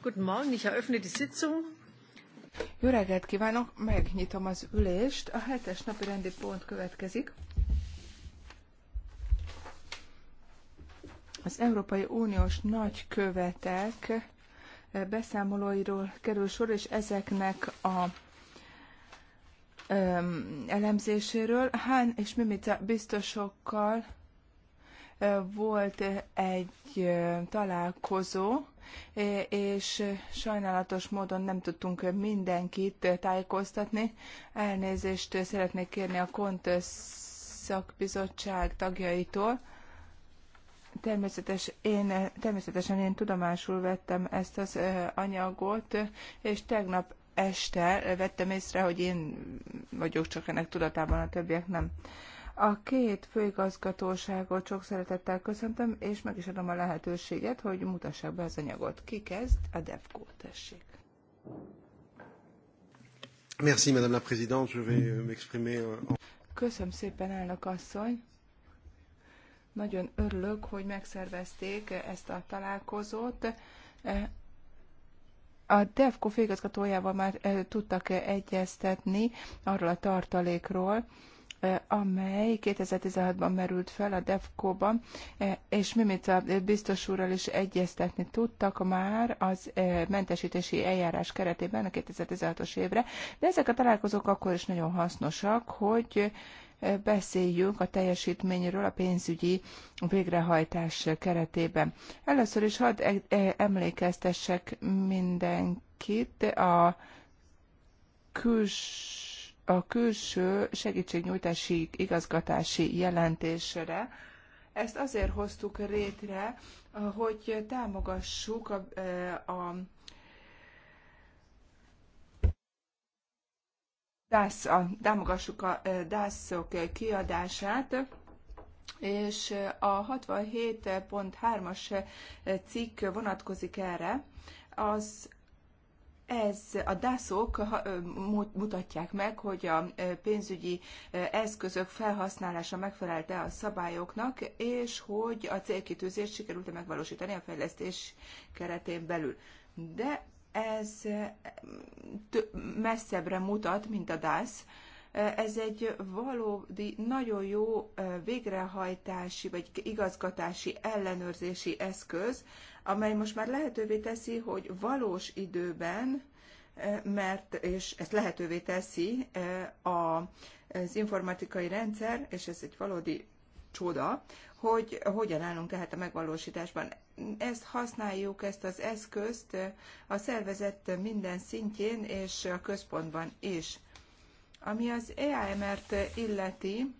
Guten Morgen, ich eröffne die Sitzung. Jó reggelt kívánok, megnyitom az ülést. A hetes napi rendi pont következik. Az Európai Uniós nagykövetek beszámolóiról kerül sor, és ezeknek a um, elemzéséről. Hán és Mimica biztosokkal volt egy találkozó, E, és sajnálatos módon nem tudtunk mindenkit tájékoztatni. Elnézést szeretnék kérni a KONT szakbizottság tagjaitól. Természetes, én, természetesen én tudomásul vettem ezt az e, anyagot, és tegnap este vettem észre, hogy én vagyok csak ennek tudatában, a többiek nem. A két főigazgatóságot sok szeretettel köszöntöm, és meg is adom a lehetőséget, hogy mutassák be az anyagot. Ki kezd? A DEFCO, tessék. Merci, Madame la Présidente. Je vais euh, m'exprimer Köszönöm szépen, elnök asszony. Nagyon örülök, hogy megszervezték ezt a találkozót. A DEFCO főigazgatójával már eh, tudtak eh, egyeztetni arról a tartalékról, Eh, amely 2016-ban merült fel a DEFCO-ban, eh, és a biztos úrral is egyeztetni tudtak már az eh, mentesítési eljárás keretében a 2016-os évre, de ezek a találkozók akkor is nagyon hasznosak, hogy beszéljünk a teljesítményről a pénzügyi végrehajtás keretében. Először is hadd emlékeztessek mindenkit a küls a külső segítségnyújtási igazgatási jelentésre. Ezt azért hoztuk rétre, hogy támogassuk a, eh, a DASZ, a, támogassuk a eh, DASZ-ok kiadását, és a 67.3-as cikk vonatkozik erre. Az ez a dászok mutatják meg, hogy a pénzügyi eszközök felhasználása megfelelte a szabályoknak, és hogy a célkitűzést sikerült-e megvalósítani a fejlesztés keretén belül. De ez messzebbre mutat, mint a DASZ. Ez egy valódi, nagyon jó végrehajtási vagy igazgatási ellenőrzési eszköz, amely most már lehetővé teszi, hogy valós időben, eh, mert, és ezt lehetővé teszi eh, az informatikai rendszer, és ez egy valódi csoda, hogy hogyan állunk tehát a megvalósításban. Ezt használjuk, ezt az eszközt eh, a szervezet minden szintjén és a központban is. Ami az EAMR-t illeti,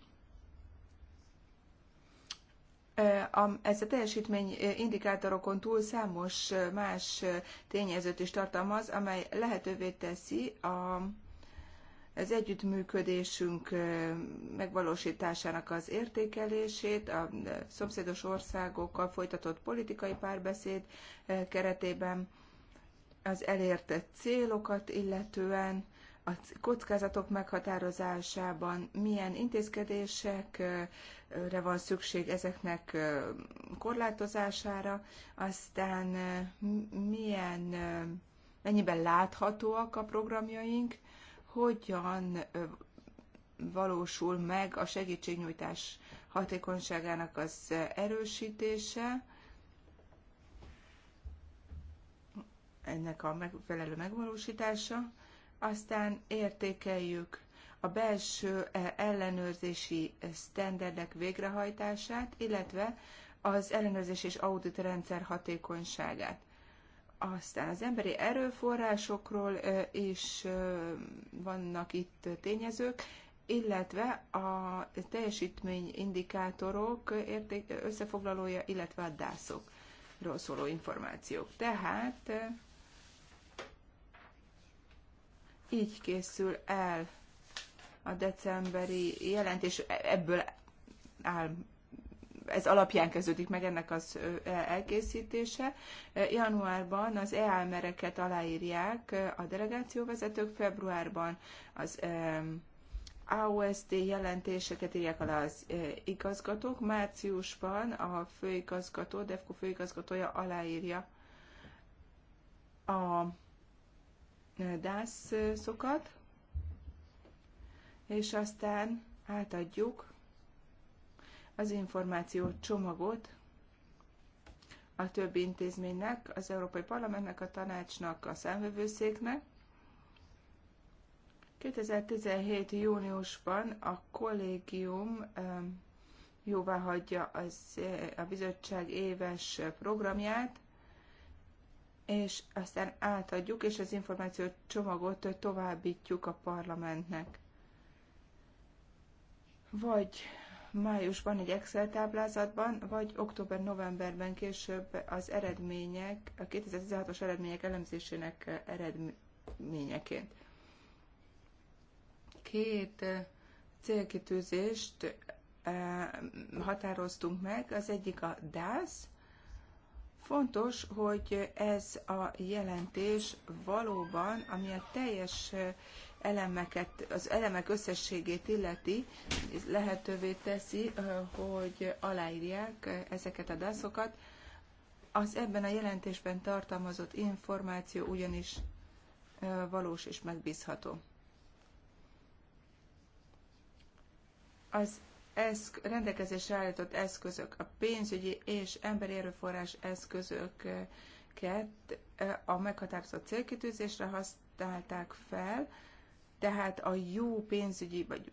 ez a teljesítmény indikátorokon túl számos más tényezőt is tartalmaz, amely lehetővé teszi a, az együttműködésünk megvalósításának az értékelését, a szomszédos országokkal folytatott politikai párbeszéd keretében, az elért célokat illetően, a kockázatok meghatározásában milyen intézkedésekre van szükség ezeknek korlátozására, aztán milyen, mennyiben láthatóak a programjaink, hogyan valósul meg a segítségnyújtás hatékonyságának az erősítése, ennek a megfelelő megvalósítása, aztán értékeljük a belső eh, ellenőrzési eh, sztenderdek végrehajtását, illetve az ellenőrzés és audit rendszer hatékonyságát. Aztán az emberi erőforrásokról eh, is vannak itt tényezők, illetve a teljesítményindikátorok érték, összefoglalója, illetve a dászokról szóló információk. Tehát így készül el a decemberi jelentés, ebből áll ez alapján kezdődik meg ennek az elkészítése. Januárban az EALMEReket aláírják a delegációvezetők, februárban az AOSD jelentéseket írják alá az igazgatók, márciusban a főigazgató, DEFCO főigazgatója aláírja a dászokat, és aztán átadjuk az információ csomagot a többi intézménynek, az Európai Parlamentnek, a tanácsnak, a számvevőszéknek. 2017. júniusban a kollégium um, jóváhagyja az, eh, a bizottság éves programját, és aztán átadjuk, és az információ csomagot továbbítjuk a parlamentnek. Vagy májusban egy Excel táblázatban, vagy október-novemberben később az eredmények, a 2016-os eredmények elemzésének eredményeként. Két eh, célkitűzést eh, határoztunk meg, az egyik a DASZ, Fontos, hogy ez a jelentés valóban, ami a teljes elemeket, az elemek összességét illeti, lehetővé teszi, hogy aláírják ezeket a daszokat. Az ebben a jelentésben tartalmazott információ ugyanis valós és megbízható. Az eszk, rendelkezésre állított eszközök, a pénzügyi és emberi erőforrás eszközöket a meghatározott célkitűzésre használták fel, tehát a jó pénzügyi vagy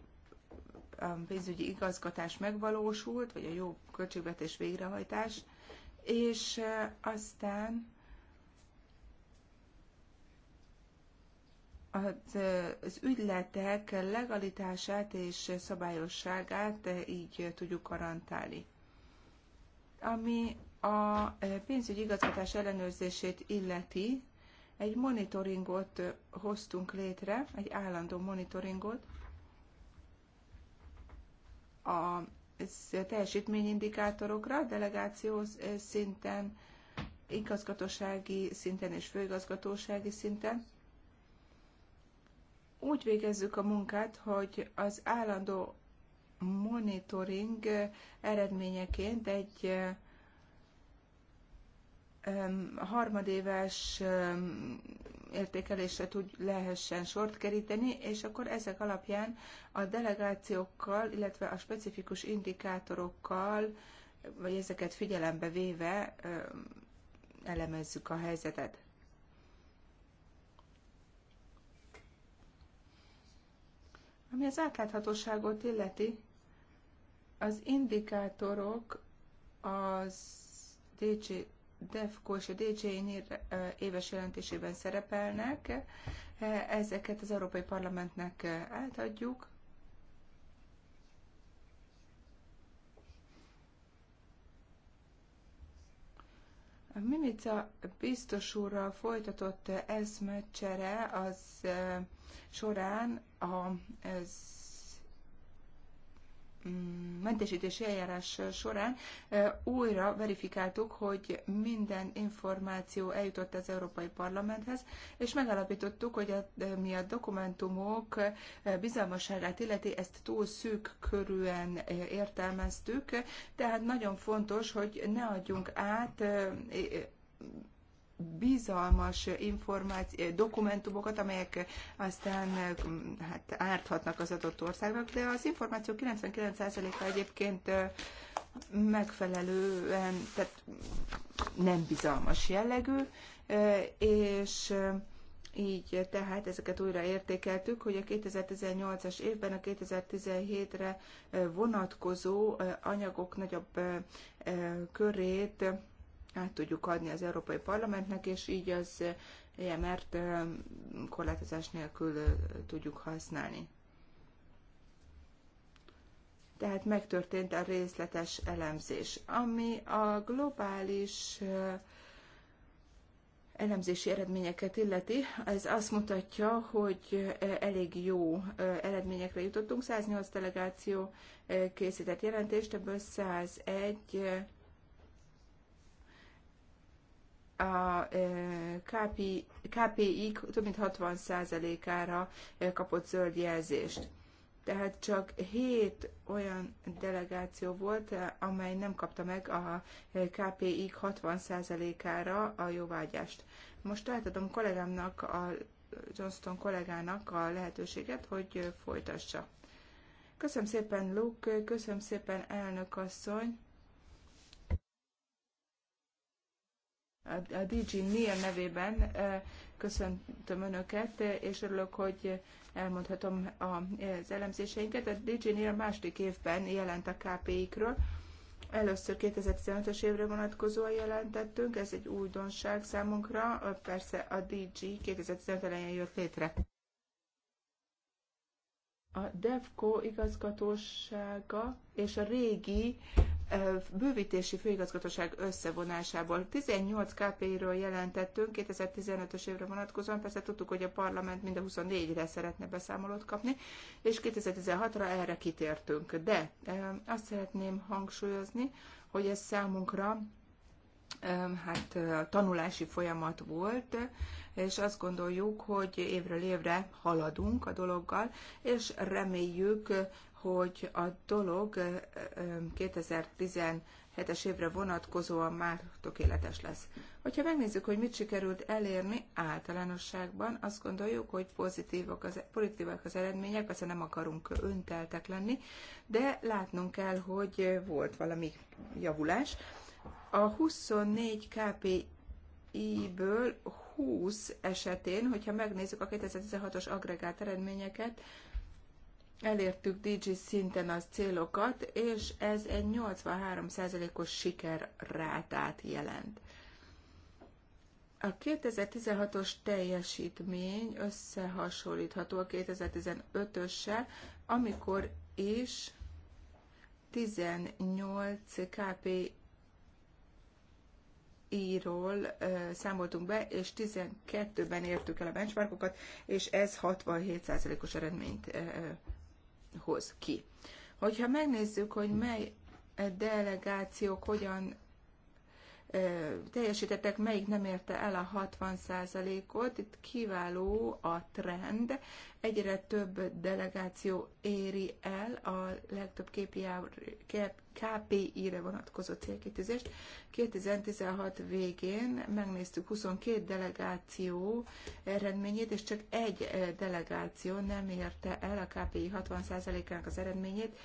a pénzügyi igazgatás megvalósult, vagy a jó költségvetés végrehajtás, és aztán az, az ügyletek legalitását és szabályosságát így tudjuk garantálni. Ami a pénzügyi igazgatás ellenőrzését illeti, egy monitoringot hoztunk létre, egy állandó monitoringot, a teljesítményindikátorokra, delegációs szinten, igazgatósági szinten és főigazgatósági szinten, úgy végezzük a munkát, hogy az állandó monitoring eredményeként egy harmadéves értékelésre tud, lehessen sort keríteni, és akkor ezek alapján a delegációkkal, illetve a specifikus indikátorokkal, vagy ezeket figyelembe véve elemezzük a helyzetet. Ami az átláthatóságot illeti, az indikátorok az DC, DEFCO és a DJ éves jelentésében szerepelnek. E, ezeket az Európai Parlamentnek átadjuk. A Mimica biztos úrral folytatott eszmecsere az során a mm, mentesítési eljárás során újra verifikáltuk, hogy minden információ eljutott az Európai Parlamenthez, és megalapítottuk, hogy a, mi a dokumentumok bizalmasságát illeti, ezt túl szűk körűen értelmeztük, tehát nagyon fontos, hogy ne adjunk át bizalmas információ, dokumentumokat, amelyek aztán hát árthatnak az adott országnak, de az információ 99%-a egyébként megfelelően, tehát nem bizalmas jellegű, és így tehát ezeket újra értékeltük, hogy a 2018-as évben a 2017-re vonatkozó anyagok nagyobb körét át tudjuk adni az Európai Parlamentnek, és így az EMR-t korlátozás nélkül tudjuk használni. Tehát megtörtént a részletes elemzés, ami a globális elemzési eredményeket illeti, ez azt mutatja, hogy elég jó eredményekre jutottunk. 108 delegáció készített jelentést, ebből 101 a KPI, KPI több mint 60%-ára kapott zöld jelzést. Tehát csak 7 olyan delegáció volt, amely nem kapta meg a KPI-k 60%-ára a jóvágyást. Most átadom kollégámnak, a Johnston kollégának a lehetőséget, hogy folytassa. Köszönöm szépen, Luke, köszönöm szépen, elnök asszony. a DJ Neil nevében köszöntöm Önöket, és örülök, hogy elmondhatom az elemzéseinket. A DJ Neil második évben jelent a KPI-kről. Először 2015-es évre vonatkozóan jelentettünk, ez egy újdonság számunkra, persze a DG 2015 elején jött létre. A DEVCO igazgatósága és a régi bővítési főigazgatóság összevonásából. 18 kp ről jelentettünk 2015-ös évre vonatkozóan, persze tudtuk, hogy a parlament mind a 24-re szeretne beszámolót kapni, és 2016-ra erre kitértünk. De azt szeretném hangsúlyozni, hogy ez számunkra hát tanulási folyamat volt, és azt gondoljuk, hogy évről évre haladunk a dologgal, és reméljük hogy a dolog 2017-es évre vonatkozóan már tökéletes lesz. Hogyha megnézzük, hogy mit sikerült elérni általánosságban, azt gondoljuk, hogy pozitívak az, pozitívak az eredmények, persze nem akarunk önteltek lenni, de látnunk kell, hogy volt valami javulás. A 24 KPI-ből 20 esetén, hogyha megnézzük a 2016-os agregált eredményeket, elértük DG szinten az célokat, és ez egy 83%-os sikerrátát jelent. A 2016-os teljesítmény összehasonlítható a 2015-össel, amikor is 18 KPI-ról számoltunk be, és 12-ben értük el a benchmarkokat, és ez 67%-os eredményt hoz ki. Hogyha megnézzük, hogy mely delegációk hogyan teljesítettek, melyik nem érte el a 60%-ot. Itt kiváló a trend. Egyre több delegáció éri el a legtöbb KPI-re vonatkozó célkitűzést. 2016 végén megnéztük 22 delegáció eredményét, és csak egy delegáció nem érte el a KPI 60%-ának az eredményét,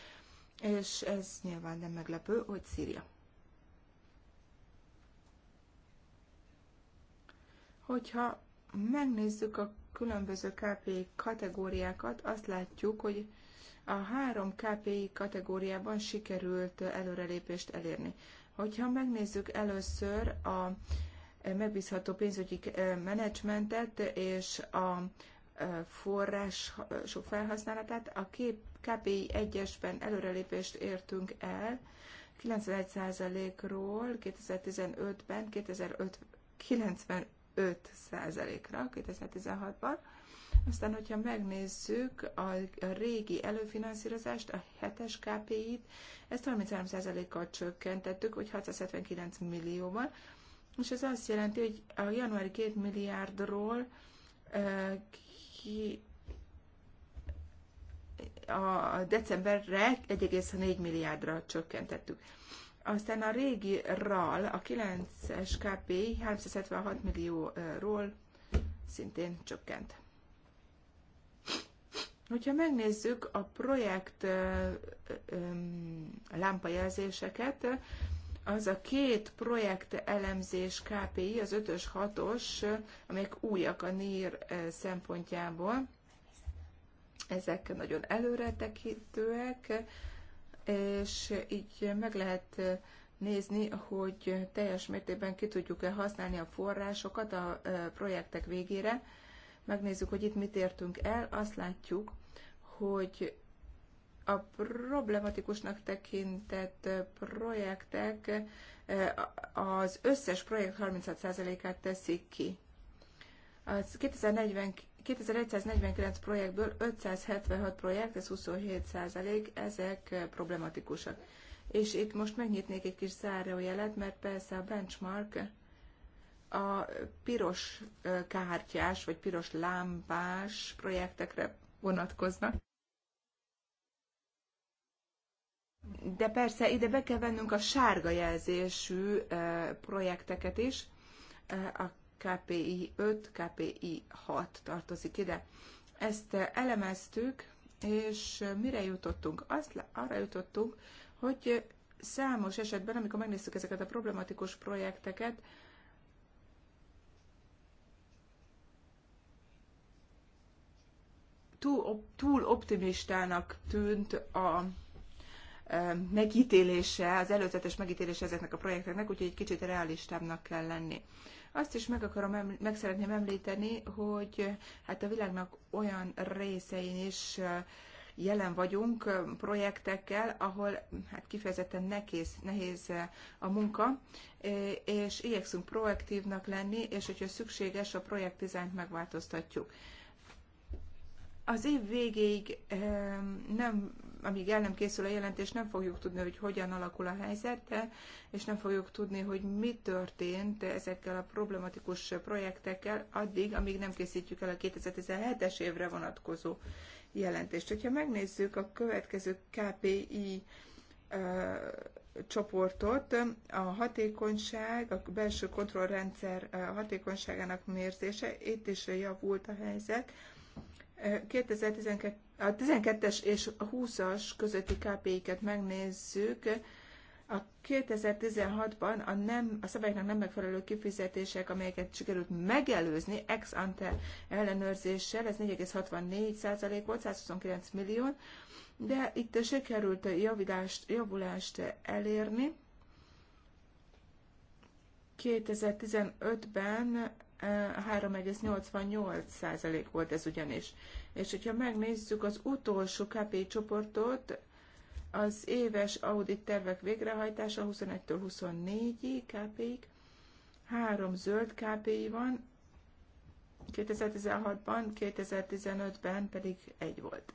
és ez nyilván nem meglepő, hogy Szíria. Hogyha megnézzük a különböző KPI kategóriákat, azt látjuk, hogy a három KPI kategóriában sikerült előrelépést elérni. Hogyha megnézzük először a megbízható pénzügyi eh, menedzsmentet és a eh, források felhasználatát, a kép KPI 1-esben előrelépést értünk el, 91%-ról 2015-ben 2095 5%-ra 2016-ban. Aztán, hogyha megnézzük a, régi előfinanszírozást, a 7-es KPI-t, ezt 33%-kal csökkentettük, hogy 679 millióban, és ez azt jelenti, hogy a januári 2 milliárdról uh, ki a decemberre 1,4 milliárdra csökkentettük. Aztán a régi RAL, a 9-es KP 376 millióról szintén csökkent. Hogyha megnézzük a projekt lámpajelzéseket, az a két projekt elemzés KPI, az 5-ös, 6-os, amelyek újak a NIR szempontjából, ezek nagyon előretekintőek, és így meg lehet nézni, hogy teljes mértékben ki tudjuk-e használni a forrásokat a projektek végére. Megnézzük, hogy itt mit értünk el. Azt látjuk, hogy a problematikusnak tekintett projektek az összes projekt 36%-át teszik ki. Az 2040 2149 projektből 576 projekt, ez 27 százalék, ezek eh, problematikusak. És itt most megnyitnék egy kis zárójelet, mert persze a benchmark a piros eh, kártyás vagy piros lámpás projektekre vonatkoznak. De persze ide be kell vennünk a sárga jelzésű eh, projekteket is, a KPI 5, KPI 6 tartozik ide. Ezt eh, elemeztük, és eh, mire jutottunk? Azt, arra jutottunk, hogy eh, számos esetben, amikor megnéztük ezeket a problematikus projekteket, túl, túl optimistának tűnt a megítélése, az előzetes megítélése ezeknek a projekteknek, úgyhogy egy kicsit realistábbnak kell lenni. Azt is meg akarom, meg szeretném említeni, hogy hát a világnak olyan részein is jelen vagyunk projektekkel, ahol hát kifejezetten nehéz, nehéz a munka, és igyekszünk proaktívnak lenni, és hogyha szükséges, a projekt dizájnt megváltoztatjuk. Az év végéig nem amíg el nem készül a jelentés, nem fogjuk tudni, hogy hogyan alakul a helyzet, és nem fogjuk tudni, hogy mi történt ezekkel a problematikus projektekkel addig, amíg nem készítjük el a 2017-es évre vonatkozó jelentést. Hogyha megnézzük a következő KPI csoportot, a hatékonyság, a belső kontrollrendszer hatékonyságának mérzése, itt is javult a helyzet. 2012 a 12-es és a 20-as közötti KPI-ket megnézzük, a 2016-ban a, nem, a szabályoknak nem megfelelő kifizetések, amelyeket sikerült megelőzni ex ante ellenőrzéssel, ez 4,64 százalék volt, 129 millió, de itt sikerült javulást, javulást elérni. 2015-ben 3,88 eh, százalék volt ez ugyanis. És hogyha megnézzük az utolsó KP csoportot, az éves audit tervek végrehajtása 21-től 24-ig kp ig három zöld kp van, 2016-ban, 2015-ben pedig egy volt.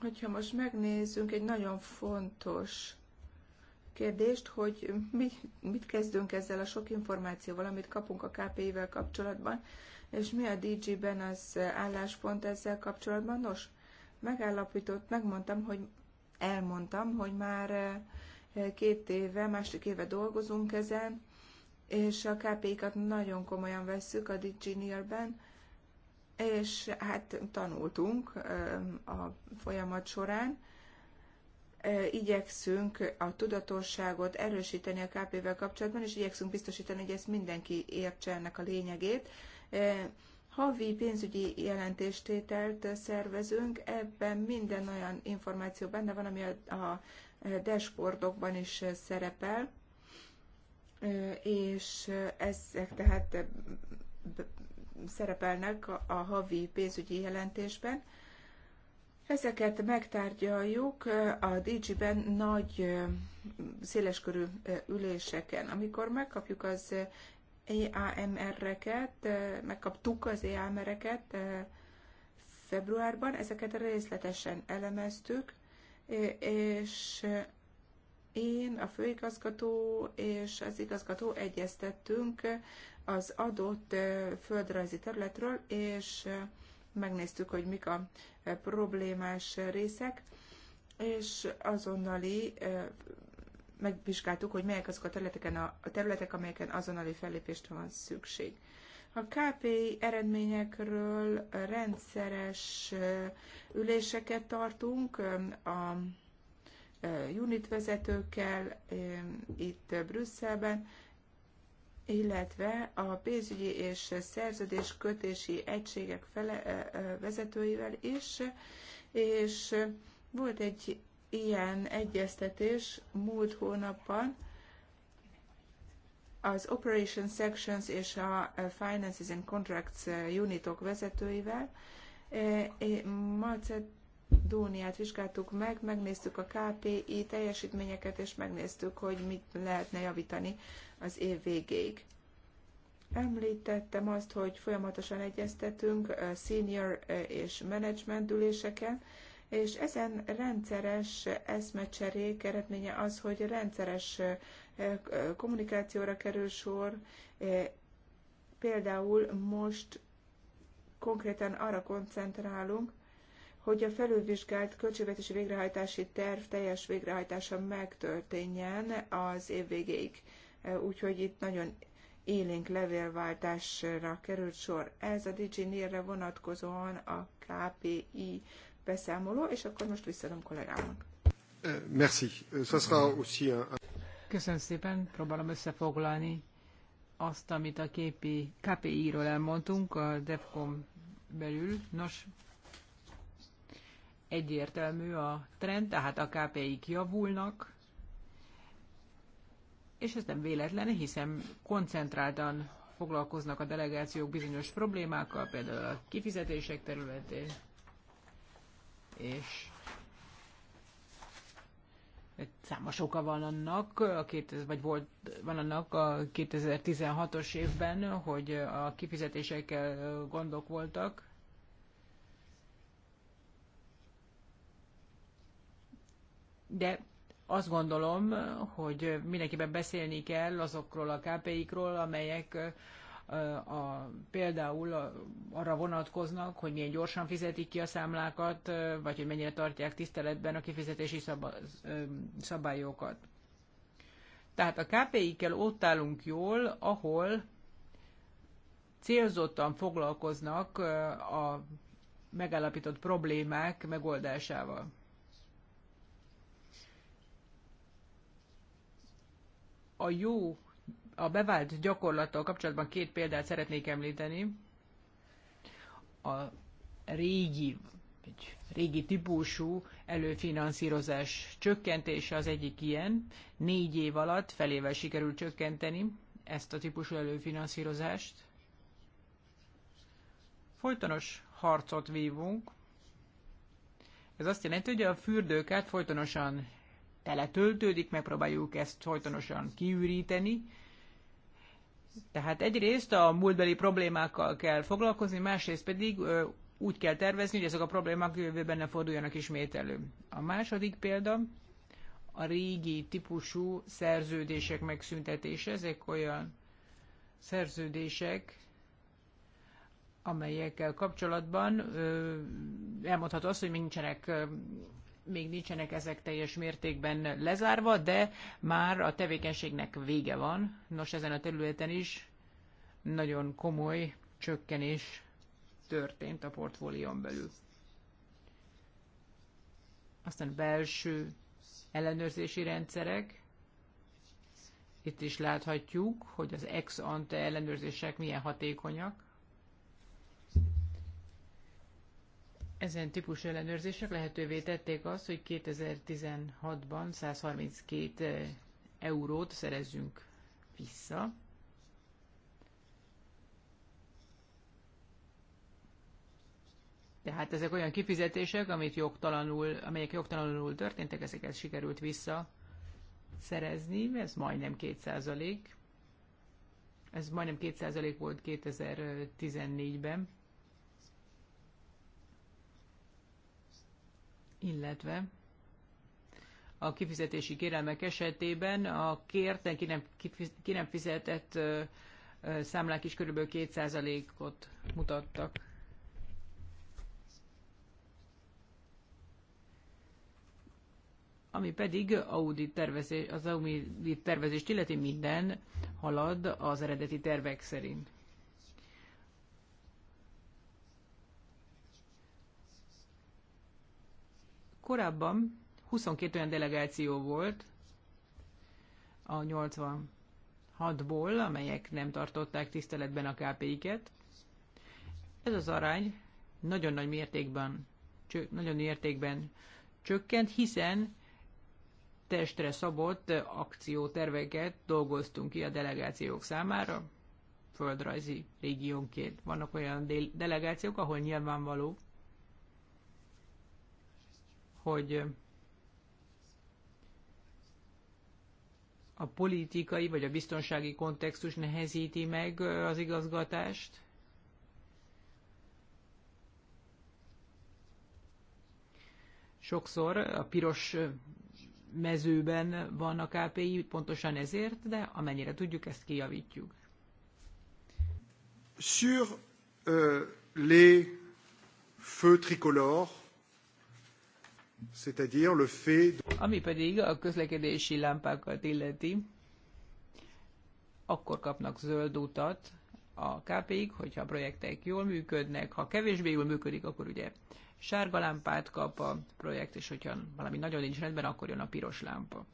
Hogyha most megnézzünk egy nagyon fontos kérdést, hogy mi, mit kezdünk ezzel a sok információval, amit kapunk a KPI-vel kapcsolatban, és mi a DG-ben az álláspont ezzel kapcsolatban. Nos, megállapított, megmondtam, hogy elmondtam, hogy már e, két éve, másik éve dolgozunk ezen, és a KPI-kat nagyon komolyan vesszük a dg ben és hát tanultunk e, a folyamat során, igyekszünk a tudatosságot erősíteni a KP-vel kapcsolatban, és igyekszünk biztosítani, hogy ezt mindenki értse ennek a lényegét. Havi pénzügyi jelentéstételt szervezünk, ebben minden olyan információ benne van, ami a, a dashboardokban is szerepel, és ezek tehát szerepelnek a havi pénzügyi jelentésben Ezeket megtárgyaljuk a DG-ben nagy széleskörű üléseken. Amikor megkapjuk az EAMR-eket, megkaptuk az EAMR-eket februárban, ezeket részletesen elemeztük, és én, a főigazgató és az igazgató egyeztettünk az adott földrajzi területről, és megnéztük, hogy mik a e, problémás részek, és azonnali e, megvizsgáltuk, hogy melyek azok a, területeken a, a területek, amelyeken azonnali fellépést van szükség. A KPI eredményekről rendszeres e, üléseket tartunk a unit vezetőkkel itt Brüsszelben, illetve a pénzügyi és szerződés kötési egységek fele, vezetőivel is, és volt egy ilyen egyeztetés múlt hónapban az Operation Sections és a Finances and Contracts unitok vezetőivel. E, e, Macet Dóniát vizsgáltuk meg, megnéztük a KPI teljesítményeket, és megnéztük, hogy mit lehetne javítani az év végéig. Említettem azt, hogy folyamatosan egyeztetünk senior és management üléseken, és ezen rendszeres eszmecserék eredménye az, hogy rendszeres kommunikációra kerül sor. Például most konkrétan arra koncentrálunk, hogy a felülvizsgált költségvetési végrehajtási terv teljes végrehajtása megtörténjen az év végéig. E, úgyhogy itt nagyon élénk levélváltásra került sor. Ez a DigiNIR-re vonatkozóan a KPI beszámoló, és akkor most visszadom kollégámnak. E, merci. E, ça sera aussi un... Köszönöm szépen, próbálom összefoglalni azt, amit a KPI-ről elmondtunk a DEFCOM belül. Nos, egyértelmű a trend, tehát a KPI-k javulnak, és ez nem véletlen, hiszen koncentráltan foglalkoznak a delegációk bizonyos problémákkal, például a kifizetések területén, és számos oka van annak, a 2000, vagy volt, van annak a 2016-os évben, hogy a kifizetésekkel gondok voltak, de azt gondolom, hogy mindenképpen beszélni kell azokról a KPI-król, amelyek a, a, például a, arra vonatkoznak, hogy milyen gyorsan fizetik ki a számlákat, vagy hogy mennyire tartják tiszteletben a kifizetési szab, szabályokat. Tehát a KPI-kkel ott állunk jól, ahol célzottan foglalkoznak a megállapított problémák megoldásával. a jó, a bevált gyakorlattal kapcsolatban két példát szeretnék említeni. A régi, egy régi típusú előfinanszírozás csökkentése az egyik ilyen. Négy év alatt felével sikerült csökkenteni ezt a típusú előfinanszírozást. Folytonos harcot vívunk. Ez azt jelenti, hogy a fürdőket folytonosan tele töltődik, megpróbáljuk ezt folytonosan kiüríteni. Tehát egyrészt a múltbeli problémákkal kell foglalkozni, másrészt pedig úgy kell tervezni, hogy ezek a problémák jövőben ne forduljanak ismét elő. A második példa a régi típusú szerződések megszüntetése. Ezek olyan szerződések, amelyekkel kapcsolatban elmondható az, hogy nincsenek még nincsenek ezek teljes mértékben lezárva, de már a tevékenységnek vége van. Nos, ezen a területen is nagyon komoly csökkenés történt a portfólión belül. Aztán belső ellenőrzési rendszerek. Itt is láthatjuk, hogy az ex-ante ellenőrzések milyen hatékonyak. Ezen típusú ellenőrzések lehetővé tették azt, hogy 2016-ban 132 eh, eurót szerezzünk vissza. Tehát ezek olyan kifizetések, amit jogtalanul, amelyek jogtalanul történtek, ezeket sikerült vissza szerezni, ez majdnem 2 Ez majdnem 2 volt 2014-ben. illetve a kifizetési kérelmek esetében a kérten ki nem, ki nem fizetett számlák is kb. 2%-ot mutattak. Ami pedig audit tervezés, az audit tervezést illeti minden halad az eredeti tervek szerint. Korábban 22 olyan delegáció volt a 86-ból, amelyek nem tartották tiszteletben a KPI-ket. Ez az arány nagyon nagy mértékben, cső, nagyon mértékben csökkent, hiszen testre szabott akcióterveket dolgoztunk ki a delegációk számára, földrajzi régiónként. Vannak olyan delegációk, ahol nyilvánvaló, hogy a politikai vagy a biztonsági kontextus nehezíti meg az igazgatást, sokszor a piros mezőben van a KPI, pontosan ezért, de amennyire tudjuk, ezt kijavítjuk. Sur euh, les feux tricolores, c'est-à-dire le fait... Ami pedig a közlekedési lámpákat illeti, akkor kapnak zöld utat a KP-ig, hogyha a projektek jól működnek, ha kevésbé jól működik, akkor ugye sárga lámpát kap a projekt, és hogyha valami nagyon nincs rendben, akkor jön a piros lámpa.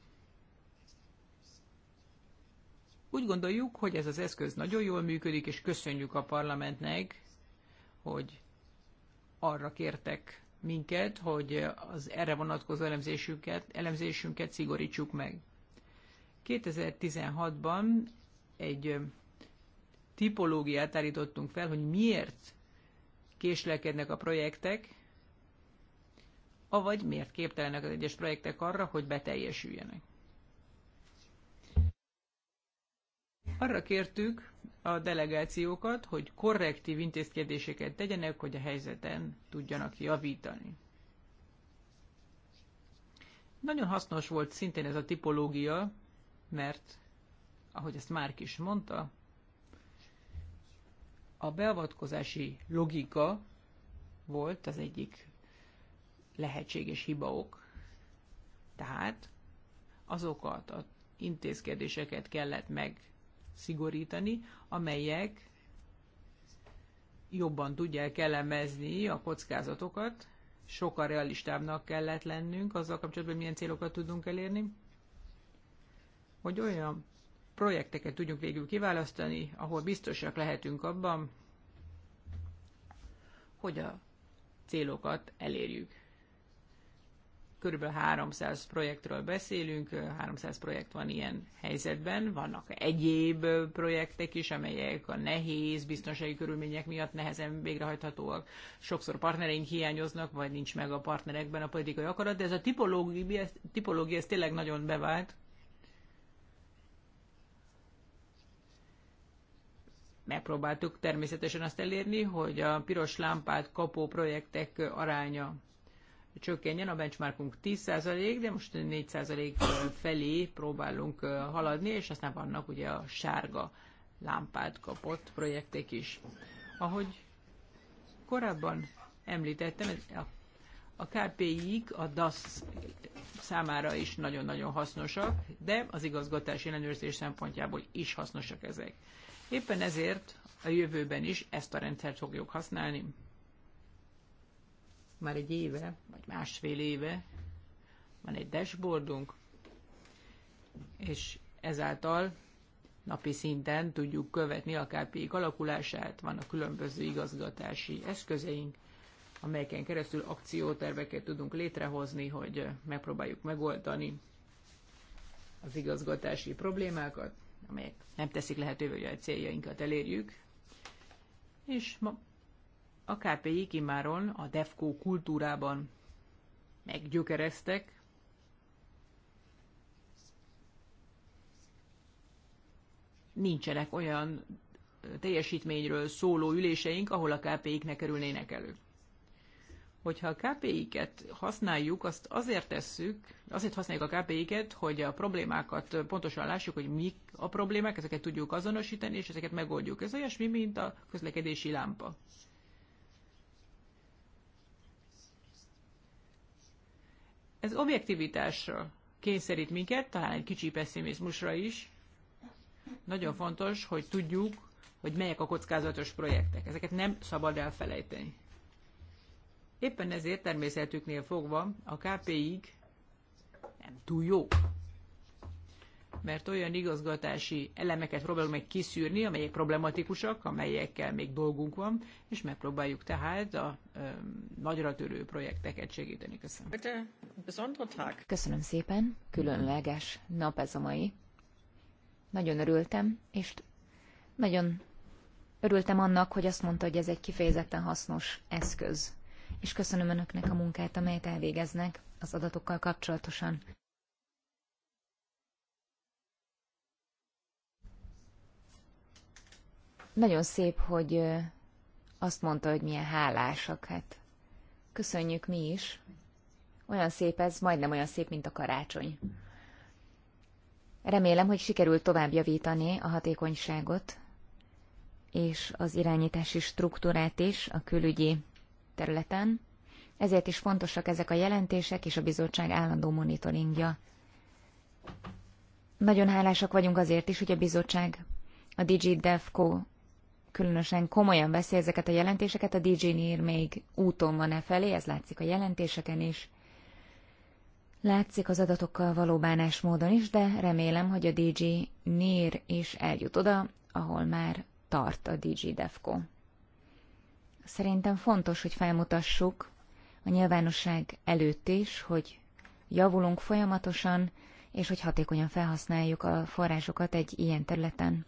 Úgy gondoljuk, hogy ez az eszköz nagyon jól működik, és köszönjük a parlamentnek, hogy arra kértek minket, hogy az erre vonatkozó elemzésünket, elemzésünket szigorítsuk meg. 2016-ban egy tipológiát állítottunk fel, hogy miért késlekednek a projektek, avagy miért képtelenek az egyes projektek arra, hogy beteljesüljenek. Arra kértük a delegációkat, hogy korrektív intézkedéseket tegyenek, hogy a helyzeten tudjanak javítani. Nagyon hasznos volt szintén ez a tipológia, mert, ahogy ezt Márk is mondta, a beavatkozási logika volt az egyik lehetséges hibaok. Tehát azokat az intézkedéseket kellett meg szigorítani, amelyek jobban tudják elemezni a kockázatokat, sokkal realistábbnak kellett lennünk azzal kapcsolatban, milyen célokat tudunk elérni, hogy olyan projekteket tudjunk végül kiválasztani, ahol biztosak lehetünk abban, hogy a célokat elérjük körülbelül 300 projektről beszélünk, 300 projekt van ilyen helyzetben, vannak egyéb projektek is, amelyek a nehéz biztonsági körülmények miatt nehezen végrehajthatóak. Sokszor partnereink hiányoznak, vagy nincs meg a partnerekben a politikai akarat, de ez a tipológia, tipológia ez tényleg nagyon bevált. Megpróbáltuk természetesen azt elérni, hogy a piros lámpát kapó projektek aránya csökkenjen, a benchmarkunk 10%, de most 4% felé próbálunk haladni, és aztán vannak ugye a sárga lámpát kapott projektek is. Ahogy korábban említettem, a KPI-k a DAS számára is nagyon-nagyon hasznosak, de az igazgatási ellenőrzés szempontjából is hasznosak ezek. Éppen ezért a jövőben is ezt a rendszert fogjuk használni már egy éve, vagy másfél éve van egy dashboardunk, és ezáltal napi szinten tudjuk követni a KPI alakulását, a különböző igazgatási eszközeink, amelyeken keresztül akcióterveket tudunk létrehozni, hogy megpróbáljuk megoldani az igazgatási problémákat, amelyek nem teszik lehetővé, hogy a céljainkat elérjük. És ma a KPI kimáron a DEFCO kultúrában meggyökereztek, nincsenek olyan teljesítményről szóló üléseink, ahol a kpi ne kerülnének elő. Hogyha a KPI-ket használjuk, azt azért tesszük, azért használjuk a KPI-ket, hogy a problémákat pontosan lássuk, hogy mik a problémák, ezeket tudjuk azonosítani, és ezeket megoldjuk. Ez olyasmi, mint a közlekedési lámpa. Ez objektivitásra kényszerít minket, talán egy kicsi pessimizmusra is. Nagyon fontos, hogy tudjuk, hogy melyek a kockázatos projektek. Ezeket nem szabad elfelejteni. Éppen ezért természetüknél fogva a kpi ig nem túl jó mert olyan igazgatási elemeket próbálunk meg kiszűrni, amelyek problematikusak, amelyekkel még dolgunk van, és megpróbáljuk tehát a ö, nagyra törő projekteket segíteni. Köszönöm. Köszönöm szépen, különleges nap ez a mai. Nagyon örültem, és nagyon örültem annak, hogy azt mondta, hogy ez egy kifejezetten hasznos eszköz. És köszönöm Önöknek a munkát, amelyet elvégeznek az adatokkal kapcsolatosan. Nagyon szép, hogy azt mondta, hogy milyen hálásak. Hát köszönjük mi is. Olyan szép ez, majdnem olyan szép, mint a karácsony. Remélem, hogy sikerült tovább javítani a hatékonyságot, és az irányítási struktúrát is a külügyi területen. Ezért is fontosak ezek a jelentések és a bizottság állandó monitoringja. Nagyon hálásak vagyunk azért is, hogy a bizottság a DigiDevCo különösen komolyan veszi ezeket a jelentéseket, a DJ nir még úton van e felé, ez látszik a jelentéseken is. Látszik az adatokkal való bánásmódon is, de remélem, hogy a DJ nir is eljut oda, ahol már tart a DJ Defco. Szerintem fontos, hogy felmutassuk a nyilvánosság előtt is, hogy javulunk folyamatosan, és hogy hatékonyan felhasználjuk a forrásokat egy ilyen területen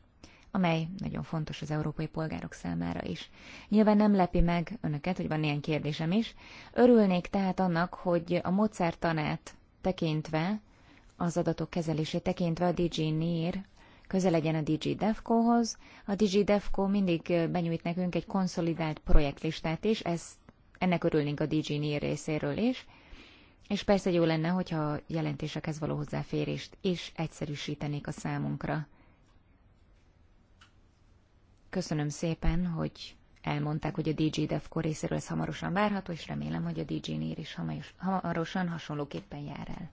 amely nagyon fontos az európai polgárok számára is. Nyilván nem lepi meg önöket, hogy van ilyen kérdésem is. Örülnék tehát annak, hogy a módszertanát tekintve, az adatok kezelését tekintve a DG NIR közel legyen a DG defco hoz A DG DEFCO mindig benyújt nekünk egy konszolidált projektlistát is, ez, ennek örülnénk a DG NIR részéről is. És persze jó lenne, hogyha jelentésekhez való hozzáférést is egyszerűsítenék a számunkra. Köszönöm szépen, hogy elmondták, hogy a DJ DevCo részéről ez hamarosan várható, és remélem, hogy a DJ Nér is hamarosan hasonlóképpen jár el.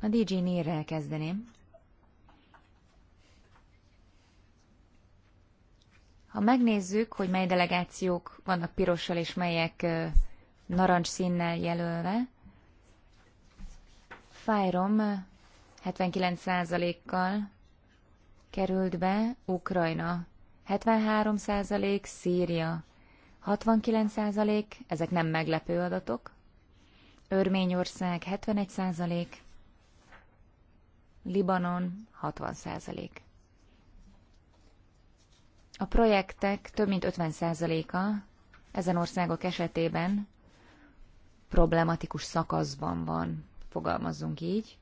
A DJ Nérrel kezdeném. Ha megnézzük, hogy mely delegációk vannak pirossal és melyek narancs színnel jelölve, Fájrom 79%-kal került be, Ukrajna 73%, Szíria 69%, ezek nem meglepő adatok, Örményország 71%, Libanon 60%. A projektek több mint 50%-a ezen országok esetében problematikus szakaszban van, fogalmazzunk így.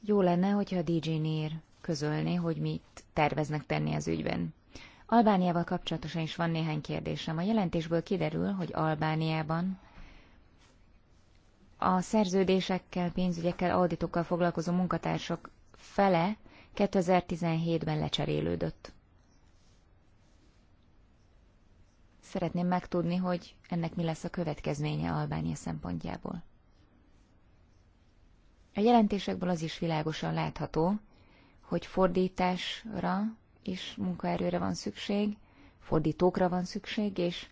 Jó lenne, hogyha a DJ Nér közölni, hogy mit terveznek tenni az ügyben. Albániával kapcsolatosan is van néhány kérdésem. A jelentésből kiderül, hogy Albániában a szerződésekkel, pénzügyekkel, auditokkal foglalkozó munkatársak fele 2017-ben lecserélődött. Szeretném megtudni, hogy ennek mi lesz a következménye Albánia szempontjából. A jelentésekből az is világosan látható, hogy fordításra is munkaerőre van szükség, fordítókra van szükség, és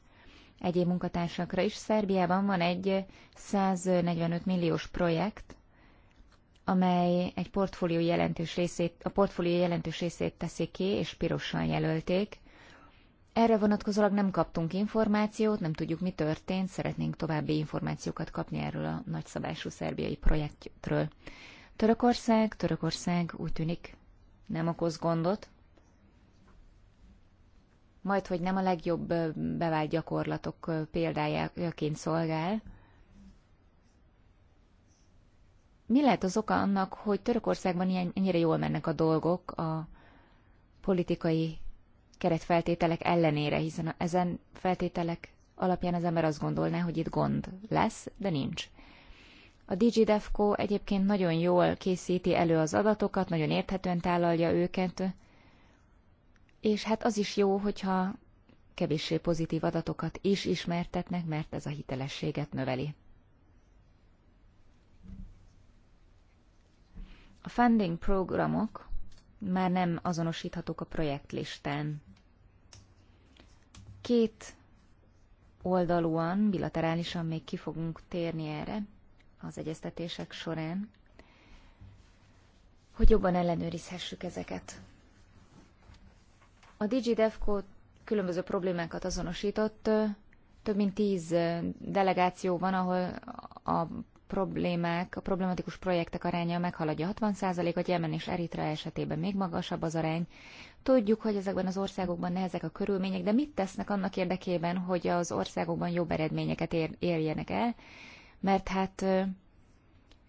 egyéb munkatársakra is. Szerbiában van egy 145 milliós projekt, amely egy portfólió jelentős részét, a portfólió jelentős részét teszi ki, és pirosan jelölték. Erre vonatkozólag nem kaptunk információt, nem tudjuk, mi történt, szeretnénk további információkat kapni erről a nagyszabású szerbiai projektről. Törökország, Törökország úgy tűnik nem okoz gondot. Majd, hogy nem a legjobb bevált gyakorlatok példájaként szolgál. Mi lehet az oka annak, hogy Törökországban ilyen, ennyire jól mennek a dolgok a politikai keretfeltételek ellenére, hiszen ezen feltételek alapján az ember azt gondolná, hogy itt gond lesz, de nincs. A DigiDefco egyébként nagyon jól készíti elő az adatokat, nagyon érthetően tálalja őket, és hát az is jó, hogyha kevéssé pozitív adatokat is ismertetnek, mert ez a hitelességet növeli. A funding programok már nem azonosíthatók a projektlistán. Két oldalúan, bilaterálisan még ki fogunk térni erre, az egyeztetések során, hogy jobban ellenőrizhessük ezeket. A DigiDevCo különböző problémákat azonosított, több mint tíz delegáció van, ahol a problémák, a problematikus projektek aránya meghaladja 60%-ot, Jemen és Eritrea esetében még magasabb az arány. Tudjuk, hogy ezekben az országokban nehezek a körülmények, de mit tesznek annak érdekében, hogy az országokban jobb eredményeket érjenek el, mert hát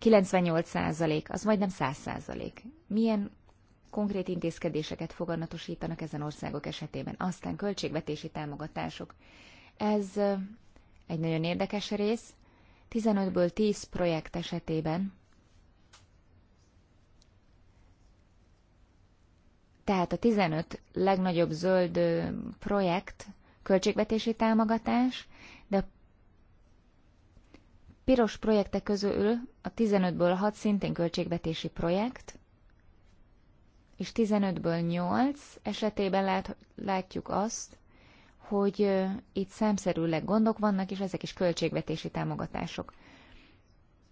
98% az majdnem 100%. Milyen konkrét intézkedéseket foganatosítanak ezen országok esetében? Aztán költségvetési támogatások. Ez egy nagyon érdekes rész. 15-ből 10 projekt esetében tehát a 15 legnagyobb zöld projekt költségvetési támogatás, de a piros projektek közül a 15-ből 6 szintén költségvetési projekt, és 15-ből 8 esetében lát, látjuk azt, hogy itt számszerűleg gondok vannak, és ezek is költségvetési támogatások.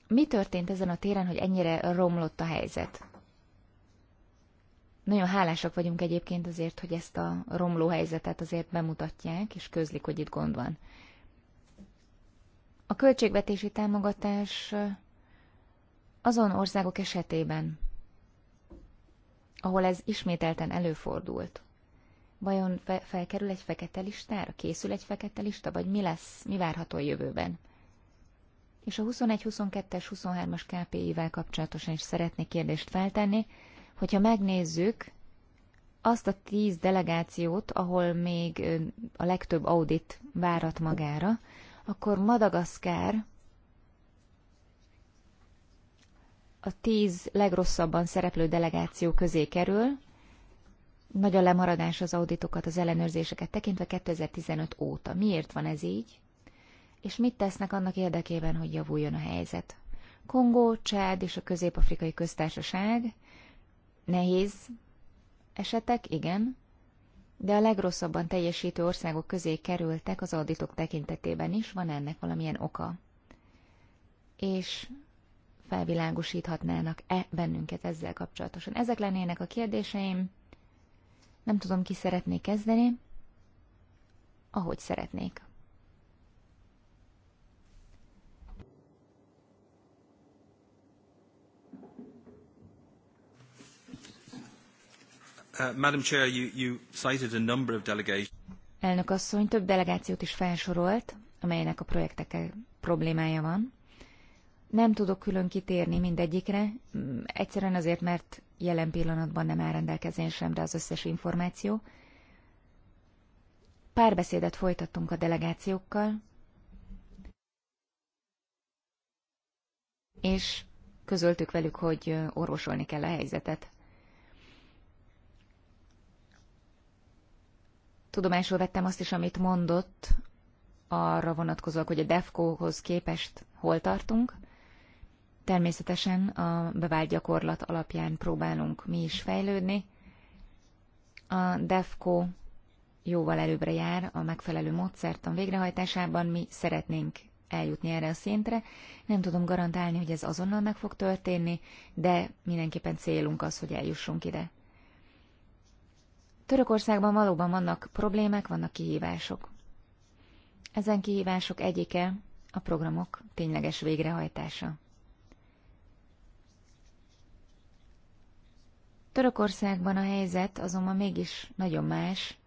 Mi történt ezen a téren, hogy ennyire romlott a helyzet? Nagyon hálásak vagyunk egyébként azért, hogy ezt a romló helyzetet azért bemutatják, és közlik, hogy itt gond van a költségvetési támogatás azon országok esetében, ahol ez ismételten előfordult, vajon fe- felkerül egy fekete listára, készül egy fekete lista, vagy mi lesz, mi várható a jövőben? És a 21-22-es, 23-as KPI-vel kapcsolatosan is szeretnék kérdést feltenni, hogyha megnézzük azt a tíz delegációt, ahol még a legtöbb audit várat magára, akkor Madagaszkár a tíz legrosszabban szereplő delegáció közé kerül. Nagy a lemaradás az auditokat, az ellenőrzéseket tekintve 2015 óta. Miért van ez így? És mit tesznek annak érdekében, hogy javuljon a helyzet? Kongó, Csád és a Közép-Afrikai Köztársaság. Nehéz esetek, igen de a legrosszabban teljesítő országok közé kerültek az auditok tekintetében is, van ennek valamilyen oka. És felvilágosíthatnának-e bennünket ezzel kapcsolatosan. Ezek lennének a kérdéseim. Nem tudom, ki szeretné kezdeni. Ahogy szeretnék. Uh, Madam Chair, you, you cited a number of delegations. Elnök asszony több delegációt is felsorolt, amelynek a projektekkel problémája van. Nem tudok külön kitérni mindegyikre, mm, egyszerűen azért, mert jelen pillanatban nem áll rendelkezésemre az összes információ. Párbeszédet folytattunk a delegációkkal, és közöltük velük, hogy orvosolni kell a helyzetet. Tudomásul vettem azt is, amit mondott, arra vonatkozóak, hogy a DEFCO-hoz képest hol tartunk. Természetesen a bevált gyakorlat alapján próbálunk mi is fejlődni. A DEFCO jóval előbbre jár a megfelelő módszertan végrehajtásában, mi szeretnénk eljutni erre a szintre. Nem tudom garantálni, hogy ez azonnal meg fog történni, de mindenképpen célunk az, hogy eljussunk ide. Törökországban valóban vannak problémák, vannak kihívások. Ezen kihívások egyike a programok tényleges végrehajtása. Törökországban a helyzet azonban mégis nagyon más,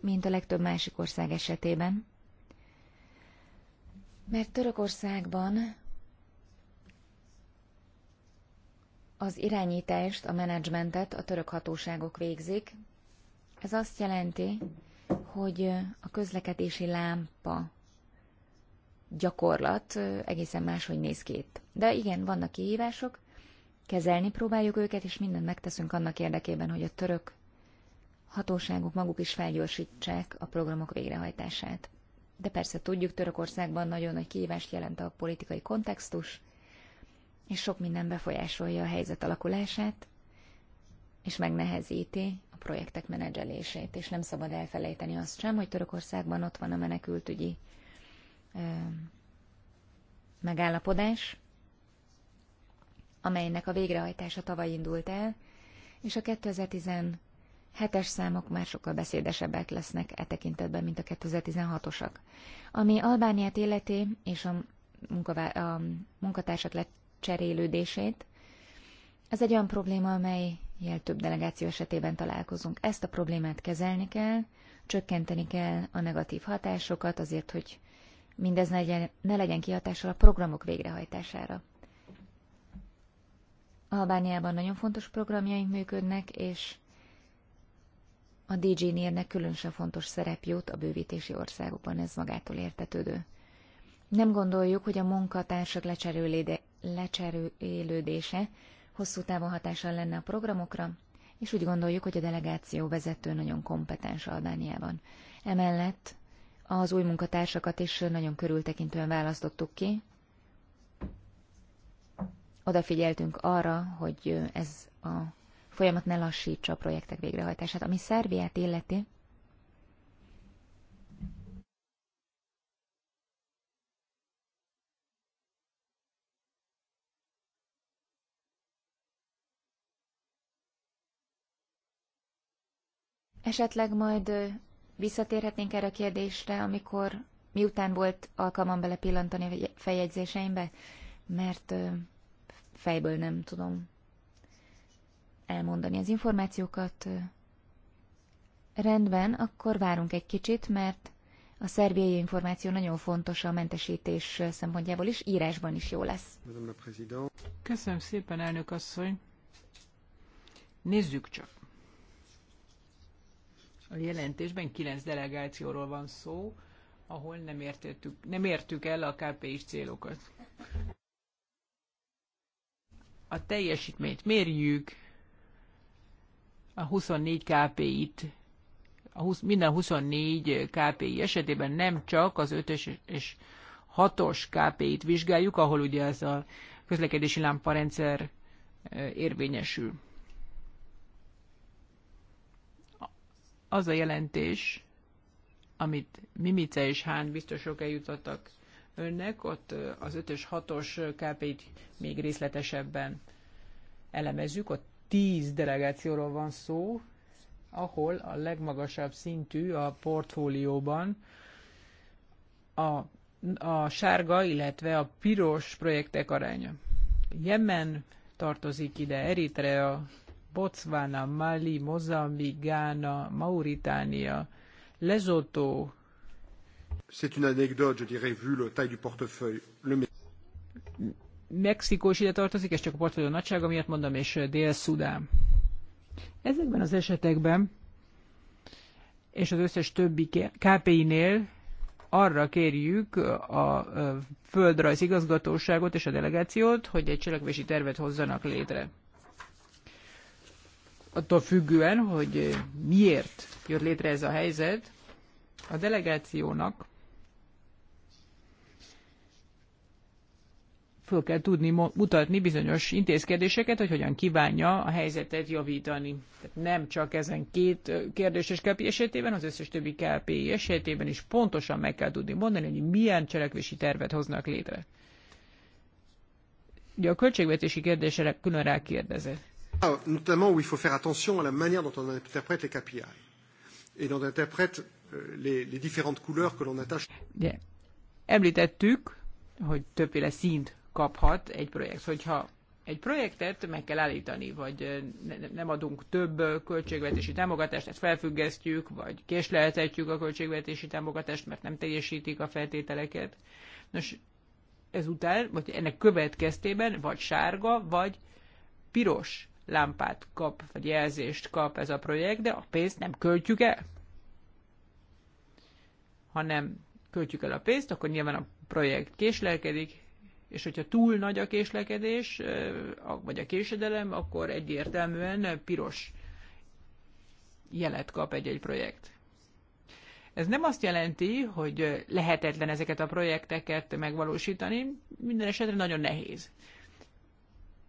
mint a legtöbb másik ország esetében, mert Törökországban az irányítást, a menedzsmentet a török hatóságok végzik, ez azt jelenti, hogy a közlekedési lámpa gyakorlat egészen máshogy néz ki itt. De igen, vannak kihívások, kezelni próbáljuk őket, és mindent megteszünk annak érdekében, hogy a török hatóságok maguk is felgyorsítsák a programok végrehajtását. De persze tudjuk, Törökországban nagyon nagy kihívást jelent a politikai kontextus, és sok minden befolyásolja a helyzet alakulását, és megnehezíti projektek menedzselését, és nem szabad elfelejteni azt sem, hogy Törökországban ott van a menekültügyi megállapodás, amelynek a végrehajtása tavaly indult el, és a 2017-es számok már sokkal beszédesebbek lesznek e tekintetben, mint a 2016-osak. Ami Albániát életé és a, munkavá- a munkatársak lecserélődését, ez egy olyan probléma, amely jel több delegáció esetében találkozunk. Ezt a problémát kezelni kell, csökkenteni kell a negatív hatásokat azért, hogy mindez ne legyen, ne legyen kihatással a programok végrehajtására. Albániában nagyon fontos programjaink működnek, és a DG nek különösen fontos szerep jut a bővítési országokban, ez magától értetődő. Nem gondoljuk, hogy a munkatársak lecserélődése hosszú távon hatással lenne a programokra, és úgy gondoljuk, hogy a delegáció vezető nagyon kompetens Albániában. Emellett az új munkatársakat is nagyon körültekintően választottuk ki. Odafigyeltünk arra, hogy ez a folyamat ne lassítsa a projektek végrehajtását. Ami Szerbiát illeti, Esetleg majd visszatérhetnénk erre a kérdésre, amikor miután volt alkalmam bele pillantani a feljegyzéseimbe, mert fejből nem tudom elmondani az információkat. Rendben, akkor várunk egy kicsit, mert a szerviai információ nagyon fontos a mentesítés szempontjából is, írásban is jó lesz. Köszönöm szépen, elnök asszony! Nézzük csak! A jelentésben kilenc delegációról van szó, ahol nem, értettük, nem értük el a KPI-s célokat. A teljesítményt mérjük, a 24 KPI-t, a 20, minden 24 KPI esetében nem csak az 5-ös és 6-os KPI-t vizsgáljuk, ahol ugye ez a közlekedési lámparendszer érvényesül. az a jelentés, amit Mimice és Hán biztosok eljutottak önnek, ott az 5-ös, 6-os KP-t még részletesebben elemezzük. Ott 10 delegációról van szó, ahol a legmagasabb szintű a portfólióban a, a sárga, illetve a piros projektek aránya. Jemen tartozik ide, Eritrea, Botswana, Mali, Mozambique, Ghana, Mauritania, Lesotho. C'est une anecdote, je dirais, vu le taille du portefeuille. Le... Mexikó is ide tartozik, ez csak a portfólió nagysága miatt mondom, és uh, Dél-Szudán. Ezekben az esetekben és az összes többi KPI-nél arra kérjük uh, a uh, földrajz igazgatóságot és a delegációt, hogy egy cselekvési tervet hozzanak létre attól függően, hogy miért jött létre ez a helyzet, a delegációnak föl kell tudni mutatni bizonyos intézkedéseket, hogy hogyan kívánja a helyzetet javítani. Tehát nem csak ezen két kérdéses KPI esetében, az összes többi KPI esetében is pontosan meg kell tudni mondani, hogy milyen cselekvési tervet hoznak létre. Ugye a költségvetési kérdésre külön rákérdezett. Ah, notamment où il faut faire attention à la manière dont on interprète les KPI et dont on interprète euh, les, les différentes couleurs que l'on attache. De, Említettük, hogy többféle színt kaphat egy projekt. Hogyha egy projektet meg kell állítani, vagy ne, ne, nem adunk több költségvetési támogatást, ezt felfüggesztjük, vagy késleltetjük a költségvetési támogatást, mert nem teljesítik a feltételeket. Nos, ezután, vagy ennek következtében vagy sárga, vagy piros lámpát kap, vagy jelzést kap ez a projekt, de a pénzt nem költjük el. Ha nem költjük el a pénzt, akkor nyilván a projekt késlelkedik, és hogyha túl nagy a késlekedés, vagy a késedelem, akkor egyértelműen piros jelet kap egy-egy projekt. Ez nem azt jelenti, hogy lehetetlen ezeket a projekteket megvalósítani, minden esetre nagyon nehéz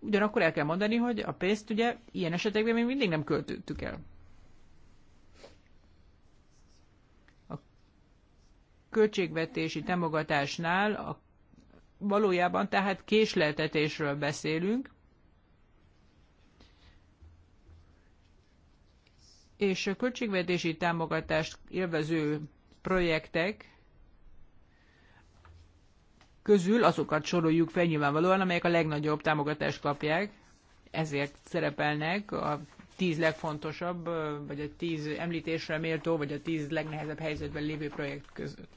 ugyanakkor el kell mondani, hogy a pénzt ugye ilyen esetekben még mindig nem költöttük el. A költségvetési támogatásnál a, valójában tehát késleltetésről beszélünk, és a költségvetési támogatást élvező projektek közül azokat soroljuk fel nyilvánvalóan, amelyek a legnagyobb támogatást kapják, ezért szerepelnek a tíz legfontosabb, vagy a tíz említésre méltó, vagy a tíz legnehezebb helyzetben lévő projekt között.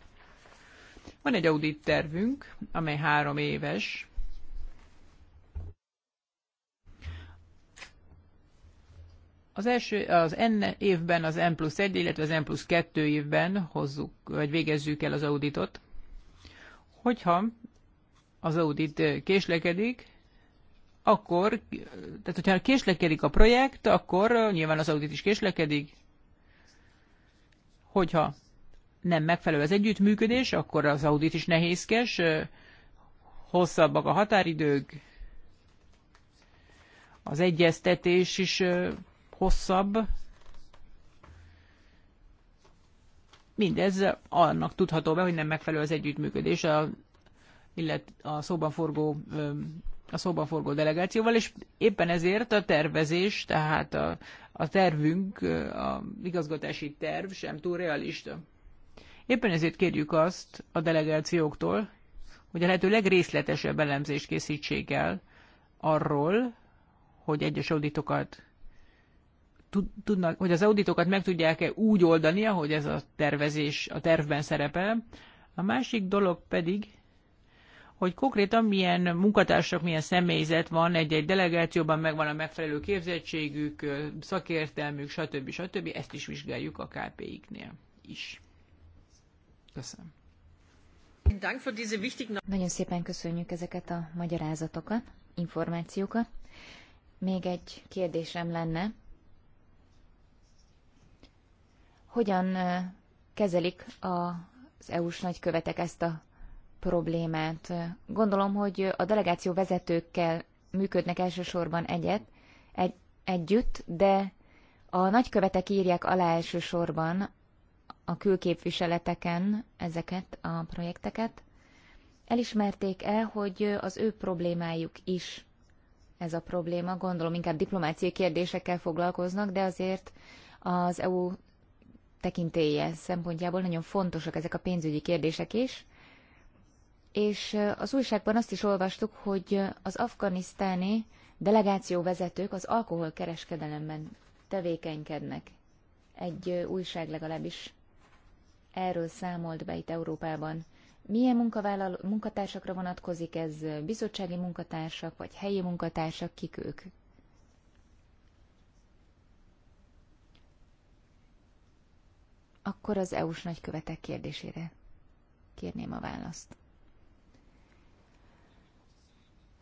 Van egy audit tervünk, amely három éves. Az első, az N évben az N plusz 1, illetve az N plusz 2 évben hozzuk, vagy végezzük el az auditot. Hogyha az audit eh, késlekedik, akkor, eh, tehát hogyha késlekedik a projekt, akkor eh, nyilván az audit is késlekedik. Hogyha nem megfelelő az együttműködés, akkor az audit is nehézkes, hosszabbak a határidők, az egyeztetés is hosszabb, mindez annak tudható be, hogy nem megfelelő az együttműködés a, illet, a szóban forgó a szóban forgó delegációval, és éppen ezért a tervezés, tehát a, a tervünk, a igazgatási terv sem túl realista. Éppen ezért kérjük azt a delegációktól, hogy a lehető legrészletesebb elemzést készítsék el arról, hogy egyes auditokat tudnak, hogy az auditokat meg tudják-e úgy oldani, ahogy ez a tervezés a tervben szerepel. A másik dolog pedig, hogy konkrétan milyen munkatársak, milyen személyzet van egy-egy delegációban, megvan a megfelelő képzettségük, szakértelmük, stb. stb. Ezt is vizsgáljuk a KPI-knél is. Köszönöm. Nagyon szépen köszönjük ezeket a magyarázatokat, információkat. Még egy kérdésem lenne. Hogyan kezelik az EU-s nagykövetek ezt a problémát? Gondolom, hogy a delegáció vezetőkkel működnek elsősorban egyet, egy, együtt, de a nagykövetek írják alá elsősorban a külképviseleteken ezeket a projekteket. Elismerték el, hogy az ő problémájuk is ez a probléma. Gondolom inkább diplomáciai kérdésekkel foglalkoznak, de azért az EU tekintélye szempontjából nagyon fontosak ezek a pénzügyi kérdések is. És az újságban azt is olvastuk, hogy az afganisztáni delegáció vezetők az alkoholkereskedelemben tevékenykednek. Egy újság legalábbis erről számolt be itt Európában. Milyen munkatársakra vonatkozik ez? Bizottsági munkatársak, vagy helyi munkatársak? Kik ők? akkor az EU-s nagykövetek kérdésére kérném a választ.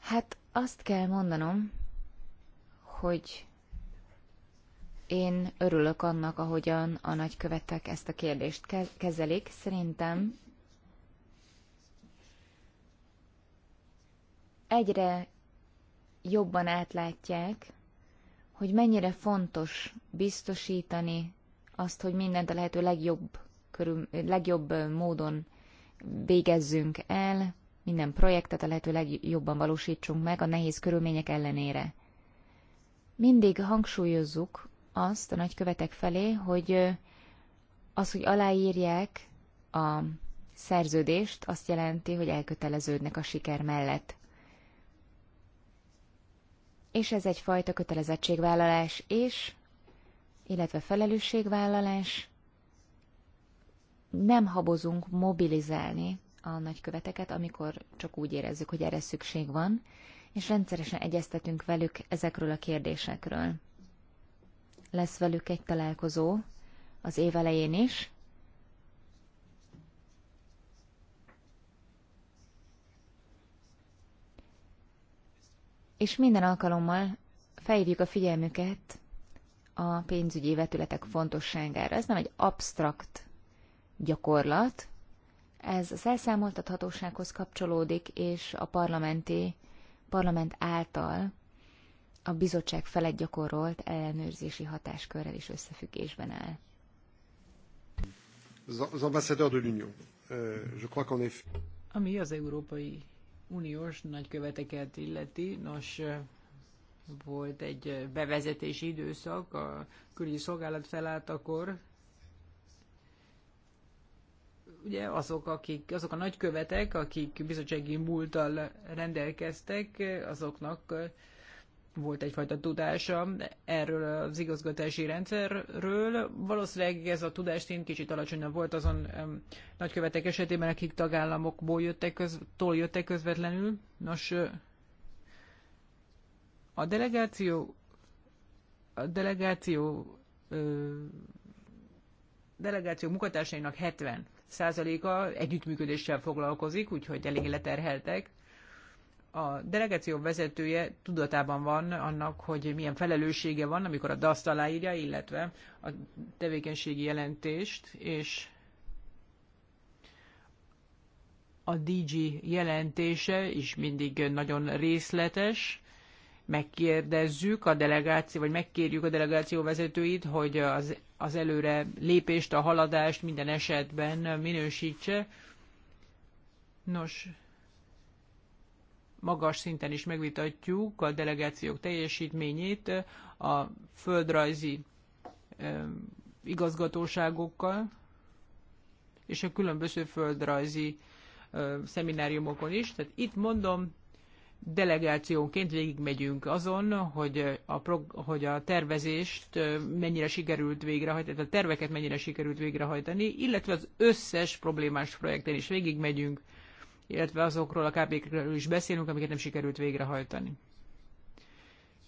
Hát azt kell mondanom, hogy én örülök annak, ahogyan a nagykövetek ezt a kérdést kezelik. Szerintem egyre jobban átlátják, hogy mennyire fontos biztosítani azt, hogy mindent a lehető legjobb, körül, legjobb módon végezzünk el, minden projektet a lehető legjobban valósítsunk meg a nehéz körülmények ellenére. Mindig hangsúlyozzuk azt a nagykövetek felé, hogy az, hogy aláírják a szerződést, azt jelenti, hogy elköteleződnek a siker mellett. És ez egyfajta kötelezettségvállalás és illetve felelősségvállalás. Nem habozunk mobilizálni a nagyköveteket, amikor csak úgy érezzük, hogy erre szükség van, és rendszeresen egyeztetünk velük ezekről a kérdésekről. Lesz velük egy találkozó az év elején is, és minden alkalommal felhívjuk a figyelmüket a pénzügyi vetületek fontosságára. Ez nem egy absztrakt gyakorlat, ez az elszámoltathatósághoz kapcsolódik, és a parlamenti, parlament által a bizottság felett gyakorolt ellenőrzési hatáskörrel is összefüggésben áll. Az de l'Union. Euh, je crois qu'on est... Ami az Európai Uniós nagyköveteket illeti, nos, volt egy bevezetési időszak, a külügyi szolgálat felállt akkor. Ugye azok, akik, azok a nagykövetek, akik bizottsági múlttal rendelkeztek, azoknak volt egyfajta tudása erről az igazgatási rendszerről. Valószínűleg ez a tudásszint kicsit alacsonyabb volt azon öm, nagykövetek esetében, akik tagállamokból jöttek, köz, jöttek közvetlenül. Nos, a delegáció a delegáció ö, delegáció munkatársainak 70 százaléka együttműködéssel foglalkozik, úgyhogy elég leterheltek. A delegáció vezetője tudatában van annak, hogy milyen felelőssége van, amikor a DASZ aláírja, illetve a tevékenységi jelentést, és a DG jelentése is mindig nagyon részletes, megkérdezzük a delegáció, vagy megkérjük a delegáció vezetőit, hogy az, az előre lépést, a haladást minden esetben minősítse. Nos, magas szinten is megvitatjuk a delegációk teljesítményét a földrajzi igazgatóságokkal és a különböző földrajzi szemináriumokon is. Tehát itt mondom, delegációnként végigmegyünk azon, hogy a, prog- hogy a tervezést mennyire sikerült végrehajtani, tehát a terveket mennyire sikerült végrehajtani, illetve az összes problémás projekten is végigmegyünk, illetve azokról a KP-kről is beszélünk, amiket nem sikerült végrehajtani.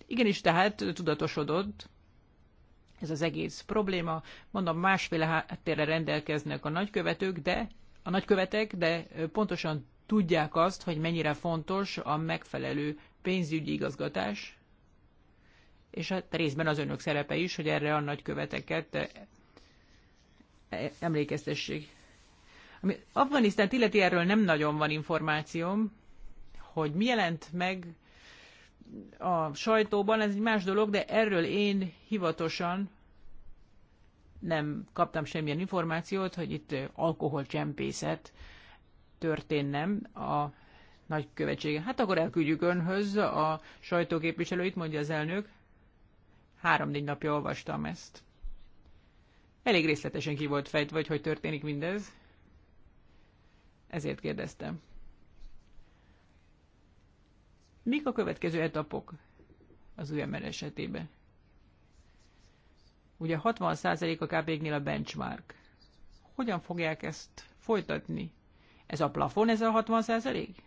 Igenis, tehát tudatosodott ez az egész probléma. Mondom, másféle háttérre rendelkeznek a nagykövetők, de a nagykövetek, de pontosan tudják azt, hogy mennyire fontos a megfelelő pénzügyi igazgatás, és hát részben az önök szerepe is, hogy erre a nagyköveteket eh, e, emlékeztessék. Ami Afganisztánt illeti erről nem nagyon van információm, hogy mi jelent meg a sajtóban, ez egy más dolog, de erről én hivatosan nem kaptam semmilyen információt, hogy itt eh, alkoholcsempészet történnem a nagykövetsége. Hát akkor elküldjük önhöz a sajtóképviselőit, mondja az elnök. Három-négy napja olvastam ezt. Elég részletesen ki volt fejtve, hogy hogy történik mindez. Ezért kérdeztem. Mik a következő etapok az ember esetében? Ugye 60% a kp a benchmark. Hogyan fogják ezt folytatni? Ez a plafon, ez a 60 százalék?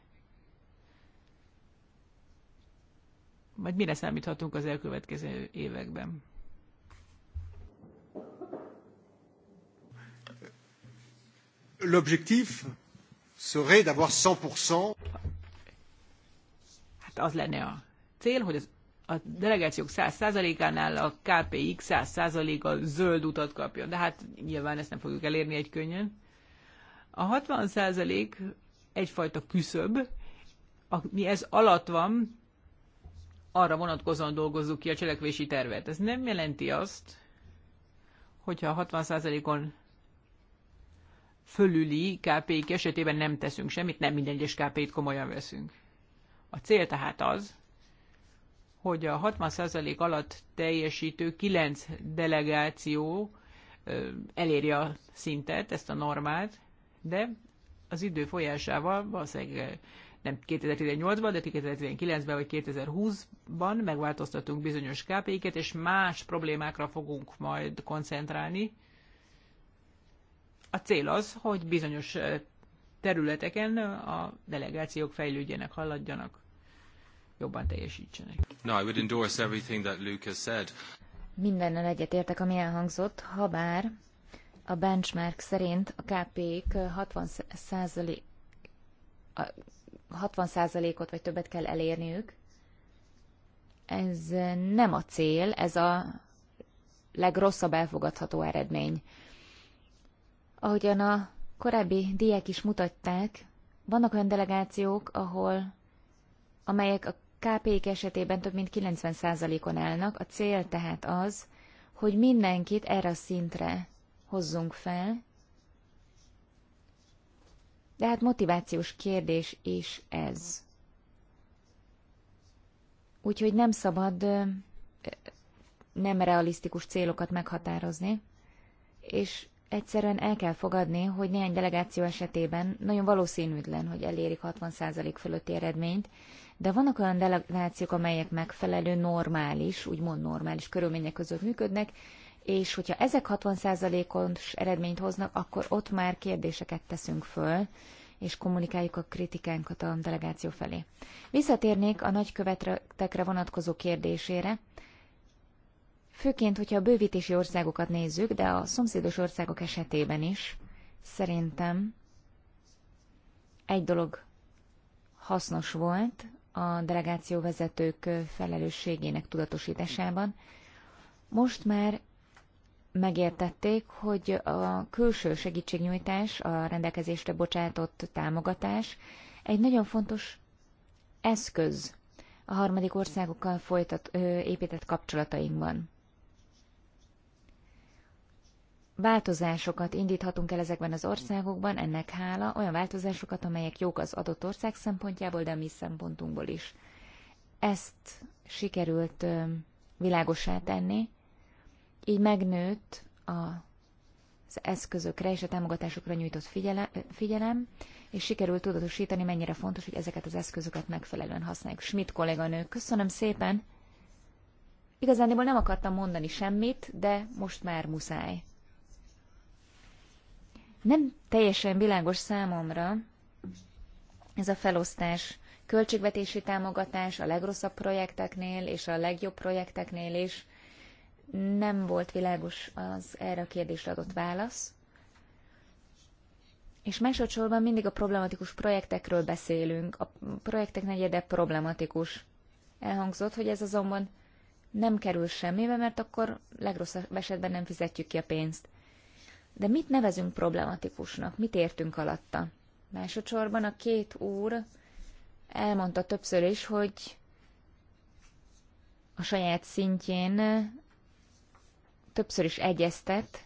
Majd mire számíthatunk az elkövetkező években? L'objectif serait d'avoir 100%. Hát az lenne a cél, hogy az a delegációk 100%-ánál a KPX 100%-a zöld utat kapjon. De hát nyilván ezt nem fogjuk elérni egy könnyen. A 60 százalék egyfajta küszöb, ami ez alatt van, arra vonatkozóan dolgozzuk ki a cselekvési tervet. Ez nem jelenti azt, hogyha 60 százalékon fölüli kp esetében nem teszünk semmit, nem minden egyes kp t komolyan veszünk. A cél tehát az, hogy a 60% alatt teljesítő 9 delegáció elérje a szintet, ezt a normát, de az idő folyásával valószínűleg eh, nem 2018-ban, de 2019-ben vagy 2020-ban megváltoztatunk bizonyos KPI-ket, és más problémákra fogunk majd koncentrálni. A cél az, hogy bizonyos eh, területeken a delegációk fejlődjenek, haladjanak, jobban teljesítsenek. No, I would endorse everything that Lucas said. Mindennel egyetértek, ami elhangzott, ha bár a benchmark szerint a kp k 60%, 60%-ot vagy többet kell elérniük. Ez nem a cél, ez a legrosszabb elfogadható eredmény. Ahogyan a korábbi diák is mutatták, vannak olyan delegációk, ahol amelyek a KPI-k esetében több mint 90%-on állnak, a cél tehát az, hogy mindenkit erre a szintre hozzunk fel. De hát motivációs kérdés is ez. Úgyhogy nem szabad nem realisztikus célokat meghatározni, és egyszerűen el kell fogadni, hogy néhány delegáció esetében nagyon valószínűtlen, hogy elérik 60% fölötti eredményt, de vannak olyan delegációk, amelyek megfelelő, normális, úgymond normális körülmények között működnek, és hogyha ezek 60%-os eredményt hoznak, akkor ott már kérdéseket teszünk föl, és kommunikáljuk a kritikánkat a delegáció felé. Visszatérnék a nagykövetekre vonatkozó kérdésére, főként, hogyha a bővítési országokat nézzük, de a szomszédos országok esetében is, szerintem egy dolog hasznos volt a delegáció vezetők felelősségének tudatosításában. Most már megértették, hogy a külső segítségnyújtás, a rendelkezésre bocsátott támogatás egy nagyon fontos eszköz a harmadik országokkal folytat, ö, épített kapcsolatainkban. Változásokat indíthatunk el ezekben az országokban, ennek hála, olyan változásokat, amelyek jók az adott ország szempontjából, de a mi szempontunkból is. Ezt sikerült ö, tenni így megnőtt a, az eszközökre és a támogatásokra nyújtott figyelem, és sikerült tudatosítani, mennyire fontos, hogy ezeket az eszközöket megfelelően használjuk. Schmidt kolléganő, köszönöm szépen! Igazán nem akartam mondani semmit, de most már muszáj. Nem teljesen világos számomra ez a felosztás költségvetési támogatás a legrosszabb projekteknél és a legjobb projekteknél is, nem volt világos az erre a kérdésre adott válasz. És másodszorban mindig a problematikus projektekről beszélünk. A projektek negyede problematikus. Elhangzott, hogy ez azonban nem kerül semmibe, mert akkor legrosszabb esetben nem fizetjük ki a pénzt. De mit nevezünk problematikusnak? Mit értünk alatta? Másodszorban a két úr elmondta többször is, hogy a saját szintjén többször is egyeztet,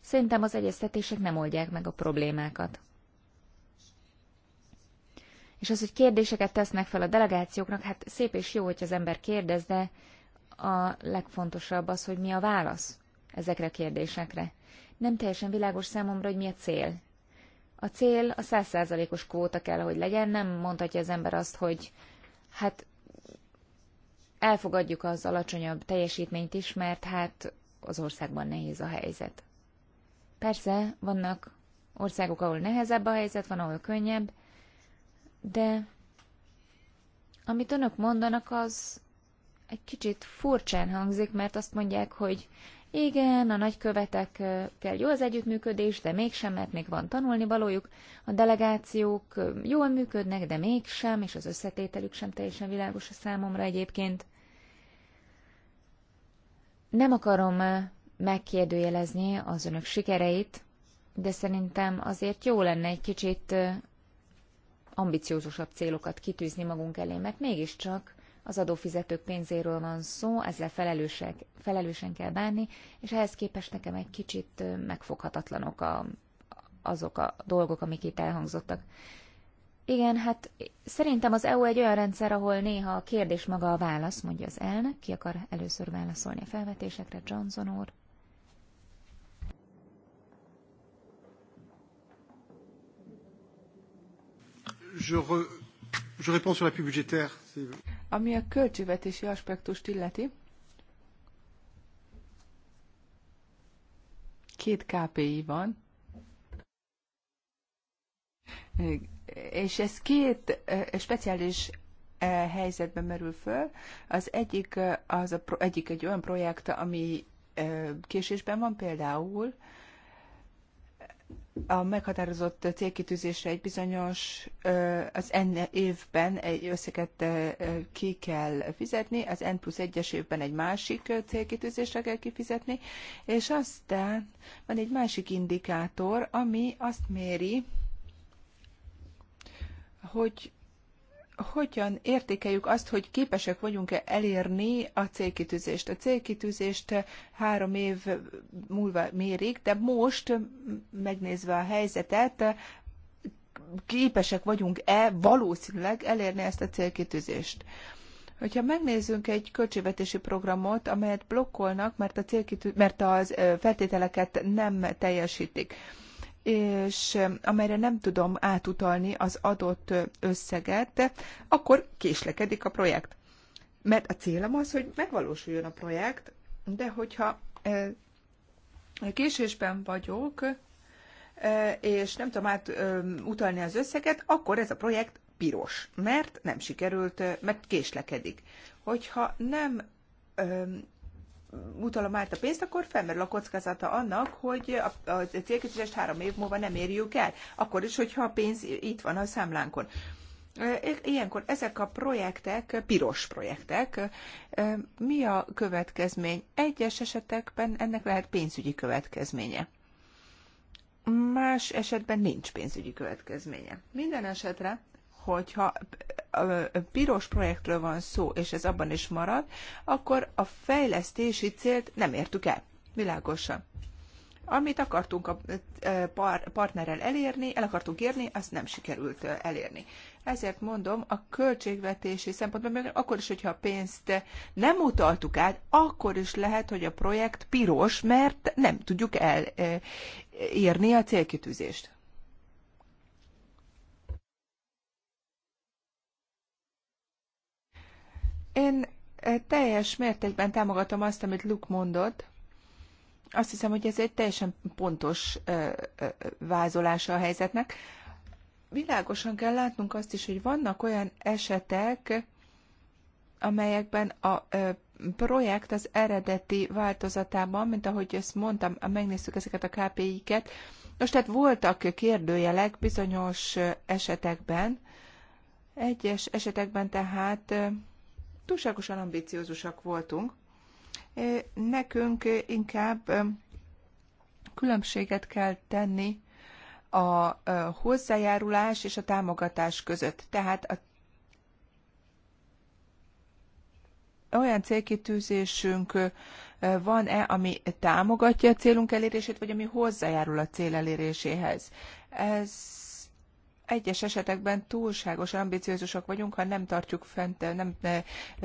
szerintem az egyeztetések nem oldják meg a problémákat. És az, hogy kérdéseket tesznek fel a delegációknak, hát szép és jó, hogy az ember kérdez, de a legfontosabb az, hogy mi a válasz ezekre a kérdésekre. Nem teljesen világos számomra, hogy mi a cél. A cél a százszázalékos kvóta kell, hogy legyen, nem mondhatja az ember azt, hogy hát elfogadjuk az alacsonyabb teljesítményt is, mert hát az országban nehéz a helyzet. Persze, vannak országok, ahol nehezebb a helyzet, van, ahol könnyebb, de amit önök mondanak, az egy kicsit furcsán hangzik, mert azt mondják, hogy igen, a nagykövetekkel jó az együttműködés, de mégsem, mert még van tanulni valójuk. a delegációk jól működnek, de mégsem, és az összetételük sem teljesen világos a számomra egyébként. Nem akarom eh, megkérdőjelezni az önök sikereit, de szerintem azért jó lenne egy kicsit eh, ambiciózusabb célokat kitűzni magunk elé, mert mégiscsak az adófizetők pénzéről van szó, ezzel felelősek, felelősen kell bánni, és ehhez képest nekem egy kicsit eh, megfoghatatlanok a, azok a dolgok, amik itt elhangzottak. Igen, hát szerintem az EU egy olyan rendszer, ahol néha a kérdés maga a válasz, mondja az elnök. Ki akar először válaszolni a felvetésekre, Johnson úr? Je, re, je sur Ami a költségvetési aspektust illeti, két KPI van, és ez két speciális helyzetben merül föl. Az egyik, az a, egyik egy olyan projekt, ami késésben van például, a meghatározott célkitűzésre egy bizonyos, az N évben egy összeget ki kell fizetni, az N plusz egyes évben egy másik célkitűzésre kell kifizetni, és aztán van egy másik indikátor, ami azt méri, hogy hogyan értékeljük azt, hogy képesek vagyunk-e elérni a célkitűzést. A célkitűzést három év múlva mérik, de most, megnézve a helyzetet, képesek vagyunk-e valószínűleg elérni ezt a célkitűzést. Hogyha megnézzünk egy költségvetési programot, amelyet blokkolnak, mert, a célkitű, mert az feltételeket nem teljesítik és amelyre nem tudom átutalni az adott összeget, akkor késlekedik a projekt. Mert a célom az, hogy megvalósuljon a projekt, de hogyha e, késésben vagyok, e, és nem tudom átutalni e, az összeget, akkor ez a projekt piros, mert nem sikerült, mert késlekedik. Hogyha nem utalom át a pénzt, akkor felmerül a kockázata annak, hogy a, a célkitűzést három év múlva nem érjük el, akkor is, hogyha a pénz itt van a számlánkon. Ilyenkor ezek a projektek, piros projektek, mi a következmény? Egyes esetekben ennek lehet pénzügyi következménye. Más esetben nincs pénzügyi következménye. Minden esetre hogyha piros projektről van szó, és ez abban is marad, akkor a fejlesztési célt nem értük el. Világosan. Amit akartunk a partnerrel elérni, el akartunk érni, azt nem sikerült elérni. Ezért mondom, a költségvetési szempontból, még akkor is, hogyha a pénzt nem utaltuk át, akkor is lehet, hogy a projekt piros, mert nem tudjuk elérni a célkitűzést. Én eh, teljes mértékben támogatom azt, amit Luke mondott. Azt hiszem, hogy ez egy teljesen pontos eh, eh, vázolása a helyzetnek. Világosan kell látnunk azt is, hogy vannak olyan esetek, amelyekben a projekt az eredeti változatában, mint ahogy ezt mondtam, megnéztük ezeket a KPI-ket. Most tehát voltak kérdőjelek bizonyos esetekben, egyes esetekben tehát túlságosan ambiciózusak voltunk. Nekünk inkább különbséget kell tenni a hozzájárulás és a támogatás között. Tehát a olyan célkitűzésünk van-e, ami támogatja a célunk elérését, vagy ami hozzájárul a cél eléréséhez. Ez egyes esetekben túlságos ambiciózusok vagyunk, ha nem tartjuk fent, nem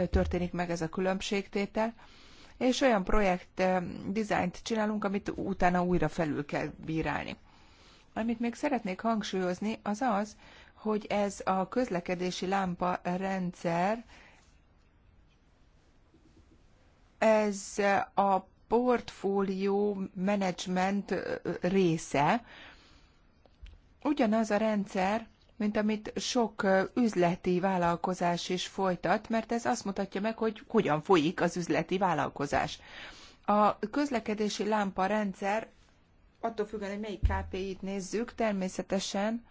történik meg ez a különbségtétel, és olyan projekt eh, dizájnt csinálunk, amit utána újra felül kell bírálni. Amit még szeretnék hangsúlyozni, az az, hogy ez a közlekedési lámpa rendszer, ez a portfólió menedzsment eh, része, ugyanaz a rendszer, mint amit sok üzleti vállalkozás is folytat, mert ez azt mutatja meg, hogy hogyan folyik az üzleti vállalkozás. A közlekedési lámpa rendszer, attól függően, hogy melyik KPI-t nézzük, természetesen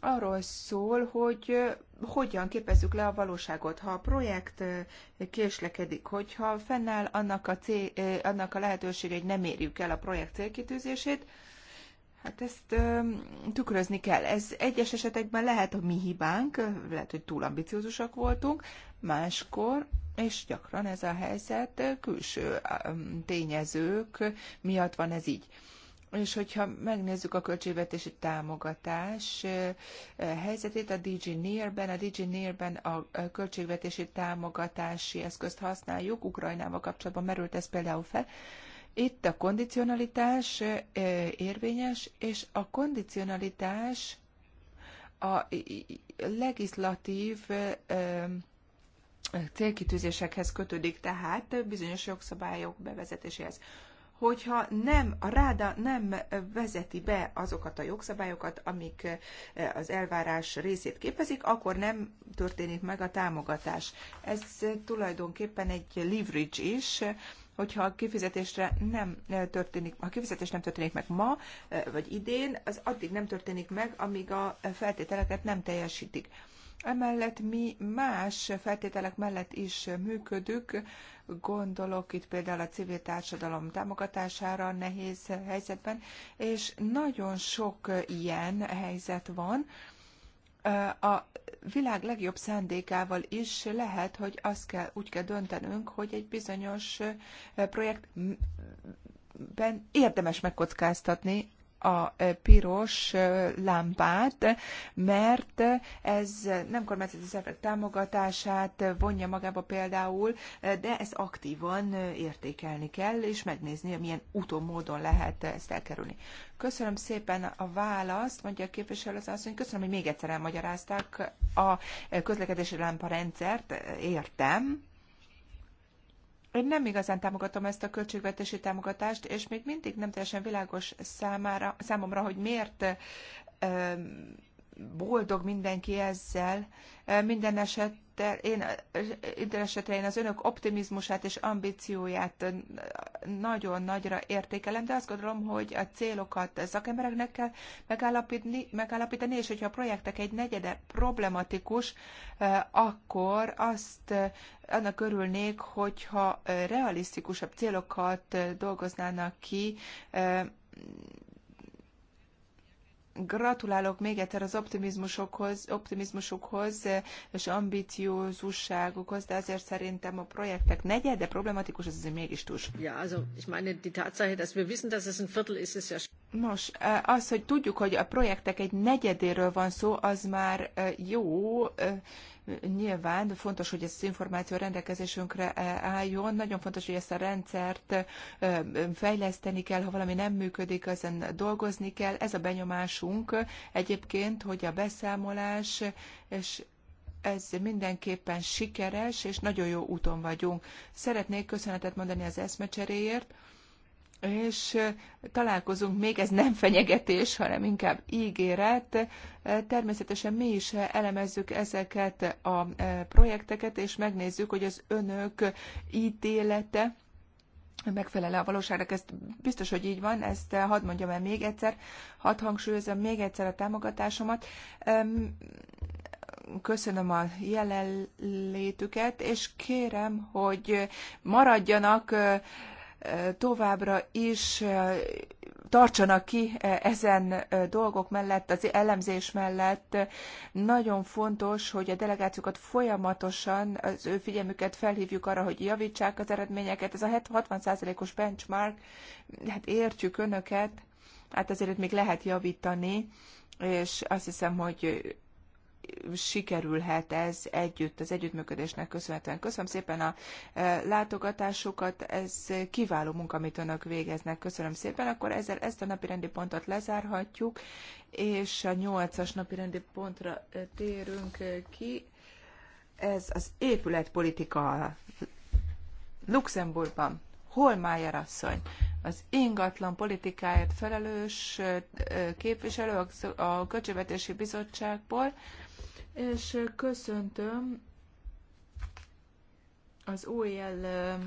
arról szól, hogy hogyan képezzük le a valóságot. Ha a projekt késlekedik, hogyha fennáll annak a, cél, annak a lehetőség, hogy nem érjük el a projekt célkitűzését, Hát ezt ö, tükrözni kell. Ez egyes esetekben lehet a mi hibánk, lehet, hogy túl ambiciózusak voltunk, máskor, és gyakran ez a helyzet külső tényezők miatt van ez így. És hogyha megnézzük a költségvetési támogatás helyzetét a DG ben a DG ben a költségvetési támogatási eszközt használjuk, Ukrajnával kapcsolatban merült ez például fel, itt a kondicionalitás érvényes, és a kondicionalitás a legislatív célkitűzésekhez kötődik, tehát bizonyos jogszabályok bevezetéséhez hogyha nem, a ráda nem vezeti be azokat a jogszabályokat, amik eh, az elvárás részét képezik, akkor nem történik meg a támogatás. Ez tulajdonképpen egy leverage is, hogyha a kifizetésre nem eh, történik, ha a kifizetés nem történik meg ma, eh, vagy idén, az addig nem történik meg, amíg a feltételeket nem teljesítik. Emellett mi más feltételek mellett is működünk, gondolok itt például a civil társadalom támogatására nehéz helyzetben, és nagyon sok ilyen helyzet van. A világ legjobb szándékával is lehet, hogy azt kell, úgy kell döntenünk, hogy egy bizonyos projekt ben érdemes megkockáztatni a e, piros e, lámpát, mert ez nem kormányzati szervek támogatását vonja magába például, e, de ezt aktívan értékelni kell, és megnézni, milyen úton, módon lehet ezt elkerülni. Köszönöm szépen a választ, mondja a képviselő az asszony. Köszönöm, hogy még egyszer elmagyarázták a közlekedési lámparendszert. Értem én nem igazán támogatom ezt a költségvetési támogatást, és még mindig nem teljesen világos számára, számomra, hogy miért boldog mindenki ezzel. Minden eset esettel, én, minden esetre én az önök optimizmusát és ambícióját nagyon nagyra értékelem, de azt gondolom, hogy a célokat szakembereknek kell megállapítani, megállapítani és hogyha a projektek egy negyede problematikus, eh, akkor azt eh, annak örülnék, hogyha eh, realisztikusabb célokat dolgoznának ki, Gratulálok még egyszer az optimizmusokhoz, optimizmusokhoz eh, és ambiciózusságukhoz, de azért szerintem a projektek negyede problematikus, ez azért mégis túl Ja, also, ich meine, die Tatsache, dass wir wissen, dass es ein Viertel ist, ist ja... Nos, eh, az, hogy tudjuk, hogy a projektek egy negyedéről van szó, az már eh, jó Nyilván fontos, hogy ez az információ rendelkezésünkre eh, álljon, nagyon fontos, hogy ezt a rendszert eh, fejleszteni kell, ha valami nem működik, ezen dolgozni kell. Ez a benyomásunk egyébként, hogy a beszámolás és ez mindenképpen sikeres, és nagyon jó úton vagyunk. Szeretnék köszönetet mondani az eszmecseréért, és találkozunk még, ez nem fenyegetés, hanem inkább ígéret. Természetesen mi is elemezzük ezeket a projekteket, és megnézzük, hogy az önök ítélete, megfelele a valóságnak. Ez biztos, hogy így van, ezt hadd mondjam el még egyszer, hadd hangsúlyozom még egyszer a támogatásomat. Köszönöm a jelenlétüket, és kérem, hogy maradjanak továbbra is tartsanak ki ezen dolgok mellett, az elemzés mellett. Nagyon fontos, hogy a delegációkat folyamatosan az ő figyelmüket felhívjuk arra, hogy javítsák az eredményeket. Ez a 60%-os benchmark, hát értjük önöket, hát azért még lehet javítani, és azt hiszem, hogy sikerülhet ez együtt, az együttműködésnek köszönhetően. Köszönöm szépen a e, látogatásukat, ez kiváló munka, amit önök végeznek. Köszönöm szépen, akkor ezzel ezt a napi rendi pontot lezárhatjuk, és a nyolcas napi rendi pontra e, térünk e, ki. Ez az épületpolitika Luxemburgban. Holmájer asszony, az ingatlan politikáért felelős képviselő a Költségvetési Bizottságból, és köszöntöm az OEL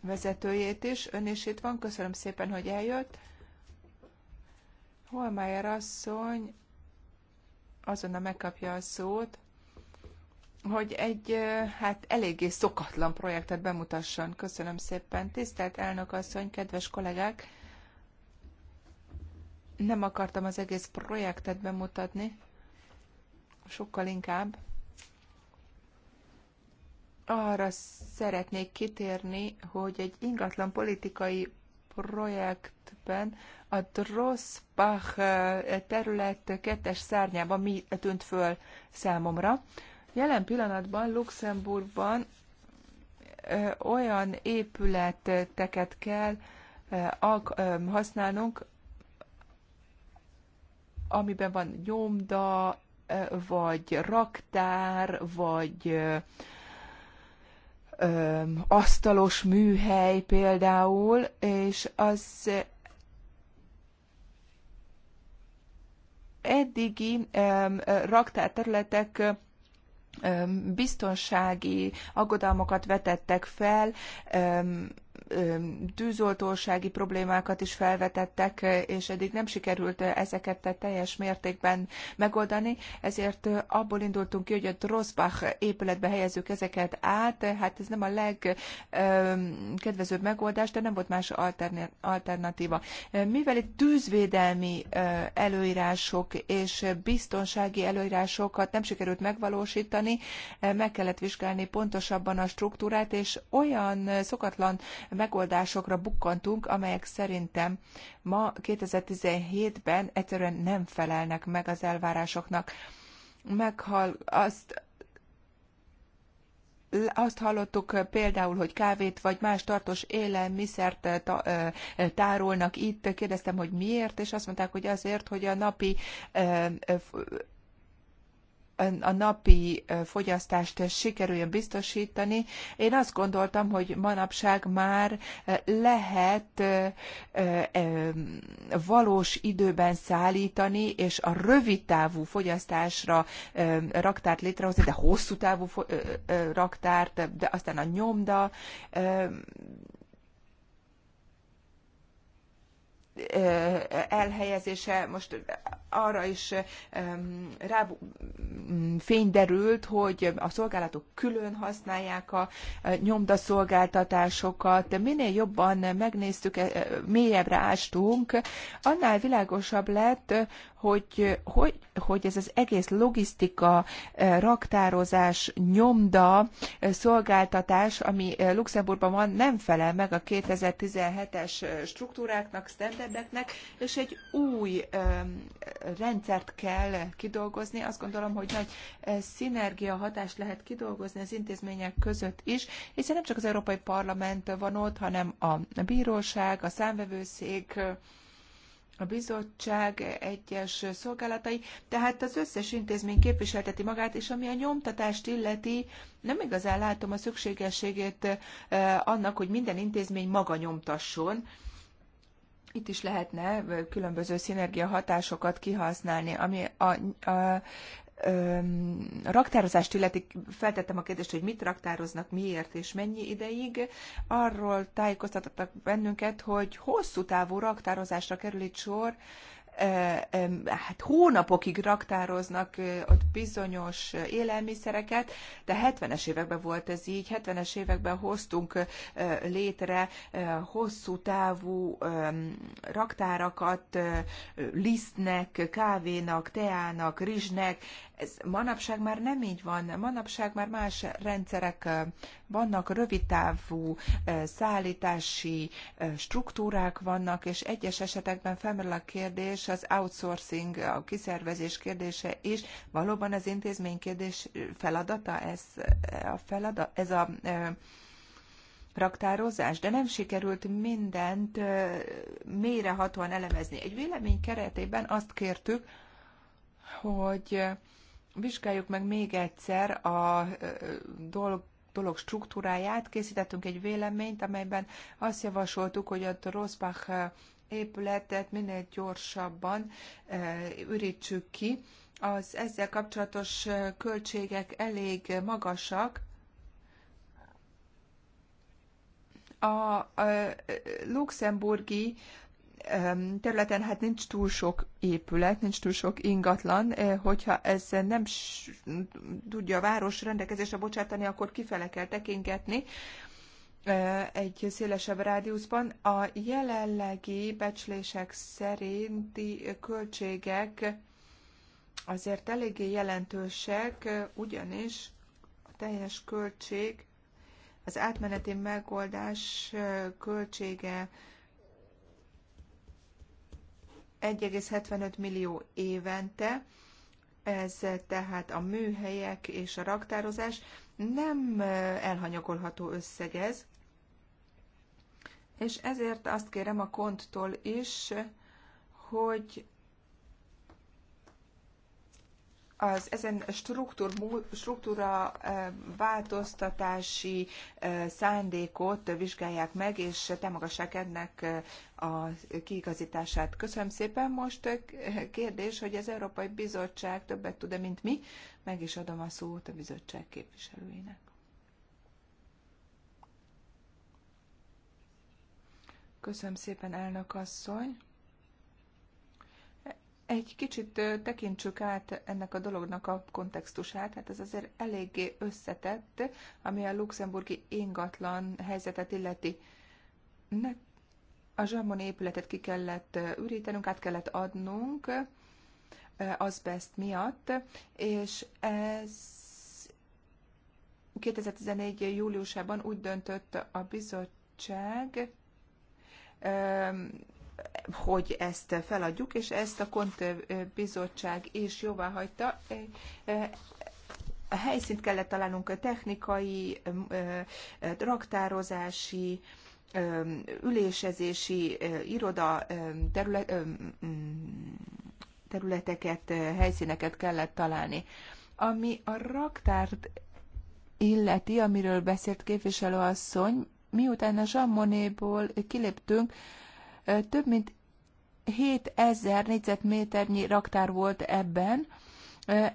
vezetőjét is. Ön is itt van, köszönöm szépen, hogy eljött. Holmeyer asszony azonnal megkapja a szót, hogy egy hát eléggé szokatlan projektet bemutasson. Köszönöm szépen. Tisztelt elnök asszony, kedves kollégák! Nem akartam az egész projektet bemutatni, sokkal inkább arra szeretnék kitérni, hogy egy ingatlan politikai projektben a Drossbach eh, terület kettes szárnyában mi tűnt föl számomra. Jelen pillanatban Luxemburgban eh, olyan épületeket kell eh, használnunk, amiben van nyomda, vagy raktár, vagy asztalos műhely például, és az eddigi ö, biztonsági aggodalmakat vetettek fel, tűzoltósági problémákat is felvetettek, és eddig nem sikerült ezeket teljes mértékben megoldani, ezért abból indultunk ki, hogy a Drosbach épületbe helyezzük ezeket át, hát ez nem a legkedvezőbb megoldás, de nem volt más alternatíva. Mivel itt tűzvédelmi előírások és biztonsági előírásokat nem sikerült megvalósítani, meg kellett vizsgálni pontosabban a struktúrát, és olyan szokatlan megoldásokra bukkantunk, amelyek szerintem ma 2017-ben egyszerűen nem felelnek meg az elvárásoknak. Meghal azt, azt hallottuk például, hogy kávét vagy más tartós élelmiszert eh, eh, tárolnak itt. Kérdeztem, hogy miért, és azt mondták, hogy azért, hogy a napi eh, a napi fogyasztást sikerüljön biztosítani. Én azt gondoltam, hogy manapság már lehet valós időben szállítani, és a rövid távú fogyasztásra raktárt létrehozni, de hosszú távú raktárt, de aztán a nyomda elhelyezése, most arra is rá fény derült, hogy a szolgálatok külön használják a nyomdaszolgáltatásokat, de minél jobban megnéztük, e, mélyebbre ástunk, annál világosabb lett, hogy, hogy, hogy ez az egész logisztika, raktározás, nyomda, szolgáltatás, ami Luxemburgban van, nem felel meg a 2017-es struktúráknak, standard kisebbeknek, és egy új rendszert kell kidolgozni. Azt gondolom, hogy nagy szinergia hatást lehet kidolgozni az intézmények között is, hiszen nem csak az Európai Parlament van ott, hanem a bíróság, a számvevőszék, a bizottság egyes szolgálatai, tehát az összes intézmény képviselteti magát, és ami a nyomtatást illeti, nem igazán látom a szükségességét annak, hogy minden intézmény maga nyomtasson itt is lehetne különböző szinergia hatásokat kihasználni, ami a, a raktározást illeti, feltettem a kérdést, hogy mit raktároznak, miért és mennyi ideig. Arról tájékoztattak bennünket, hogy hosszú távú raktározásra kerül itt sor, hát hónapokig raktároznak ott bizonyos élelmiszereket, de 70-es években volt ez így, 70-es években hoztunk létre hosszú távú raktárakat lisztnek, kávénak, teának, rizsnek. Ez manapság már nem így van, manapság már más rendszerek vannak rövidtávú szállítási struktúrák vannak, és egyes esetekben felmerül a kérdés, az outsourcing, a kiszervezés kérdése is. Valóban az intézmény kérdés feladata ez a feladat, ez a raktározás, de nem sikerült mindent mélyrehatóan elemezni. Egy vélemény keretében azt kértük, hogy vizsgáljuk meg még egyszer a dolg dolog struktúráját, készítettünk egy véleményt, amelyben azt javasoltuk, hogy a Rosbach eh, épületet minél gyorsabban eh, ürítsük ki. Az ezzel kapcsolatos eh, költségek elég magasak, a, luxemburgi területen hát nincs túl sok épület, nincs túl sok ingatlan, hogyha ez nem tudja a város rendelkezésre bocsátani, akkor kifele kell tekingetni egy szélesebb rádiuszban. A jelenlegi becslések szerinti költségek azért eléggé jelentősek, ugyanis a teljes költség, az átmeneti megoldás költsége 1,75 millió évente, ez tehát a műhelyek és a raktározás nem elhanyagolható összeg ez, és ezért azt kérem a konttól is, hogy az ezen struktúr, struktúra változtatási szándékot vizsgálják meg, és támogassák ennek a kiigazítását. Köszönöm szépen. Most kérdés, hogy az Európai Bizottság többet tud-e, mint mi? Meg is adom a szót a bizottság képviselőinek. Köszönöm szépen, elnök asszony egy kicsit tekintsük át ennek a dolognak a kontextusát, hát ez azért eléggé összetett, ami a luxemburgi ingatlan helyzetet illeti. Ne, a Zsamon épületet ki kellett ürítenünk, át kellett adnunk Az best miatt, és ez 2014. júliusában úgy döntött a bizottság, hogy ezt feladjuk, és ezt a Kont bizottság is jóvá hagyta. A helyszínt kellett találnunk a technikai, raktározási, ülésezési iroda területeket, helyszíneket kellett találni. Ami a raktárt illeti, amiről beszélt képviselőasszony, miután a Zsammonéból kiléptünk, több mint 7000 négyzetméternyi raktár volt ebben,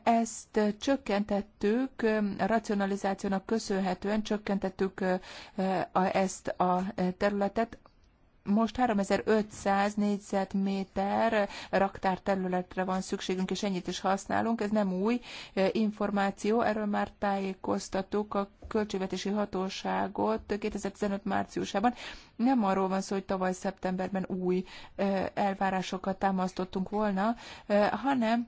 ezt csökkentettük, racionalizációnak köszönhetően csökkentettük ezt a területet most 3500 négyzetméter területre van szükségünk, és ennyit is használunk. Ez nem új e, információ, erről már tájékoztattuk a költségvetési hatóságot 2015 márciusában. Nem arról van szó, hogy tavaly szeptemberben új e, elvárásokat támasztottunk volna, e, hanem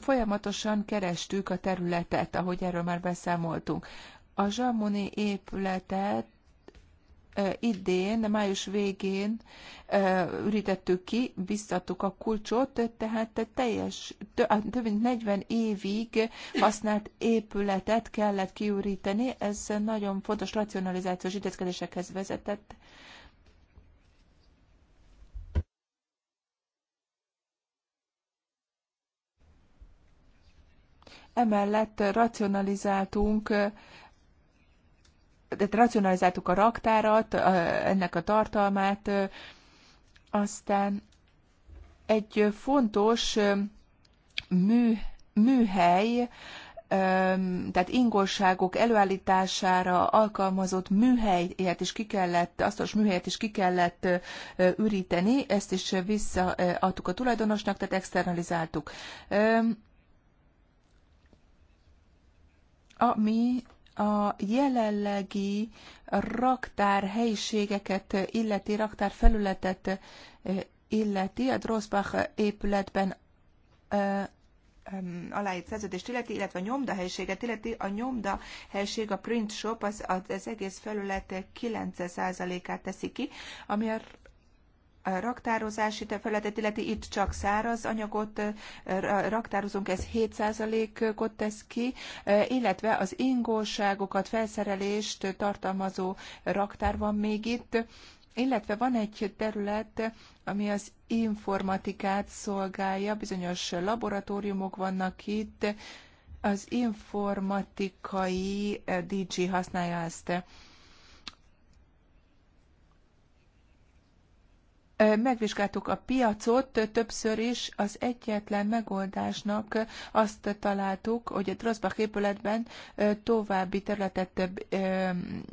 folyamatosan kerestük a területet, ahogy erről már beszámoltunk. A Zsamoni épületet idén, május végén ürítettük ki, visszadtuk a kulcsot, tehát teljes, több mint 40 évig használt épületet kellett kiüríteni, ez nagyon fontos racionalizációs intézkedésekhez vezetett. Emellett racionalizáltunk tehát racionalizáltuk a raktárat, ennek a tartalmát, aztán egy fontos mű, műhely, tehát ingolságok előállítására alkalmazott műhelyet is ki kellett, asztalos műhelyet is ki kellett üríteni, ezt is visszaadtuk a tulajdonosnak, tehát externalizáltuk. Ami a jelenlegi raktár helyiségeket illeti, raktár felületet eh, illeti, a Drosbach épületben eh, aláírt szerződést illeti, illetve a nyomda helységet illeti. A nyomda helység, a print shop az, az egész felület 9%-át teszi ki, ami a raktározási felületet illeti, itt csak száraz anyagot raktározunk, ez 7%-ot tesz ki, illetve az ingóságokat, felszerelést tartalmazó raktár van még itt, illetve van egy terület, ami az informatikát szolgálja, bizonyos laboratóriumok vannak itt, az informatikai DG használja ezt. Megvizsgáltuk a piacot többször is, az egyetlen megoldásnak azt találtuk, hogy a Drosbach épületben további területet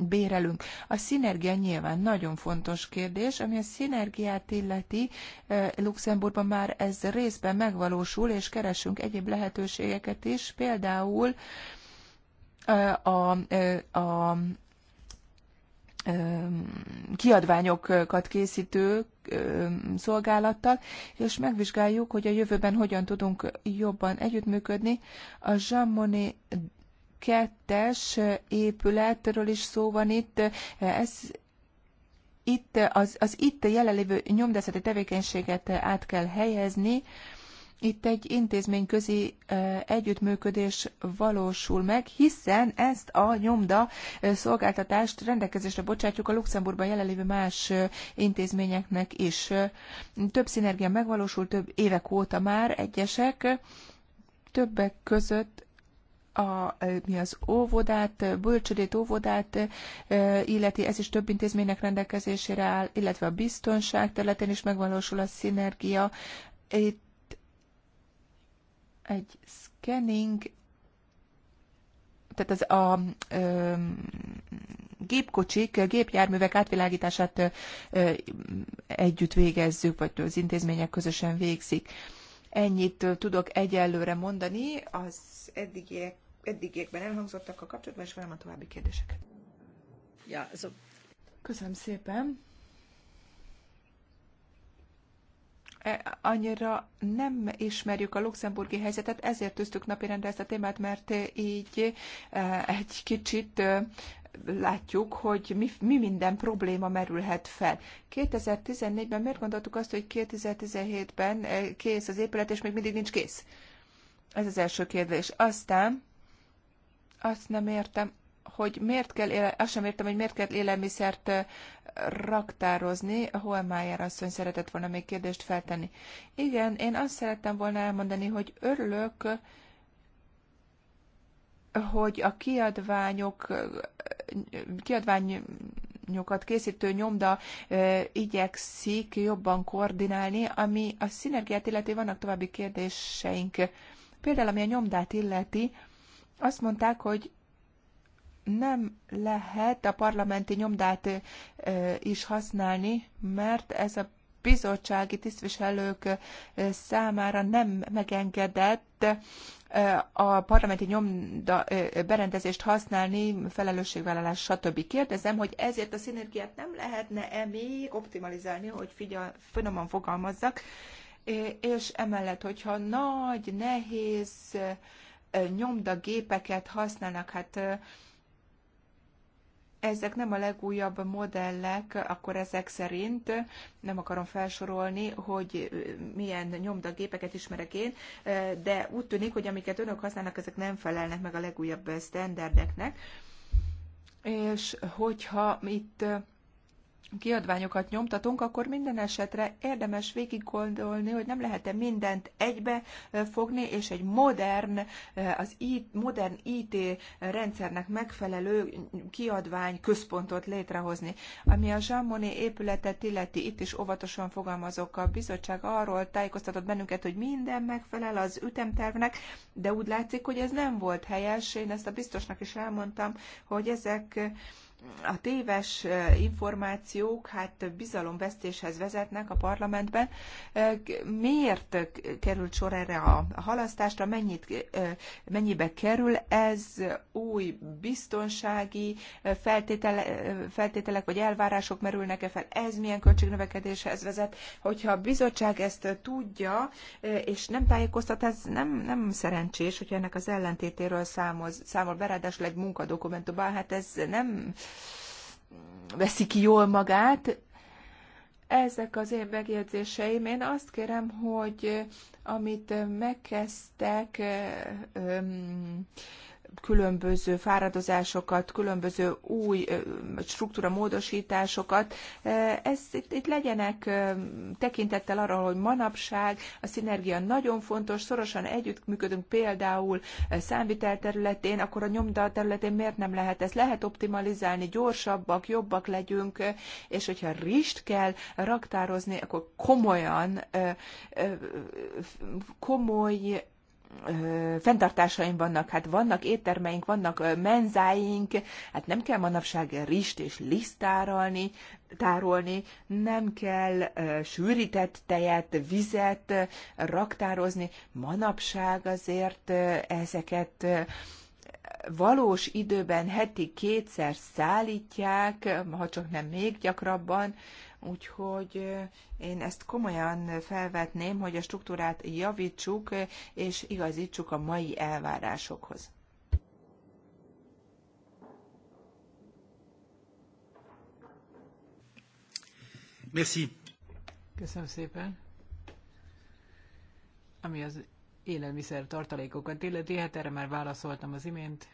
bérelünk. A szinergia nyilván nagyon fontos kérdés, ami a szinergiát illeti, Luxemburgban már ez részben megvalósul, és keresünk egyéb lehetőségeket is, például a, a kiadványokat készítők szolgálattal, és megvizsgáljuk, hogy a jövőben hogyan tudunk jobban együttműködni. A Jean Monnet kettes épületről is szó van itt. Ez itt az, az itt jelenlévő nyomdászati tevékenységet át kell helyezni itt egy intézményközi együttműködés valósul meg, hiszen ezt a nyomda szolgáltatást rendelkezésre bocsátjuk a Luxemburgban jelenlévő más intézményeknek is. Több szinergia megvalósul, több évek óta már egyesek, többek között a, mi az óvodát, bölcsödét óvodát illeti, ez is több intézménynek rendelkezésére áll, illetve a biztonság területén is megvalósul a szinergia. Itt egy scanning, tehát az a ö, gépkocsik, gépjárművek átvilágítását ö, együtt végezzük, vagy az intézmények közösen végzik. Ennyit tudok egyelőre mondani az eddigiek, eddigiekben elhangzottak a kapcsolatban, és várom a további kérdéseket. Ja, so. Köszönöm szépen. E, annyira nem ismerjük a luxemburgi helyzetet, ezért tűztük napirendre ezt a témát, mert így e, egy kicsit e, látjuk, hogy mi, mi minden probléma merülhet fel. 2014-ben miért gondoltuk azt, hogy 2017-ben kész az épület, és még mindig nincs kész? Ez az első kérdés. Aztán azt nem értem, hogy miért kell, éle, azt sem értem, hogy miért kell élelmiszert raktározni. A Holmájer asszony szeretett volna még kérdést feltenni. Igen, én azt szerettem volna elmondani, hogy örülök, hogy a kiadványok, kiadványokat készítő nyomda e, igyekszik jobban koordinálni, ami a szinergiát illeti, vannak további kérdéseink. Például, ami a nyomdát illeti, azt mondták, hogy nem lehet a parlamenti nyomdát is használni, mert ez a bizottsági tisztviselők számára nem megengedett a parlamenti nyomda berendezést használni, felelősségvállalás, stb. Kérdezem, hogy ezért a szinergiát nem lehetne-e még optimalizálni, hogy figyel, finoman fogalmazzak, és emellett, hogyha nagy, nehéz nyomdagépeket használnak, hát ezek nem a legújabb modellek, akkor ezek szerint nem akarom felsorolni, hogy milyen nyomdagépeket ismerek én, de úgy tűnik, hogy amiket önök használnak, ezek nem felelnek meg a legújabb sztenderdeknek. És hogyha itt kiadványokat nyomtatunk, akkor minden esetre érdemes végig gondolni, hogy nem lehet-e mindent egybe fogni, és egy modern, az IT, modern IT rendszernek megfelelő kiadvány központot létrehozni. Ami a Zsámoni épületet illeti, itt is óvatosan fogalmazok, a bizottság arról tájékoztatott bennünket, hogy minden megfelel az ütemtervnek, de úgy látszik, hogy ez nem volt helyes. Én ezt a biztosnak is elmondtam, hogy ezek a téves információk hát bizalomvesztéshez vezetnek a parlamentben. Miért került sor erre a halasztásra? Mennyit, mennyibe kerül ez új biztonsági feltétele, feltételek vagy elvárások merülnek-e fel? Ez milyen költségnövekedéshez vezet? Hogyha a bizottság ezt tudja, és nem tájékoztat, ez nem, nem szerencsés, hogyha ennek az ellentétéről számol, számol be, ráadásul egy munkadokumentumban, hát ez nem veszi ki jól magát. Ezek az én megjegyzéseim. Én azt kérem, hogy amit megkezdtek, különböző fáradozásokat, különböző új struktúra módosításokat. Ez, itt, itt legyenek tekintettel arra, hogy manapság a szinergia nagyon fontos, szorosan együttműködünk például számvitel területén, akkor a nyomda területén miért nem lehet ez? Lehet optimalizálni, gyorsabbak, jobbak legyünk, és hogyha rist kell raktározni, akkor komolyan, komoly fenntartásaim vannak, hát vannak éttermeink, vannak menzáink, hát nem kell manapság rist és tárolni, tárolni, nem kell sűrített tejet, vizet raktározni, manapság azért ezeket valós időben heti kétszer szállítják, ha csak nem még gyakrabban, Úgyhogy eh, én ezt komolyan felvetném, hogy a struktúrát javítsuk eh, és igazítsuk a mai elvárásokhoz. Merci. Köszönöm szépen. Ami az élelmiszer tartalékokat illeti, hát erre már válaszoltam az imént.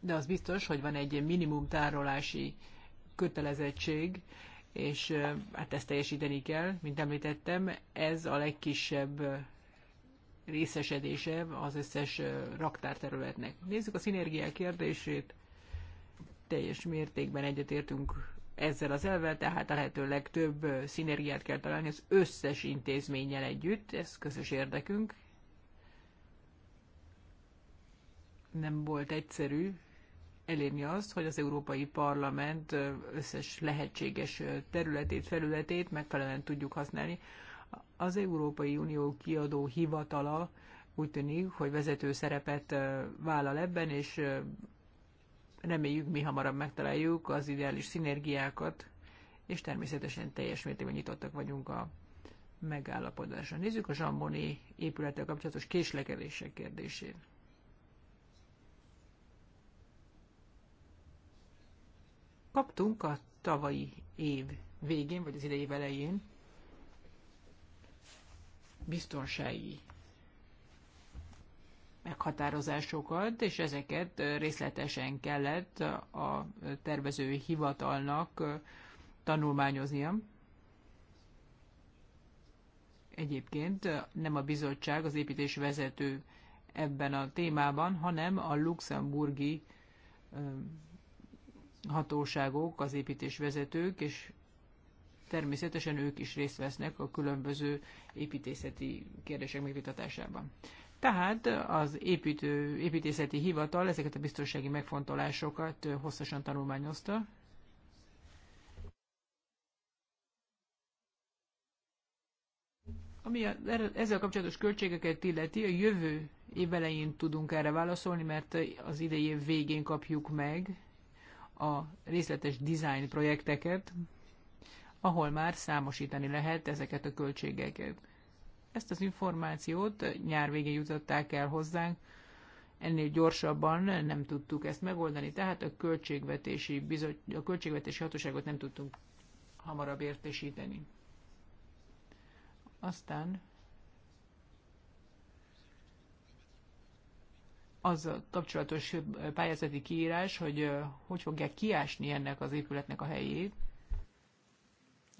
De az biztos, hogy van egy minimum tárolási kötelezettség, és hát ezt teljesíteni kell, mint említettem, ez a legkisebb részesedése az összes raktárterületnek. Nézzük a szinergiák kérdését. Teljes mértékben egyetértünk ezzel az elvel, tehát a lehető legtöbb szinergiát kell találni az összes intézménnyel együtt, ez közös érdekünk. Nem volt egyszerű elérni azt, hogy az Európai Parlament összes lehetséges területét, felületét megfelelően tudjuk használni. Az Európai Unió kiadó hivatala úgy tűnik, hogy vezető szerepet vállal ebben, és reméljük mi hamarabb megtaláljuk az ideális szinergiákat, és természetesen teljes mértékben nyitottak vagyunk a megállapodásra. Nézzük a Zsamboni épülettel kapcsolatos késlekedések kérdését. kaptunk a tavalyi év végén, vagy az idei elején biztonsági meghatározásokat, és ezeket részletesen kellett a tervezői hivatalnak tanulmányoznia. Egyébként nem a bizottság, az építés vezető ebben a témában, hanem a luxemburgi hatóságok, az építésvezetők, és természetesen ők is részt vesznek a különböző építészeti kérdések megvitatásában. Tehát az építő, építészeti hivatal ezeket a biztonsági megfontolásokat hosszasan tanulmányozta. Ami a, ezzel kapcsolatos költségeket illeti, a jövő év elején tudunk erre válaszolni, mert az idei év végén kapjuk meg a részletes design projekteket, ahol már számosítani lehet ezeket a költségeket. Ezt az információt nyár végén jutották el hozzánk, ennél gyorsabban nem tudtuk ezt megoldani, tehát a költségvetési, bizot, a költségvetési hatóságot nem tudtunk hamarabb értesíteni. Aztán az a kapcsolatos pályázati kiírás, hogy hogy fogják kiásni ennek az épületnek a helyét.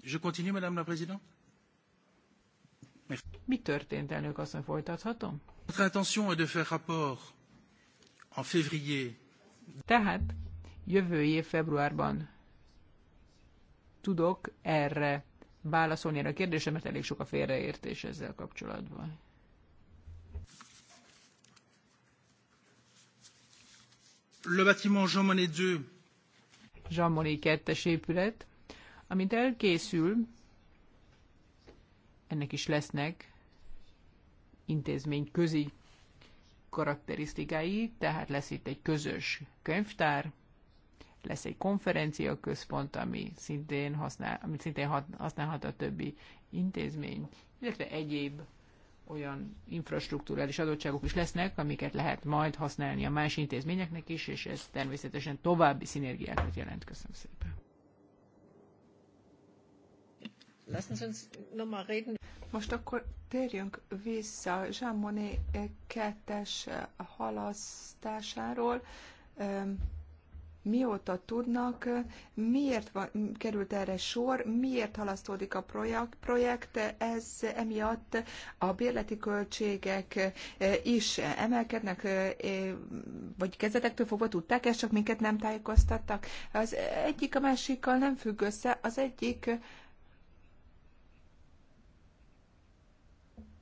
Je continue, Madame la Présidente. Mi történt, elnök asszony, folytathatom? Notre intention est de faire rapport en février. Tehát jövő év februárban tudok erre válaszolni erre a kérdésre, mert elég sok a félreértés ezzel kapcsolatban. le bâtiment Jean Monnet 2. Jean Monnet 2 épület, amit elkészül, ennek is lesznek intézmény közi karakterisztikái, tehát lesz itt egy közös könyvtár, lesz egy konferencia központ, ami szintén használ, amit szintén használhat a többi intézmény, illetve egyéb olyan infrastruktúrális adottságok is lesznek, amiket lehet majd használni a más intézményeknek is, és ez természetesen további szinergiákat jelent. Köszönöm szépen. Most akkor térjünk vissza Jean Monnet kettes halasztásáról mióta tudnak, miért van, került erre sor, miért halasztódik a projekt, projekt, ez emiatt a bérleti költségek e, is emelkednek, e, vagy kezdetektől fogva tudták, ezt csak minket nem tájékoztattak. Az egyik a másikkal nem függ össze, az egyik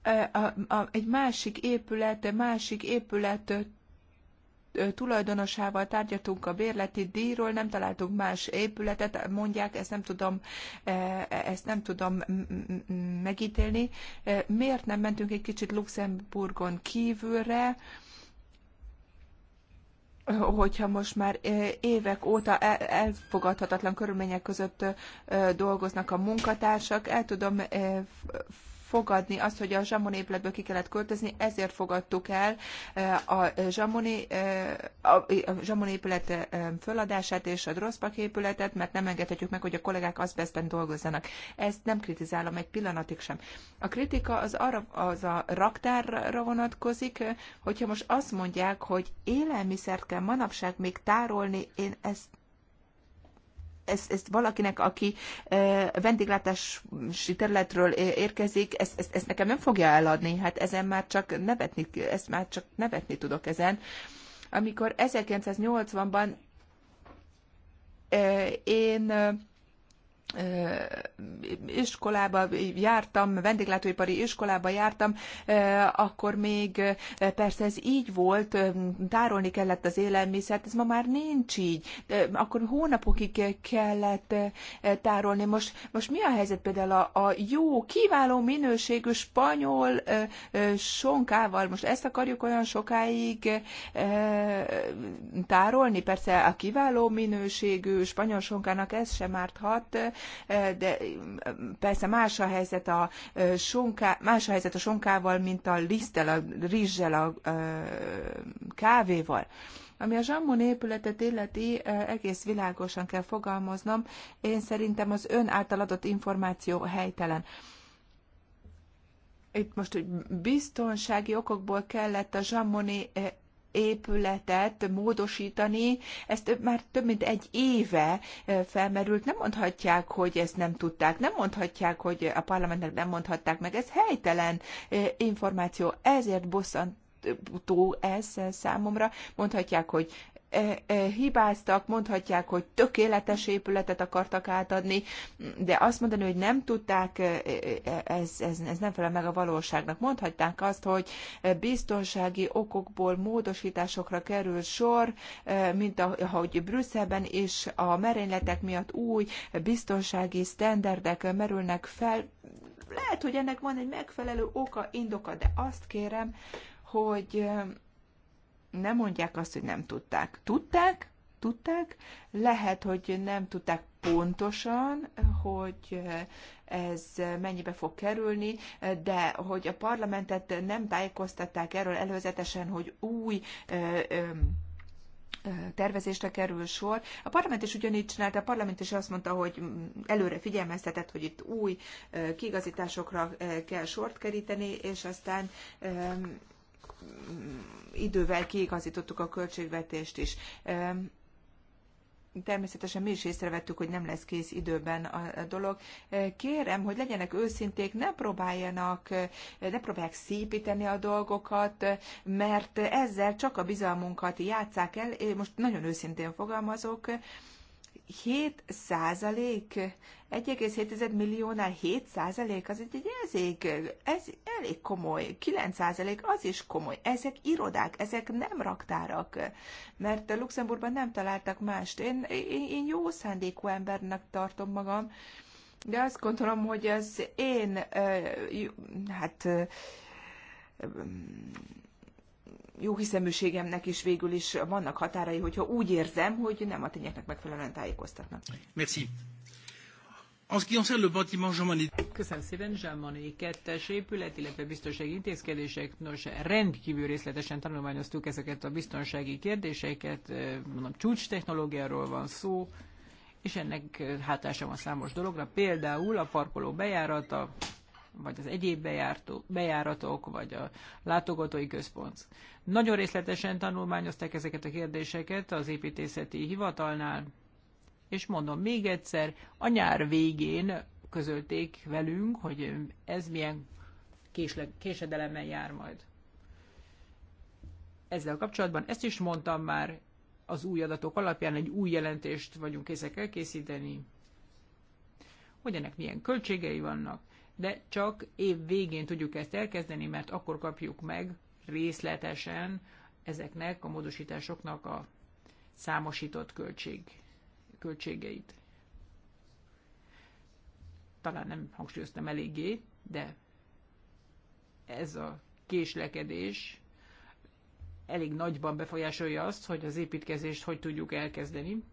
e, a, a, egy másik épület, másik épület tulajdonosával tárgyaltunk a bérleti díjról, nem találtunk más épületet, mondják, ezt nem tudom, e, ezt nem tudom megítélni. E, miért nem mentünk egy kicsit Luxemburgon kívülre, hogyha most már e, évek óta elfogadhatatlan körülmények között dolgoznak a munkatársak, el tudom fogadni azt, hogy a zsamoni épületből ki kellett költözni, ezért fogadtuk el eh, a Zsamoni, eh, a zsamoni épület eh, föladását és a Droszpak épületet, mert nem engedhetjük meg, hogy a kollégák azbestben dolgozzanak. Ezt nem kritizálom egy pillanatig sem. A kritika az, arra, az a raktárra vonatkozik, hogyha most azt mondják, hogy élelmiszert kell manapság még tárolni, én ezt ezt, ezt valakinek, aki vendéglátási területről érkezik, ezt, ezt, ezt nekem nem fogja eladni. Hát ezen már csak nevetni, ezt már csak nevetni tudok ezen. Amikor 1980-ban én iskolába jártam, vendéglátóipari iskolába jártam, akkor még persze ez így volt, tárolni kellett az élelmiszert, ez ma már nincs így. Akkor hónapokig kellett tárolni. Most, most mi a helyzet például a, a jó, kiváló minőségű spanyol sonkával? Most ezt akarjuk olyan sokáig tárolni? Persze a kiváló minőségű spanyol sonkának ez sem árthat, de persze más a helyzet a, sonká, más a, helyzet a sonkával, mint a liszttel, a rizssel, a, a kávéval. Ami a Zsammon épületet illeti, egész világosan kell fogalmaznom, én szerintem az ön által adott információ helytelen itt most, hogy biztonsági okokból kellett a zsammoni épületet módosítani, ezt már több mint egy éve felmerült. Nem mondhatják, hogy ezt nem tudták, nem mondhatják, hogy a parlamentnek nem mondhatták meg. Ez helytelen információ, ezért bosszant ez számomra. Mondhatják, hogy E, e, hibáztak, mondhatják, hogy tökéletes épületet akartak átadni, de azt mondani, hogy nem tudták, e, ez, ez, ez nem felel meg a valóságnak. Mondhatták azt, hogy biztonsági okokból módosításokra kerül sor, mint ahogy Brüsszelben is a merényletek miatt új biztonsági sztenderdek merülnek fel. Lehet, hogy ennek van egy megfelelő oka, indoka, de azt kérem, hogy nem mondják azt, hogy nem tudták. Tudták, tudták, lehet, hogy nem tudták pontosan, hogy ez mennyibe fog kerülni, de hogy a parlamentet nem tájékoztatták erről előzetesen, hogy új tervezésre kerül sor. A parlament is ugyanígy csinálta, a parlament is azt mondta, hogy előre figyelmeztetett, hogy itt új kigazításokra kell sort keríteni, és aztán idővel kiigazítottuk a költségvetést is. Természetesen mi is észrevettük, hogy nem lesz kész időben a dolog. Kérem, hogy legyenek őszinték, ne próbáljanak, ne próbálják szépíteni a dolgokat, mert ezzel csak a bizalmunkat játszák el. Én most nagyon őszintén fogalmazok, 7 százalék, 1,7 milliónál 7 százalék, az egy, egy elég, ez elég komoly, 9 százalék az is komoly. Ezek irodák, ezek nem raktárak, mert Luxemburgban nem találtak mást. Én, én, én jó szándékú embernek tartom magam, de azt gondolom, hogy az én, hát jó hiszeműségemnek is végül is vannak határai, hogyha úgy érzem, hogy nem a tényeknek megfelelően tájékoztatnak. Merci. Köszönöm szépen, Jean kettes épület, illetve biztonsági intézkedések. Nos, rendkívül részletesen tanulmányoztuk ezeket a biztonsági kérdéseket, mondom, csúcs technológiáról van szó, és ennek hátása van számos dologra, például a parkoló bejárata, vagy az egyéb bejártó, bejáratok, vagy a látogatói központ. Nagyon részletesen tanulmányozták ezeket a kérdéseket az építészeti hivatalnál, és mondom még egyszer, a nyár végén közölték velünk, hogy ez milyen késle, késedelemmel jár majd. Ezzel kapcsolatban ezt is mondtam már, az új adatok alapján egy új jelentést vagyunk készek elkészíteni, hogy ennek milyen költségei vannak, de csak év végén tudjuk ezt elkezdeni, mert akkor kapjuk meg részletesen ezeknek a módosításoknak a számosított költség, költségeit. Talán nem hangsúlyoztam eléggé, de ez a késlekedés elég nagyban befolyásolja azt, hogy az építkezést hogy tudjuk elkezdeni.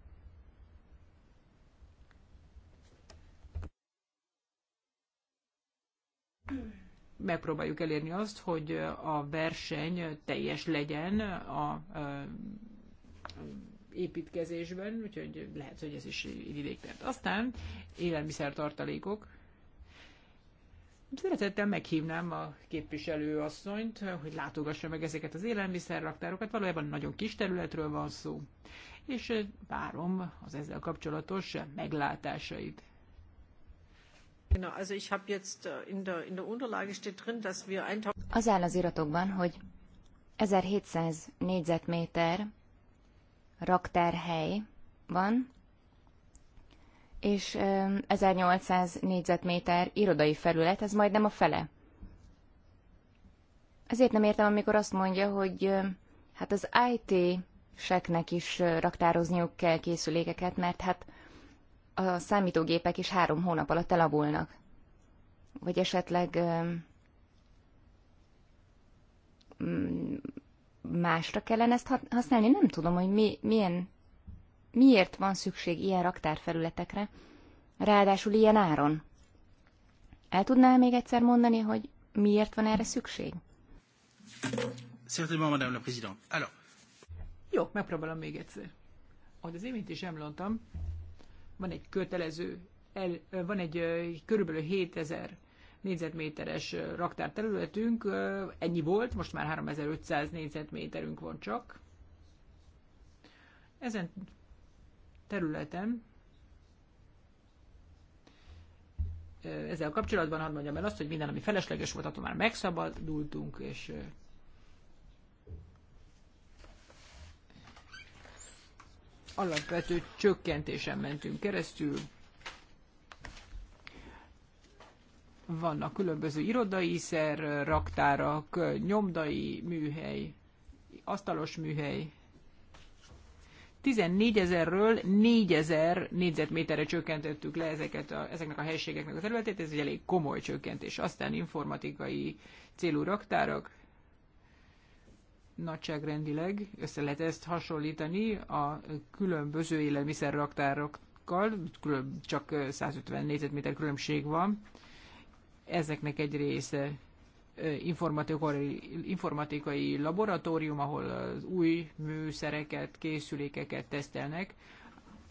megpróbáljuk elérni azt, hogy a verseny teljes legyen a építkezésben, úgyhogy lehet, hogy ez is idéktelt. Aztán élelmiszertartalékok. Szeretettel meghívnám a képviselő asszonyt, hogy látogassa meg ezeket az élelmiszerraktárokat. Valójában nagyon kis területről van szó, és várom az ezzel kapcsolatos meglátásait. Äh, az áll az iratokban, hogy 1700 négyzetméter raktárhely van, és 1800 négyzetméter irodai felület, ez majdnem a fele. Ezért nem értem, amikor azt mondja, hogy hát az IT-seknek is raktározniuk kell készülékeket, mert hát a számítógépek is három hónap alatt elavulnak. Vagy esetleg mm, másra kellene ezt használni? Nem tudom, hogy mi, milyen, miért van szükség ilyen raktárfelületekre, ráadásul ilyen áron. El tudnál még egyszer mondani, hogy miért van erre szükség? Certainement, Madame la Présidente. Jó, megpróbálom még egyszer. Ahogy az imént is említettem. Van egy kötelező, el, van egy körülbelül 7000 négyzetméteres raktárterületünk, ennyi volt, most már 3500 négyzetméterünk van csak. Ezen területen ezzel kapcsolatban hadd mondjam el azt, hogy minden, ami felesleges volt, attól már megszabadultunk, és alapvető csökkentésen mentünk keresztül. Vannak különböző irodai szer, raktárak, nyomdai műhely, asztalos műhely. 14 ezerről 4 ezer négyzetméterre csökkentettük le ezeket a, ezeknek a helységeknek a területét, ez egy elég komoly csökkentés. Aztán informatikai célú raktárak, nagyságrendileg össze lehet ezt hasonlítani a különböző élelmiszerraktárokkal, külön, csak 150 négyzetméter különbség van. Ezeknek egy része informatikai, informatikai laboratórium, ahol az új műszereket, készülékeket tesztelnek,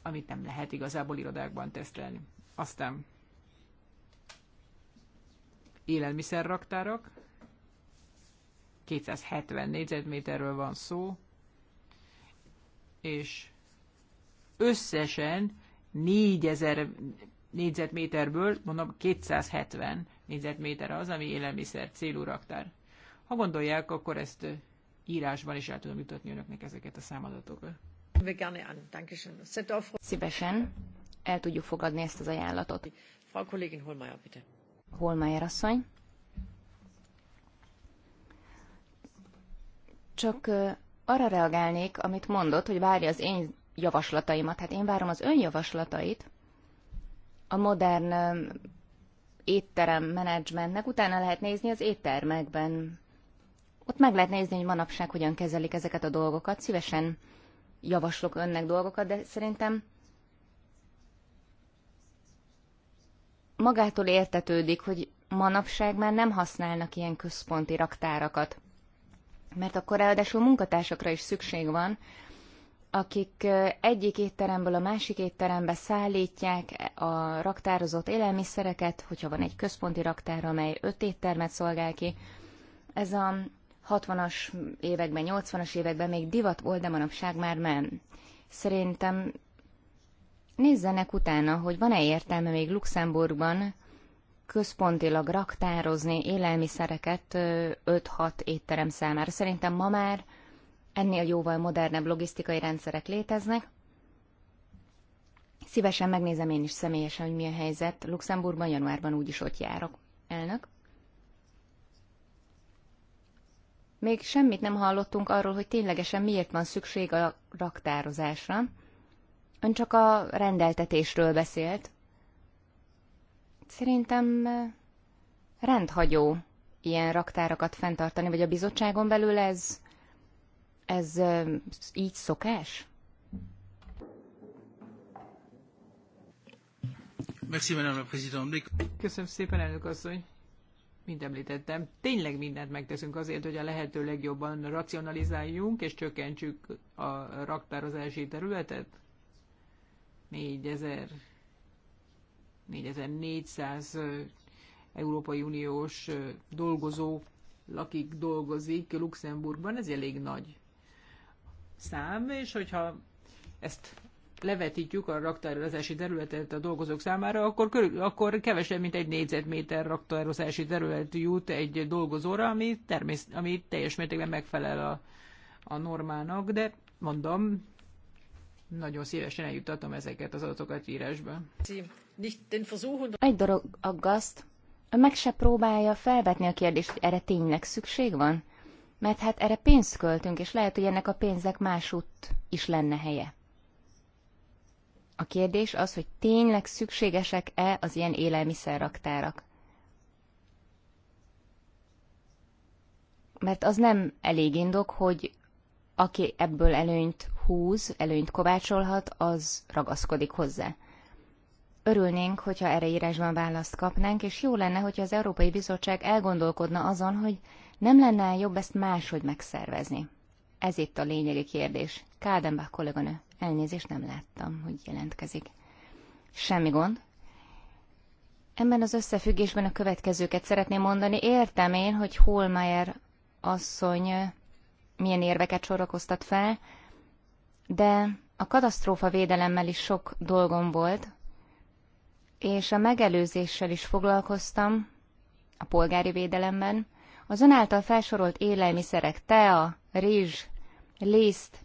amit nem lehet igazából irodákban tesztelni. Aztán élelmiszerraktárak, 270 négyzetméterről van szó, és összesen 4000 négyzetméterből, mondom, 270 négyzetméter az, ami élelmiszer célú raktár. Ha gondolják, akkor ezt írásban is el tudom jutatni önöknek ezeket a számadatokat. Szívesen el tudjuk fogadni ezt az ajánlatot. Frau Kollegin Holmeier, bitte. Holmeier asszony. Csak arra reagálnék, amit mondott, hogy várja az én javaslataimat. Hát én várom az ön javaslatait a modern étterem menedzsmentnek. Utána lehet nézni az éttermekben. Ott meg lehet nézni, hogy manapság hogyan kezelik ezeket a dolgokat. Szívesen javaslok önnek dolgokat, de szerintem magától értetődik, hogy manapság már nem használnak ilyen központi raktárakat mert akkor ráadásul munkatársakra is szükség van, akik egyik étteremből a másik étterembe szállítják a raktározott élelmiszereket, hogyha van egy központi raktár, amely öt éttermet szolgál ki. Ez a 60-as években, 80-as években még divat volt, de manapság már nem. Szerintem nézzenek utána, hogy van-e értelme még Luxemburgban központilag raktározni élelmiszereket 5-6 étterem számára. Szerintem ma már ennél jóval modernebb logisztikai rendszerek léteznek. Szívesen megnézem én is személyesen, hogy mi a helyzet. Luxemburgban januárban úgyis ott járok. Elnök. Még semmit nem hallottunk arról, hogy ténylegesen miért van szükség a raktározásra. Ön csak a rendeltetésről beszélt. Szerintem rendhagyó ilyen raktárakat fenntartani, vagy a bizottságon belül ez, ez így szokás? Köszönöm szépen, elnök asszony. Mint említettem, tényleg mindent megteszünk azért, hogy a lehető legjobban racionalizáljunk és csökkentsük a raktározási területet. 4000 4400 Európai Uniós dolgozó lakik, dolgozik Luxemburgban, ez elég nagy szám, és hogyha ezt levetítjük a raktározási területet a dolgozók számára, akkor, körül, akkor kevesebb, mint egy négyzetméter raktározási terület jut egy dolgozóra, ami, termés, ami teljes mértékben megfelel a, a normának, de mondom, nagyon szívesen eljutatom ezeket az adatokat írásba. Egy dolog aggaszt, meg se próbálja felvetni a kérdést, hogy erre tényleg szükség van? Mert hát erre pénzt költünk, és lehet, hogy ennek a pénzek másútt is lenne helye. A kérdés az, hogy tényleg szükségesek-e az ilyen élelmiszerraktárak. Mert az nem elég indok, hogy aki ebből előnyt húz, előnyt kovácsolhat, az ragaszkodik hozzá. Örülnénk, hogyha erre írásban választ kapnánk, és jó lenne, hogyha az Európai Bizottság elgondolkodna azon, hogy nem lenne jobb ezt máshogy megszervezni. Ez itt a lényegi kérdés. Kádenbach kolléganő, elnézést nem láttam, hogy jelentkezik. Semmi gond. Ebben az összefüggésben a következőket szeretném mondani. Értem én, hogy Holmeier asszony milyen érveket sorakoztat fel, de a katasztrófa védelemmel is sok dolgom volt, és a megelőzéssel is foglalkoztam a polgári védelemben. Az önáltal felsorolt élelmiszerek, tea, rizs, liszt,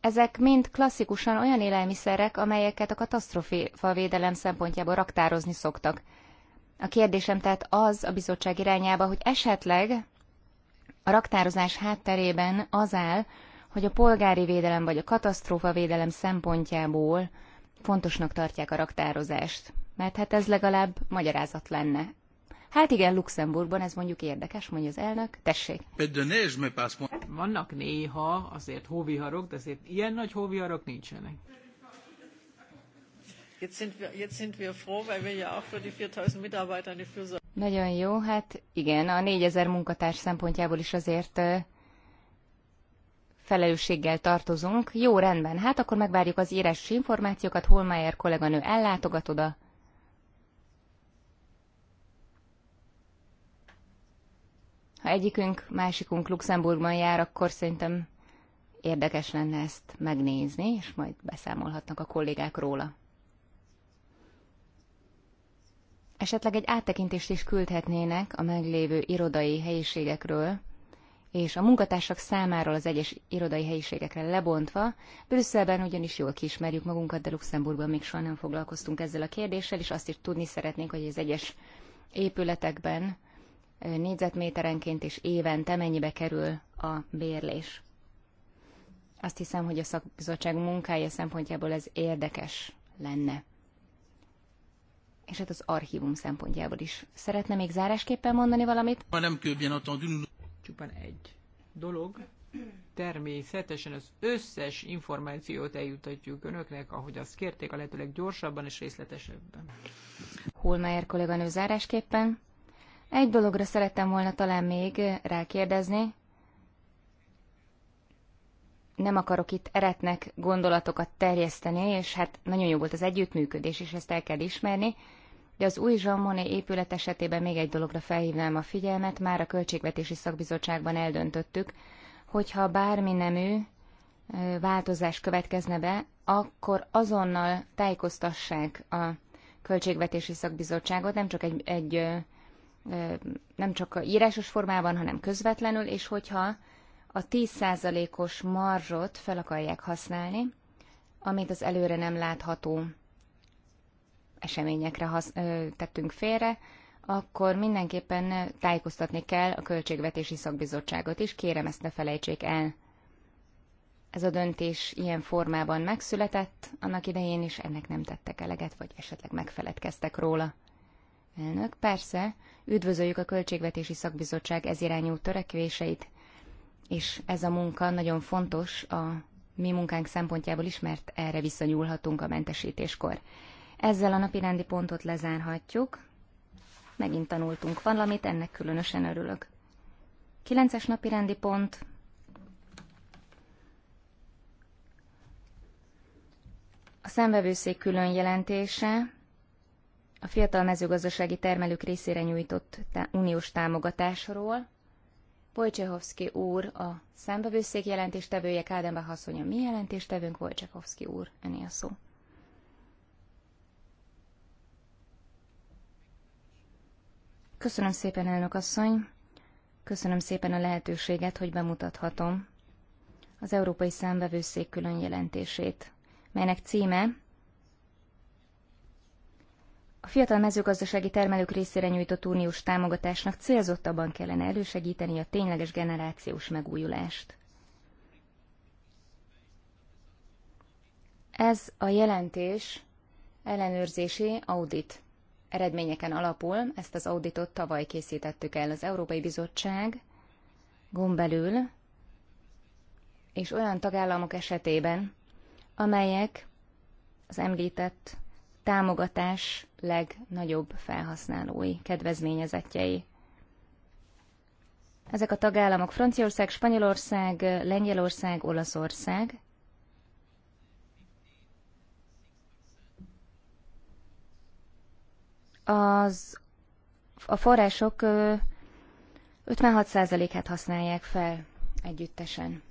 ezek mind klasszikusan olyan élelmiszerek, amelyeket a katasztrófa védelem szempontjából raktározni szoktak. A kérdésem tehát az a bizottság irányába, hogy esetleg a raktározás hátterében az áll, hogy a polgári védelem vagy a katasztrófa védelem szempontjából fontosnak tartják a raktározást, mert hát ez legalább magyarázat lenne. Hát igen, Luxemburgban ez mondjuk érdekes, mondja az elnök. Tessék. Vannak néha azért hóviharok, de azért ilyen nagy hóviharok nincsenek. Nagyon jó, hát igen, a 4000 munkatárs szempontjából is azért felelősséggel tartozunk. Jó, rendben, hát akkor megvárjuk az íres információkat, Holmeier kolléganő ellátogat oda. Ha egyikünk, másikunk Luxemburgban jár, akkor szerintem érdekes lenne ezt megnézni, és majd beszámolhatnak a kollégák róla. Esetleg egy áttekintést is küldhetnének a meglévő irodai helyiségekről, és a munkatársak számáról az egyes irodai helyiségekre lebontva, Brüsszelben ugyanis jól kiismerjük magunkat, de Luxemburgban még soha nem foglalkoztunk ezzel a kérdéssel, és azt is tudni szeretnénk, hogy az egyes épületekben négyzetméterenként és évente mennyibe kerül a bérlés. Azt hiszem, hogy a szakbizottság munkája szempontjából ez érdekes lenne. És hát az archívum szempontjából is. Szeretne még zárásképpen mondani valamit? Nem csupán egy dolog. Természetesen az összes információt eljutatjuk önöknek, ahogy azt kérték, a lehetőleg gyorsabban és részletesebben. Hulmeier kolléganő zárásképpen. Egy dologra szerettem volna talán még rákérdezni. Nem akarok itt eretnek gondolatokat terjeszteni, és hát nagyon jó volt az együttműködés, és ezt el kell ismerni de az új zsalmoné épület esetében még egy dologra felhívnám a figyelmet, már a Költségvetési Szakbizottságban eldöntöttük, hogyha bármi nemű változás következne be, akkor azonnal tájékoztassák a Költségvetési Szakbizottságot, nem csak egy, egy nem csak írásos formában, hanem közvetlenül, és hogyha a 10%-os marzsot fel akarják használni, amit az előre nem látható eseményekre hasz, ö, tettünk félre, akkor mindenképpen tájékoztatni kell a Költségvetési Szakbizottságot is, kérem ezt ne felejtsék el. Ez a döntés ilyen formában megszületett, annak idején is ennek nem tettek eleget, vagy esetleg megfeledkeztek róla. Elnök, persze, üdvözöljük a Költségvetési Szakbizottság ez irányú törekvéseit, és ez a munka nagyon fontos a mi munkánk szempontjából is, mert erre visszanyúlhatunk a mentesítéskor. Ezzel a napi rendi pontot lezárhatjuk. Megint tanultunk valamit, ennek különösen örülök. Kilences napi rendi pont. A szemvevőszék külön jelentése a fiatal mezőgazdasági termelők részére nyújtott tá uniós támogatásról. Polcsehovszki úr a számbevőszék jelentéstevője, Kádenbach asszony a mi jelentéstevőnk, Polcsehovszki úr, öné a szó. Köszönöm szépen, elnök asszony. Köszönöm szépen a lehetőséget, hogy bemutathatom az Európai Számbevőszék külön jelentését, melynek címe a fiatal mezőgazdasági termelők részére nyújtott uniós támogatásnak célzottabban kellene elősegíteni a tényleges generációs megújulást. Ez a jelentés ellenőrzési audit eredményeken alapul, ezt az auditot tavaly készítettük el az Európai Bizottság gombelül, és olyan tagállamok esetében, amelyek az említett támogatás legnagyobb felhasználói, kedvezményezettjei. Ezek a tagállamok Franciaország, Spanyolország, Lengyelország, Olaszország, az, a források 56%-át használják fel együttesen.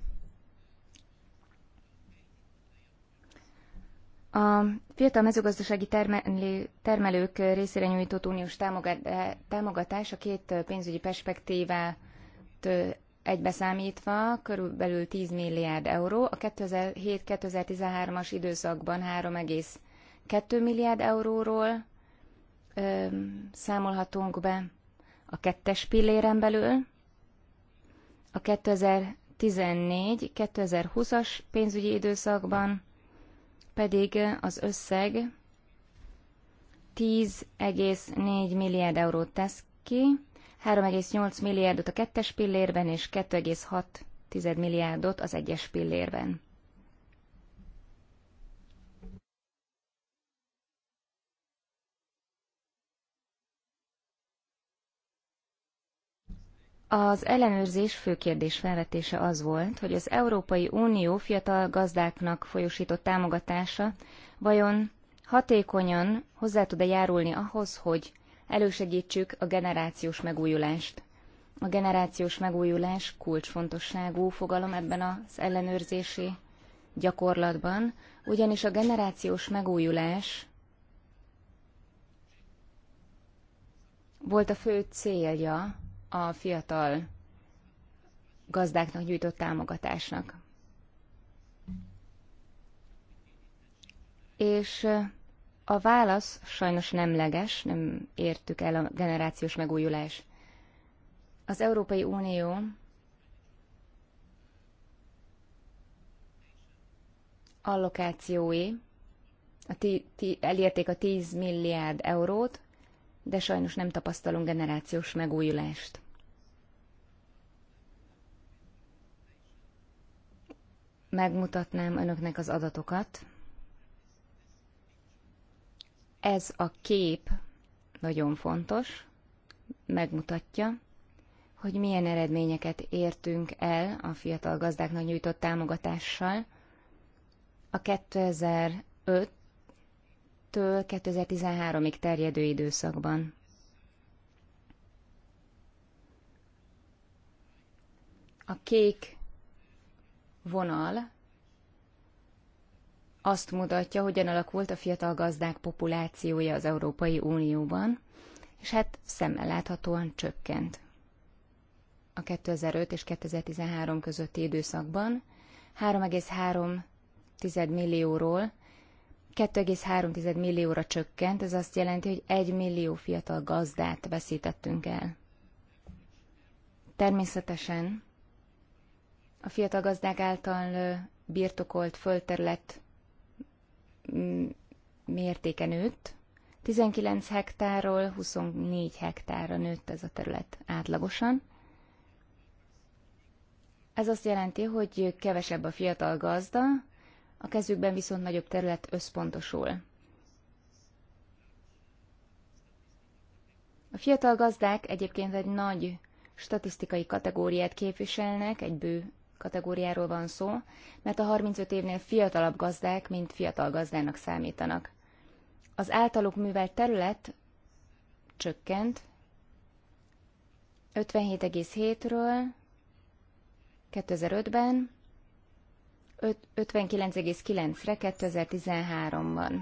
A fiatal mezőgazdasági termelők részére nyújtott uniós eh, támogatás a két pénzügyi perspektívát egybeszámítva körülbelül 10 milliárd euró, a 2007-2013-as időszakban 3,2 milliárd euróról ö, számolhatunk be a kettes pilléren belül, a 2014-2020-as pénzügyi időszakban pedig az összeg 10,4 milliárd eurót tesz ki, 3,8 milliárdot a kettes pillérben és 2,6 milliárdot az egyes pillérben. Az ellenőrzés fő kérdés felvetése az volt, hogy az Európai Unió fiatal gazdáknak folyosított támogatása vajon hatékonyan hozzá tud-e járulni ahhoz, hogy elősegítsük a generációs megújulást. A generációs megújulás kulcsfontosságú fogalom ebben az ellenőrzési gyakorlatban, ugyanis a generációs megújulás volt a fő célja a fiatal gazdáknak gyűjtött támogatásnak. És a válasz sajnos nemleges, nem értük el a generációs megújulás. Az Európai Unió allokációi a ti, ti, elérték a 10 milliárd eurót, de sajnos nem tapasztalunk generációs megújulást. megmutatnám önöknek az adatokat. Ez a kép nagyon fontos, megmutatja, hogy milyen eredményeket értünk el a fiatal gazdáknak nyújtott támogatással a 2005-től 2013-ig terjedő időszakban. A kék vonal azt mutatja, hogyan alakult a fiatal gazdák populációja az Európai Unióban, és hát szemmel láthatóan csökkent. A 2005 és 2013 közötti időszakban 3,3 millióról 2,3 millióra csökkent, ez azt jelenti, hogy 1 millió fiatal gazdát veszítettünk el. Természetesen a fiatal gazdák által birtokolt földterület mm, mértéke nőtt. 19 hektárról 24 hektárra nőtt ez a terület átlagosan. Ez azt jelenti, hogy kevesebb a fiatal gazda, a kezükben viszont nagyobb terület összpontosul. A fiatal gazdák egyébként egy nagy statisztikai kategóriát képviselnek, egy bő kategóriáról van szó, mert a 35 évnél fiatalabb gazdák, mint fiatal gazdának számítanak. Az általuk művelt terület csökkent 57,7-ről 2005-ben 59,9-re 2013-ban.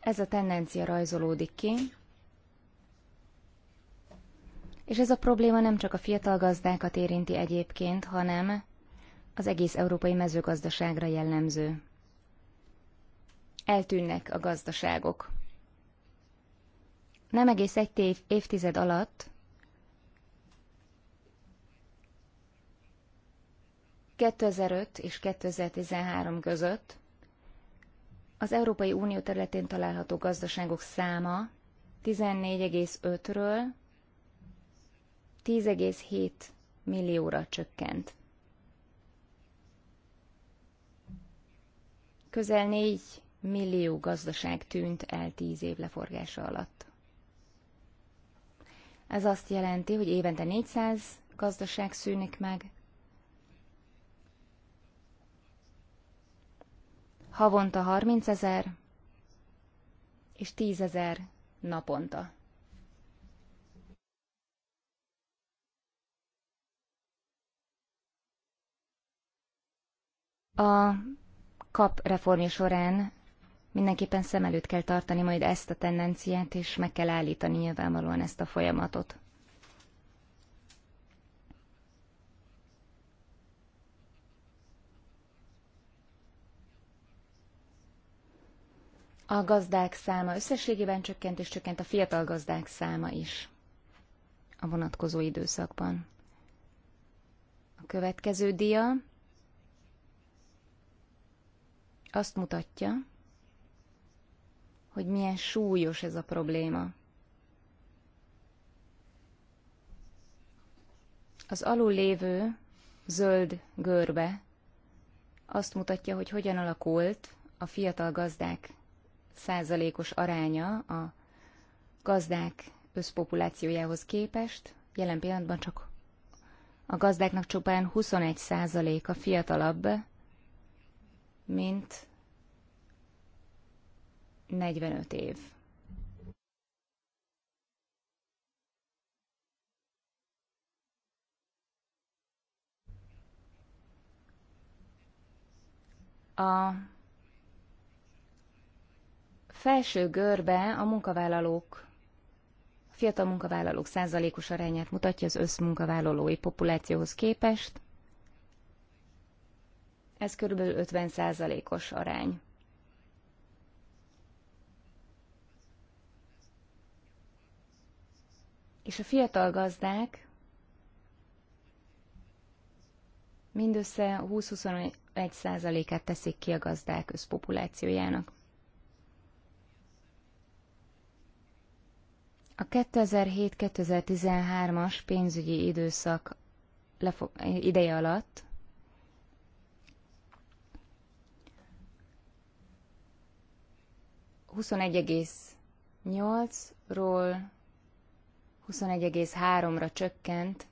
Ez a tendencia rajzolódik ki, és ez a probléma nem csak a fiatal gazdákat érinti egyébként, hanem az egész európai mezőgazdaságra jellemző. Eltűnnek a gazdaságok. Nem egész egy tév, évtized alatt 2005 és 2013 között az Európai Unió területén található gazdaságok száma 14,5-ről 10,7 millióra csökkent. Közel 4 millió gazdaság tűnt el 10 év leforgása alatt. Ez azt jelenti, hogy évente 400 gazdaság szűnik meg, havonta 30 ezer, és 10 ezer naponta. A kap reformja során mindenképpen szem előtt kell tartani majd ezt a tendenciát, és meg kell állítani nyilvánvalóan ezt a folyamatot. A gazdák száma összességében csökkent, és csökkent a fiatal gazdák száma is a vonatkozó időszakban. A következő dia azt mutatja, hogy milyen súlyos ez a probléma. Az alul lévő zöld görbe azt mutatja, hogy hogyan alakult a fiatal gazdák százalékos aránya a gazdák összpopulációjához képest. Jelen pillanatban csak a gazdáknak csupán 21 százaléka fiatalabb, mint 45 év. A felső görbe a munkavállalók, a fiatal munkavállalók százalékos arányát mutatja az összmunkavállalói populációhoz képest. Ez körülbelül 50 százalékos arány. és a fiatal gazdák mindössze 20-21%-át teszik ki a gazdák összpopulációjának. A 2007-2013-as pénzügyi időszak ideje alatt ról 21,3-ra csökkent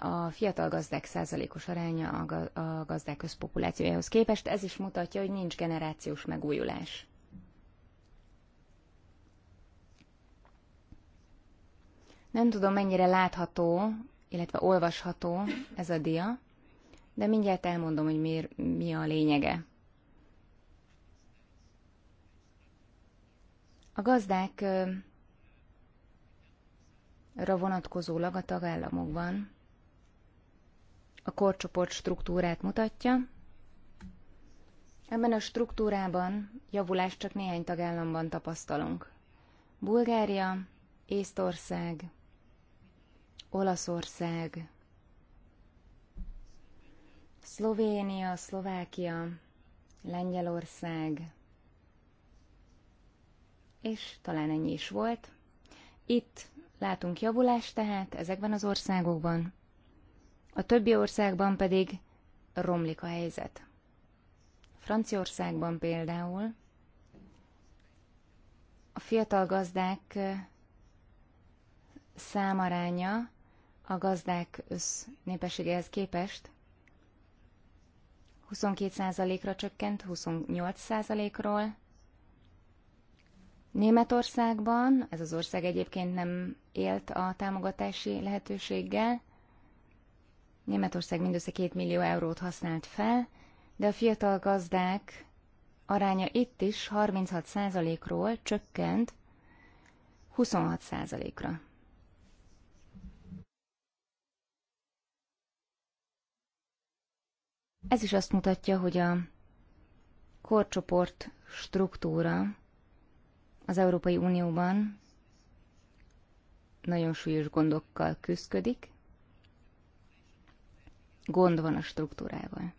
a fiatal gazdák százalékos aránya a gazdák közpopulációjához képest. Ez is mutatja, hogy nincs generációs megújulás. Nem tudom, mennyire látható, illetve olvasható ez a dia, de mindjárt elmondom, hogy miért, mi a lényege. A gazdák vonatkozólag a tagállamokban a korcsoport struktúrát mutatja. Ebben a struktúrában javulást csak néhány tagállamban tapasztalunk. Bulgária, Észtország, Olaszország, Szlovénia, Szlovákia, Lengyelország, és talán ennyi is volt. Itt Látunk javulást tehát ezekben az országokban. A többi országban pedig romlik a helyzet. Franciaországban például a fiatal gazdák számaránya a gazdák össznépességehez képest 22%-ra csökkent 28%-ról, Németországban, ez az ország egyébként nem élt a támogatási lehetőséggel, Németország mindössze 2 millió eurót használt fel, de a fiatal gazdák aránya itt is 36%-ról csökkent 26%-ra. Ez is azt mutatja, hogy a korcsoport struktúra az Európai Unióban nagyon súlyos gondokkal küzdik, gond van a struktúrával.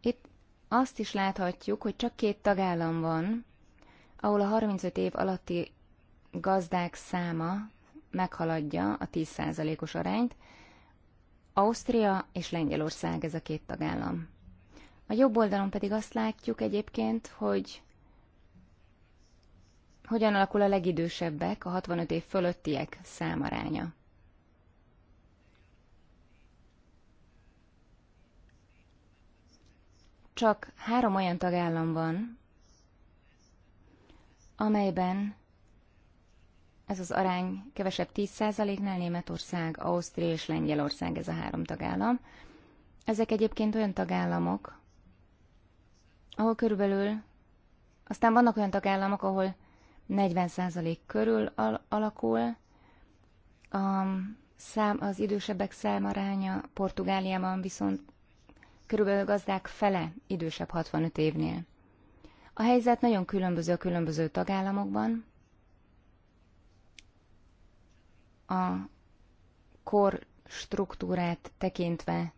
Itt azt is láthatjuk, hogy csak két tagállam van, ahol a 35 év alatti gazdák száma meghaladja a 10%-os arányt, Ausztria és Lengyelország ez a két tagállam. A jobb oldalon pedig azt látjuk egyébként, hogy hogyan alakul a legidősebbek, a 65 év fölöttiek számaránya? Csak három olyan tagállam van, amelyben ez az arány kevesebb 10%-nál Németország, Ausztria és Lengyelország ez a három tagállam. Ezek egyébként olyan tagállamok, ahol körülbelül, aztán vannak olyan tagállamok, ahol 40% körül al- alakul. A szám, az idősebbek számaránya Portugáliában viszont körülbelül gazdák fele idősebb 65 évnél. A helyzet nagyon különböző a különböző tagállamokban. A kor struktúrát tekintve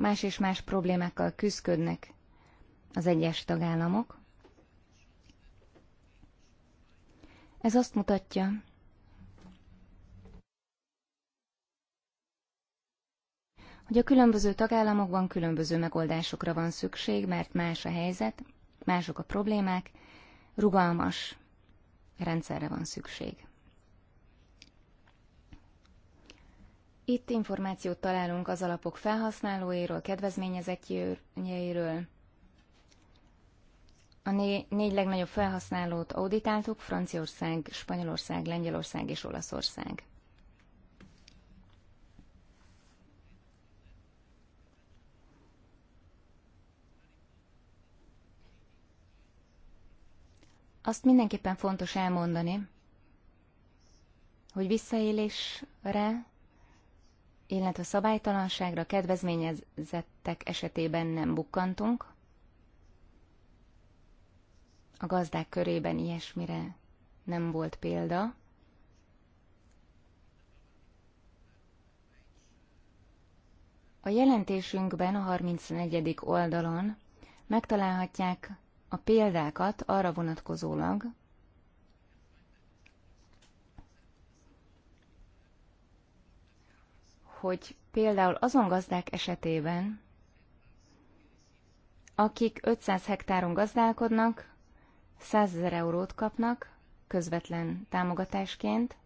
más és más problémákkal küzdködnek az egyes tagállamok. Ez azt mutatja, hogy a különböző tagállamokban különböző megoldásokra van szükség, mert más a helyzet, mások a problémák, rugalmas rendszerre van szükség. Itt információt találunk az alapok felhasználóiról, kedvezményezetjeiről, a né- négy legnagyobb felhasználót auditáltuk, Franciaország, Spanyolország, Lengyelország és Olaszország. Azt mindenképpen fontos elmondani, hogy visszaélésre, illetve szabálytalanságra kedvezményezettek esetében nem bukkantunk, a gazdák körében ilyesmire nem volt példa. A jelentésünkben a 34. oldalon megtalálhatják a példákat arra vonatkozólag, hogy például azon gazdák esetében, akik 500 hektáron gazdálkodnak, 100 ezer eurót kapnak közvetlen támogatásként,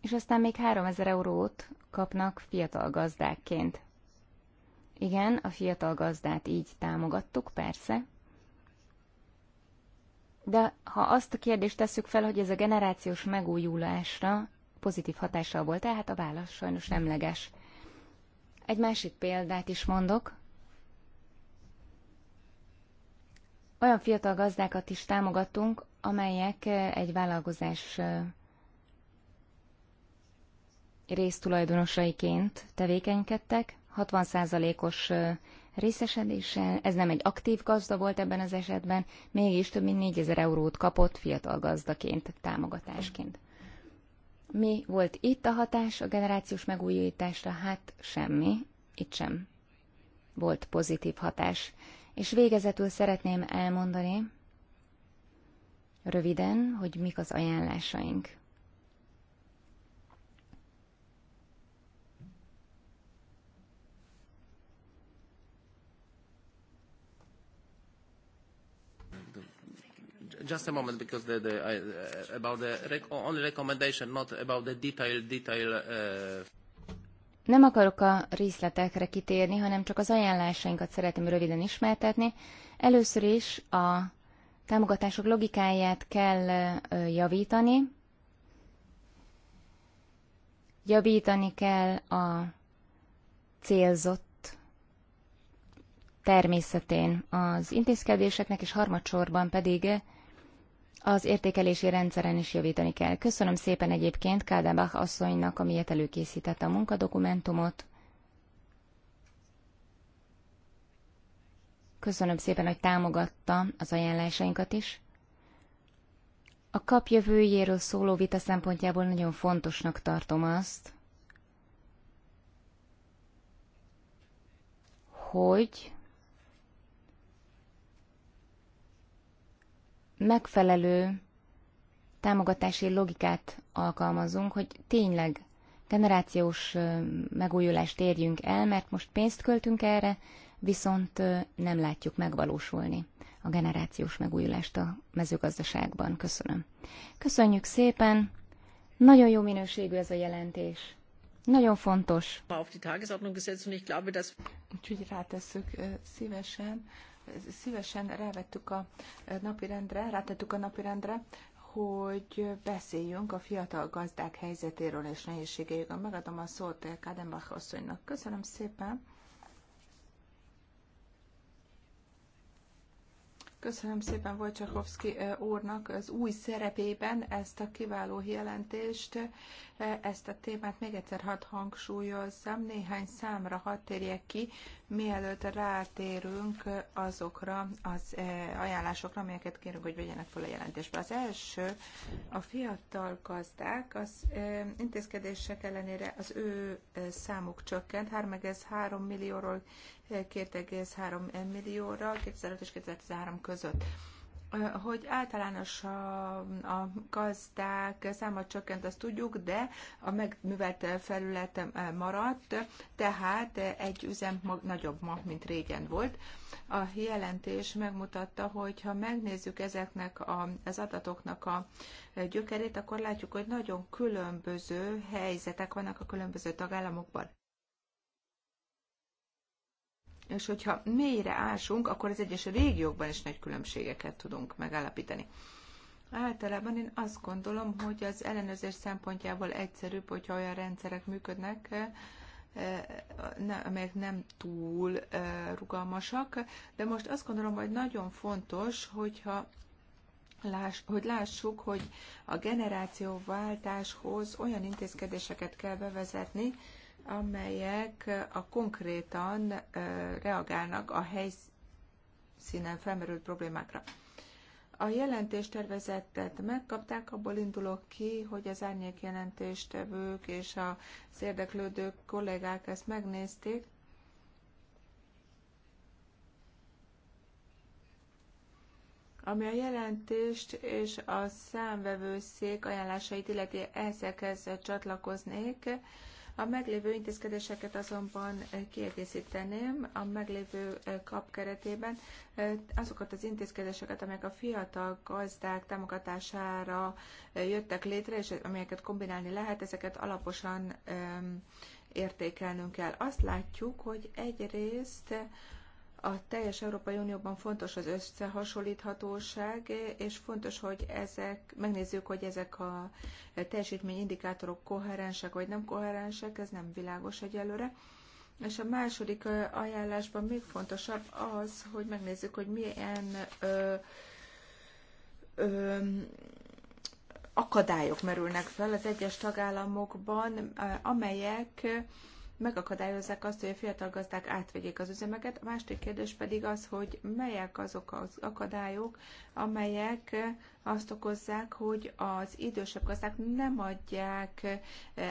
és aztán még ezer eurót kapnak fiatal gazdákként. Igen, a fiatal gazdát így támogattuk, persze. De ha azt a kérdést tesszük fel, hogy ez a generációs megújulásra pozitív hatással volt, tehát a válasz sajnos nemleges. Egy másik példát is mondok. Olyan fiatal gazdákat is támogatunk, amelyek egy vállalkozás résztulajdonosaiként tevékenykedtek, 60%-os részesedéssel, ez nem egy aktív gazda volt ebben az esetben, mégis több mint 4000 eurót kapott fiatal gazdaként, támogatásként. Mi volt itt a hatás a generációs megújításra? Hát semmi, itt sem volt pozitív hatás. És végezetül szeretném elmondani röviden, hogy mik az ajánlásaink. just a moment because the, the uh, about the rec only recommendation not about the detail detail uh nem akarok a részletekre kitérni, hanem csak az ajánlásainkat szeretném röviden ismertetni. Először is a támogatások logikáját kell javítani. Javítani kell a célzott természetén az intézkedéseknek, és harmadsorban pedig az értékelési rendszeren is javítani kell. Köszönöm szépen egyébként Kádebach asszonynak, amiért előkészítette a munkadokumentumot. Köszönöm szépen, hogy támogatta az ajánlásainkat is. A kap jövőjéről szóló vita szempontjából nagyon fontosnak tartom azt, hogy megfelelő támogatási logikát alkalmazunk, hogy tényleg generációs megújulást érjünk el, mert most pénzt költünk erre, viszont nem látjuk megvalósulni a generációs megújulást a mezőgazdaságban. Köszönöm. Köszönjük szépen! Nagyon jó minőségű ez a jelentés. Nagyon fontos. Úgyhogy rátesszük szívesen szívesen rávettük a napirendre, rátettük a napirendre, hogy beszéljünk a fiatal gazdák helyzetéről és nehézségeiről. Megadom a szót Kádenbach asszonynak. Köszönöm szépen. Köszönöm szépen Wojciechowski úrnak az új szerepében ezt a kiváló jelentést, ezt a témát még egyszer hadd hangsúlyozzam, néhány számra hadd térjek ki, mielőtt rátérünk azokra az ajánlásokra, amelyeket kérünk, hogy vegyenek fel a jelentésbe. Az első, a fiatal gazdák az intézkedések ellenére az ő számuk csökkent, 3,3 millióról 2,3 millióra 2005 és 2013 között hogy általános a, a gazdák száma csökkent, azt tudjuk, de a megművelt felület maradt, tehát egy üzem mag, nagyobb ma, mint régen volt. A jelentés megmutatta, hogy ha megnézzük ezeknek a, az adatoknak a gyökerét, akkor látjuk, hogy nagyon különböző helyzetek vannak a különböző tagállamokban és hogyha mélyre ásunk, akkor az egyes régiókban is nagy különbségeket tudunk megállapítani. Általában én azt gondolom, hogy az ellenőrzés szempontjából egyszerűbb, hogyha olyan rendszerek működnek, eh, eh, amelyek nem túl eh, rugalmasak, de most azt gondolom, hogy nagyon fontos, hogyha Láss, hogy lássuk, hogy a generációváltáshoz olyan intézkedéseket kell bevezetni, amelyek a konkrétan reagálnak a helyszínen felmerült problémákra. A jelentéstervezetet megkapták, abból indulok ki, hogy az árnyék jelentéstevők és az érdeklődők kollégák ezt megnézték. Ami a jelentést és a számvevőszék ajánlásait illeti, ezekhez csatlakoznék. A meglévő intézkedéseket azonban kiegészíteném a meglévő kap keretében azokat az intézkedéseket, amelyek a fiatal gazdák támogatására jöttek létre, és amelyeket kombinálni lehet, ezeket alaposan értékelnünk kell. Azt látjuk, hogy egyrészt a teljes Európai Unióban fontos az összehasonlíthatóság, és fontos, hogy ezek, megnézzük, hogy ezek a teljesítményindikátorok koherensek vagy nem koherensek, ez nem világos egyelőre. És a második ajánlásban még fontosabb az, hogy megnézzük, hogy milyen ö, ö, akadályok merülnek fel az egyes tagállamokban, amelyek megakadályozzák azt, hogy a fiatal gazdák átvegyék az üzemeket. A másik kérdés pedig az, hogy melyek azok az akadályok, amelyek azt okozzák, hogy az idősebb gazdák nem adják eh,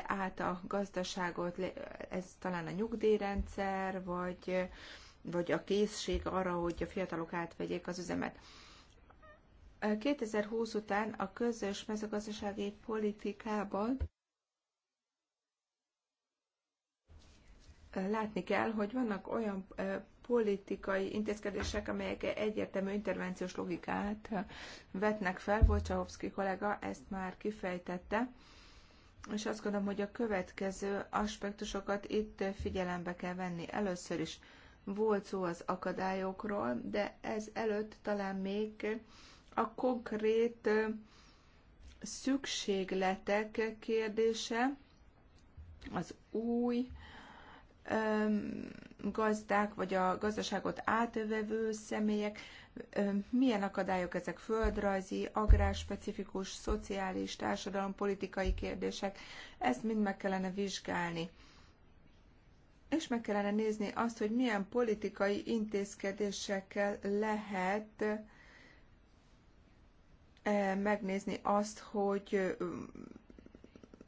át a gazdaságot, ez talán a nyugdíjrendszer, vagy, vagy a készség arra, hogy a fiatalok átvegyék az üzemet. 2020 eh, után a közös mezőgazdasági politikában látni kell, hogy vannak olyan politikai intézkedések, amelyek egyértelmű intervenciós logikát vetnek fel. Wojciechowski kollega ezt már kifejtette, és azt gondolom, hogy a következő aspektusokat itt figyelembe kell venni. Először is volt szó az akadályokról, de ez előtt talán még a konkrét szükségletek kérdése, az új gazdák, vagy a gazdaságot átvevő személyek, milyen akadályok ezek földrajzi, agrárspecifikus, szociális, politikai kérdések, ezt mind meg kellene vizsgálni. És meg kellene nézni azt, hogy milyen politikai intézkedésekkel lehet eh, megnézni azt, hogy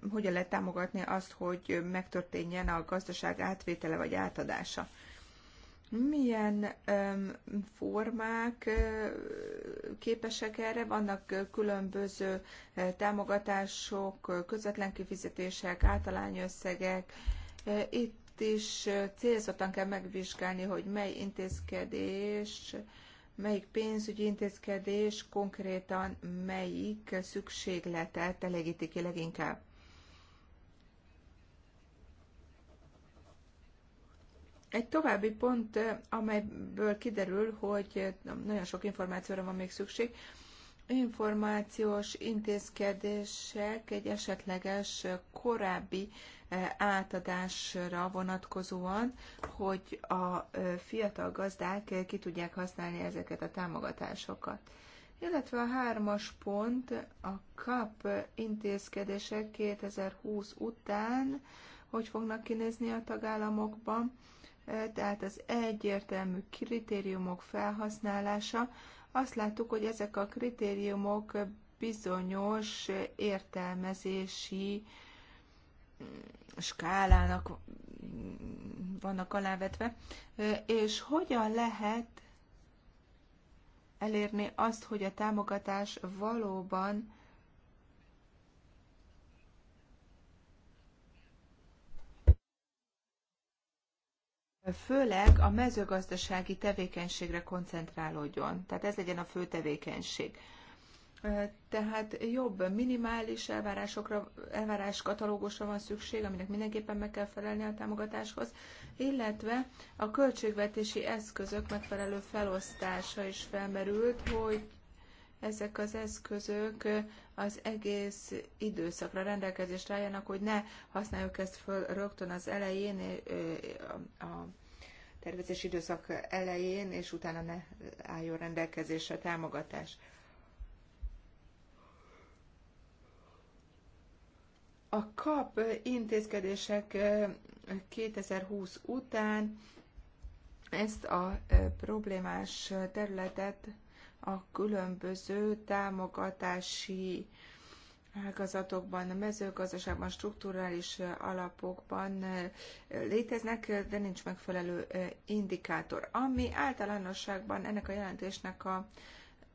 hogyan lehet támogatni azt, hogy megtörténjen a gazdaság átvétele vagy átadása. Milyen öm, formák ö, képesek erre? Vannak különböző támogatások, közvetlen kifizetések, általányösszegek. Itt is célzottan kell megvizsgálni, hogy mely intézkedés, melyik pénzügyi intézkedés konkrétan melyik szükségletet elégíti ki leginkább. Egy további pont, eh, amelyből kiderül, hogy eh, nagyon sok információra van még szükség, információs intézkedések egy esetleges eh, korábbi átadásra vonatkozóan, hogy a fiatal gazdák ki tudják használni ezeket a támogatásokat. Illetve a hármas pont a KAP intézkedések 2020 után, hogy fognak kinézni a tagállamokban, tehát az egyértelmű kritériumok felhasználása. Azt láttuk, hogy ezek a kritériumok bizonyos értelmezési mm, skálának vannak alávetve, és hogyan lehet elérni azt, hogy a támogatás valóban főleg a mezőgazdasági tevékenységre koncentrálódjon. Tehát ez legyen a fő tevékenység. Tehát jobb minimális elvárásokra, elvárás katalógusra van szükség, aminek mindenképpen meg kell felelni a támogatáshoz, illetve a költségvetési eszközök megfelelő felosztása is felmerült, hogy ezek az eszközök az egész időszakra rendelkezést álljanak, hogy ne használjuk ezt föl rögtön az elején, eh, a tervezés időszak elején, és utána ne álljon rendelkezésre támogatás. A kap intézkedések 2020 eh, után ezt a eh, problémás területet a különböző támogatási ágazatokban, a mezőgazdaságban, strukturális alapokban eh, léteznek, de nincs megfelelő eh, indikátor. Ami általánosságban ennek a jelentésnek a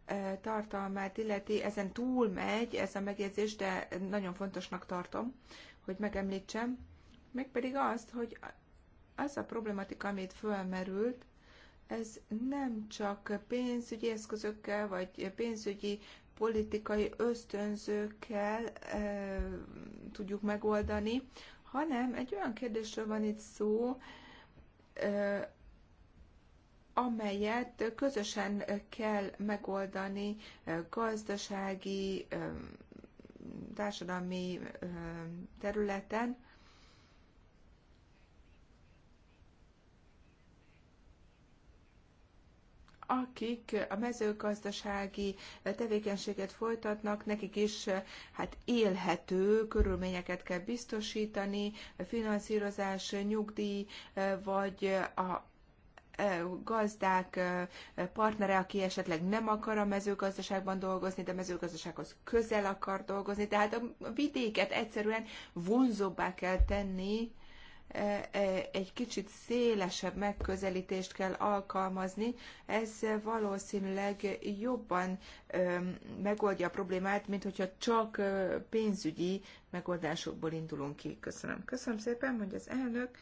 eh, tartalmát illeti, ezen túl megy ez a megjegyzés, de nagyon fontosnak tartom, hogy megemlítsem, mégpedig azt, hogy az a problematika, amit fölmerült, ez nem csak pénzügyi eszközökkel, vagy pénzügyi politikai ösztönzőkkel e, tudjuk megoldani, hanem egy olyan kérdésről van itt szó, e, amelyet közösen kell megoldani gazdasági, társadalmi területen, akik a mezőgazdasági tevékenységet folytatnak, nekik is hát élhető körülményeket kell biztosítani, finanszírozás, nyugdíj, e, vagy a e, gazdák e, partnere, aki esetleg nem akar a mezőgazdaságban dolgozni, de mezőgazdasághoz közel akar dolgozni. Tehát a vidéket egyszerűen vonzóbbá kell tenni E, e, egy kicsit szélesebb megközelítést kell alkalmazni, ez valószínűleg jobban megoldja a problémát, mint hogyha csak pénzügyi megoldásokból indulunk ki. Köszönöm. Köszönöm szépen, hogy az elnök.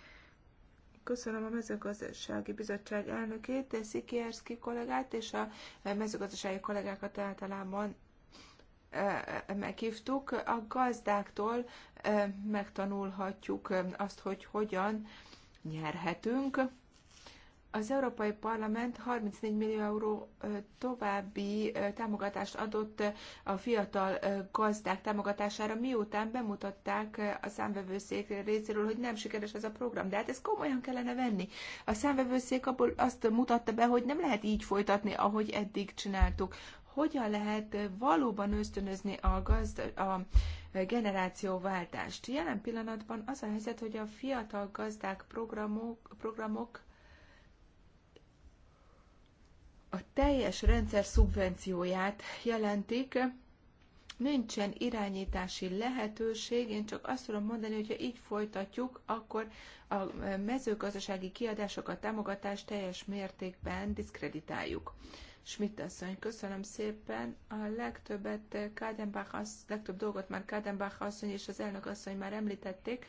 Köszönöm a mezőgazdasági bizottság elnökét, Szikierszki kollégát és a mezőgazdasági kollégákat általában meghívtuk, a gazdáktól megtanulhatjuk azt, hogy hogyan nyerhetünk. Az Európai Parlament 34 millió euró további támogatást adott a fiatal gazdák támogatására, miután bemutatták a számvevőszék részéről, hogy nem sikeres ez a program. De hát ezt komolyan kellene venni. A számvevőszék abból azt mutatta be, hogy nem lehet így folytatni, ahogy eddig csináltuk hogyan lehet valóban ösztönözni a, gazd, a generációváltást. Jelen pillanatban az a helyzet, hogy a fiatal gazdák programok, programok a teljes rendszer szubvencióját jelentik, nincsen irányítási lehetőség, én csak azt tudom mondani, hogy ha így folytatjuk, akkor a mezőgazdasági kiadásokat, támogatást teljes mértékben diszkreditáljuk. Schmidt asszony, köszönöm szépen. A legtöbbet eh, Kádenbach asszony, legtöbb dolgot már Kádenbach asszony és az elnök asszony már említették.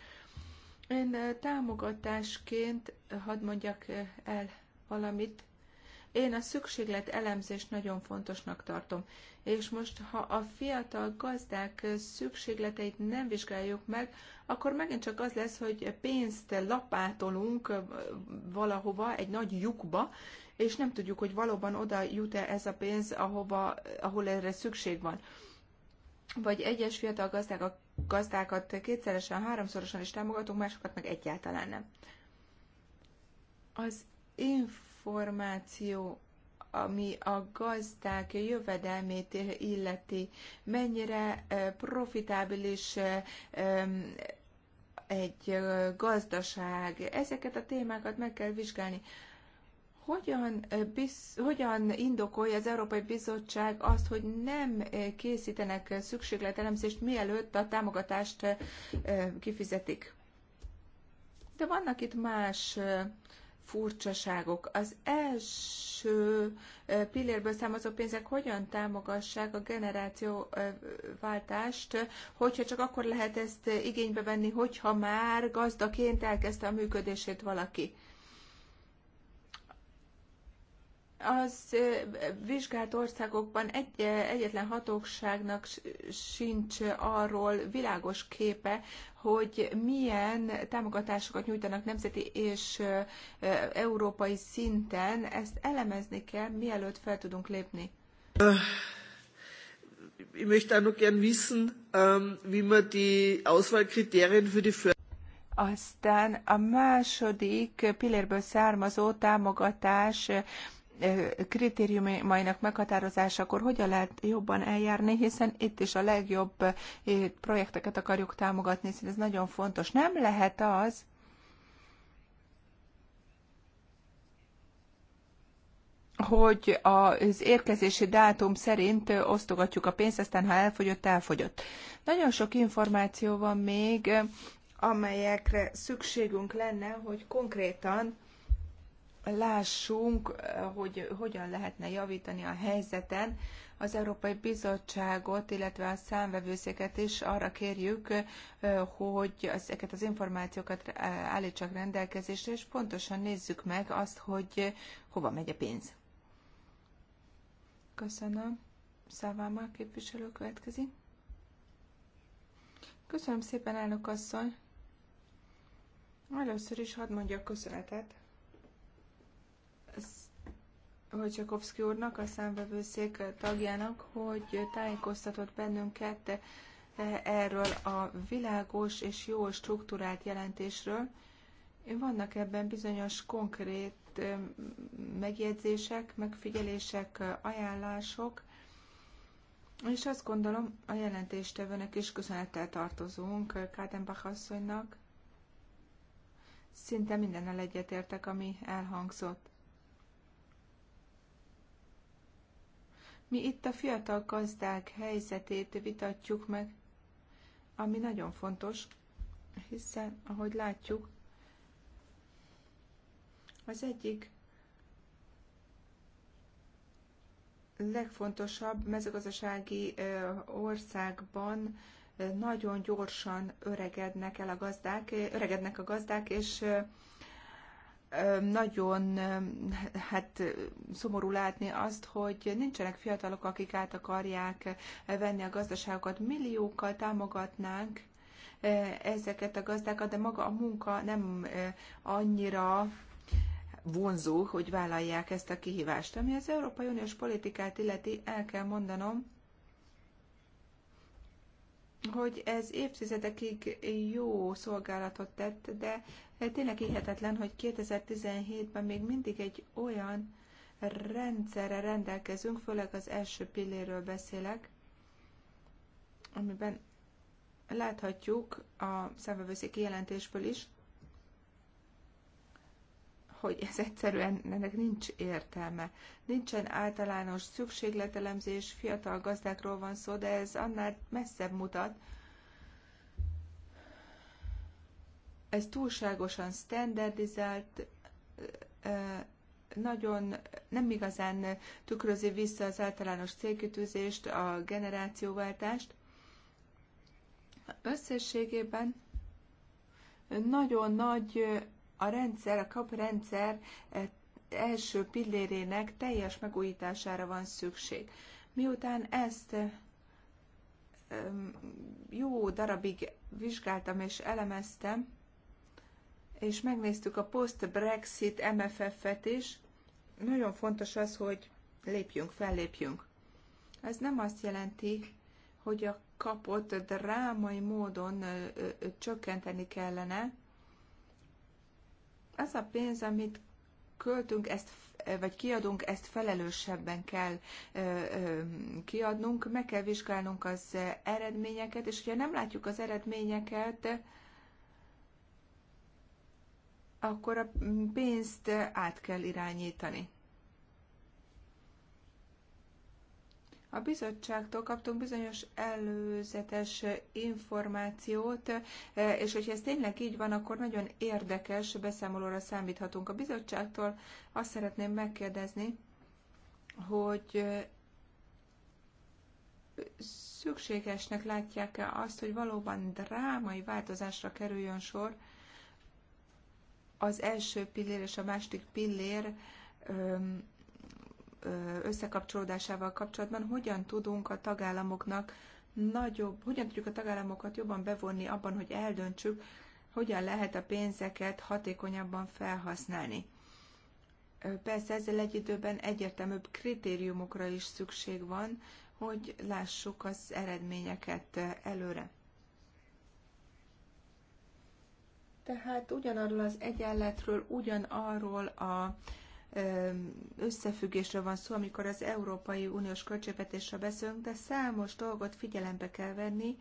Én eh, támogatásként eh, hadd mondjak el valamit. Én a szükséglet elemzést nagyon fontosnak tartom. És most, ha a fiatal gazdák szükségleteit nem vizsgáljuk meg, akkor megint csak az lesz, hogy pénzt lapátolunk valahova, egy nagy lyukba, és nem tudjuk, hogy valóban oda jut-e ez a pénz, ahova, ahol erre szükség van. Vagy egyes fiatal gazdák, a gazdákat kétszeresen, háromszorosan is támogatunk, másokat meg egyáltalán nem. Az információ ami a gazdák jövedelmét illeti, mennyire profitábilis egy gazdaság. Ezeket a témákat meg kell vizsgálni. Hogyan, biz, hogyan indokolja az Európai Bizottság azt, hogy nem készítenek szükségletelemzést, mielőtt a támogatást kifizetik? De vannak itt más furcsaságok. Az első pillérből származó pénzek hogyan támogassák a generációváltást, hogyha csak akkor lehet ezt igénybe venni, hogyha már gazdaként elkezdte a működését valaki. az vizsgált országokban egy, egyetlen hatóságnak sincs arról világos képe, hogy milyen támogatásokat nyújtanak nemzeti és európai szinten. Ezt elemezni kell, mielőtt fel tudunk lépni. Äh, ich möchte auch noch gern wissen, ähm, wie man die Auswahlkriterien für die aztán a második pillérből származó támogatás kritériumainak meghatározásakor hogyan lehet jobban eljárni, hiszen itt is a legjobb eh, projekteket akarjuk támogatni, hiszen ez nagyon fontos. Nem lehet az, hogy az érkezési dátum szerint eh, osztogatjuk a pénzt, aztán ha elfogyott, elfogyott. Nagyon sok információ van még, eh, amelyekre szükségünk lenne, hogy konkrétan lássunk, hogy hogyan lehetne javítani a helyzeten. Az Európai Bizottságot, illetve a számvevőszéket is arra kérjük, hogy ezeket az információkat állítsak rendelkezésre, és pontosan nézzük meg azt, hogy hova megy a pénz. Köszönöm. Szávámá képviselő következik. Köszönöm szépen, elnök asszony. Először is hadd mondjak köszönetet Hojcsakovszki úrnak, a számvevőszék tagjának, hogy tájékoztatott bennünket eh, erről a világos és jól struktúrált jelentésről. Vannak ebben bizonyos konkrét eh, megjegyzések, megfigyelések, ajánlások, és azt gondolom, a jelentéstevőnek is köszönettel tartozunk, Kádenbach asszonynak. Szinte mindennel egyetértek, ami elhangzott. Mi itt a fiatal gazdák helyzetét vitatjuk meg, ami nagyon fontos, hiszen, ahogy látjuk, az egyik legfontosabb mezőgazdasági országban nagyon gyorsan öregednek el a gazdák, öregednek a gazdák, és nagyon hát szomorú látni azt, hogy nincsenek fiatalok, akik át akarják venni a gazdaságokat. Milliókkal támogatnánk ezeket a gazdákat, de maga a munka nem annyira vonzó, hogy vállalják ezt a kihívást. Ami az Európai Uniós politikát illeti, el kell mondanom, hogy ez évtizedekig jó szolgálatot tett, de Eh, tényleg hihetetlen, hogy 2017-ben még mindig egy olyan rendszerre rendelkezünk, főleg az első pilléről beszélek, amiben láthatjuk a számvevőszéki jelentésből is, hogy ez egyszerűen ennek nincs értelme. Nincsen általános szükségletelemzés, fiatal gazdákról van szó, de ez annál messzebb mutat, ez túlságosan standardizált, nagyon nem igazán tükrözi vissza az általános célkitűzést, a generációváltást. Összességében nagyon nagy a rendszer, a kaprendszer e, első pillérének teljes megújítására van szükség. Miután ezt e, jó darabig vizsgáltam és elemeztem, és megnéztük a post-Brexit MFF-et is. Nagyon fontos az, hogy lépjünk, fellépjünk. Ez nem azt jelenti, hogy a kapott drámai módon csökkenteni kellene. Az a pénz, amit költünk, ezt, vagy kiadunk, ezt felelősebben kell ö, ö, kiadnunk, meg kell vizsgálnunk az eredményeket, és hogyha nem látjuk az eredményeket, akkor a pénzt át kell irányítani. A bizottságtól kaptunk bizonyos előzetes információt, és hogyha ez tényleg így van, akkor nagyon érdekes beszámolóra számíthatunk. A bizottságtól azt szeretném megkérdezni, hogy szükségesnek látják-e azt, hogy valóban drámai változásra kerüljön sor, az első pillér és a második pillér összekapcsolódásával kapcsolatban hogyan tudunk a tagállamoknak nagyobb, hogyan tudjuk a tagállamokat jobban bevonni abban, hogy eldöntsük, hogyan lehet a pénzeket hatékonyabban felhasználni. Persze ezzel egy időben egyértelműbb kritériumokra is szükség van, hogy lássuk az eredményeket előre. Tehát ugyanarról az egyenletről, ugyanarról a összefüggésről van szó, amikor az Európai Uniós költségvetésről beszélünk, de számos dolgot figyelembe kell venni,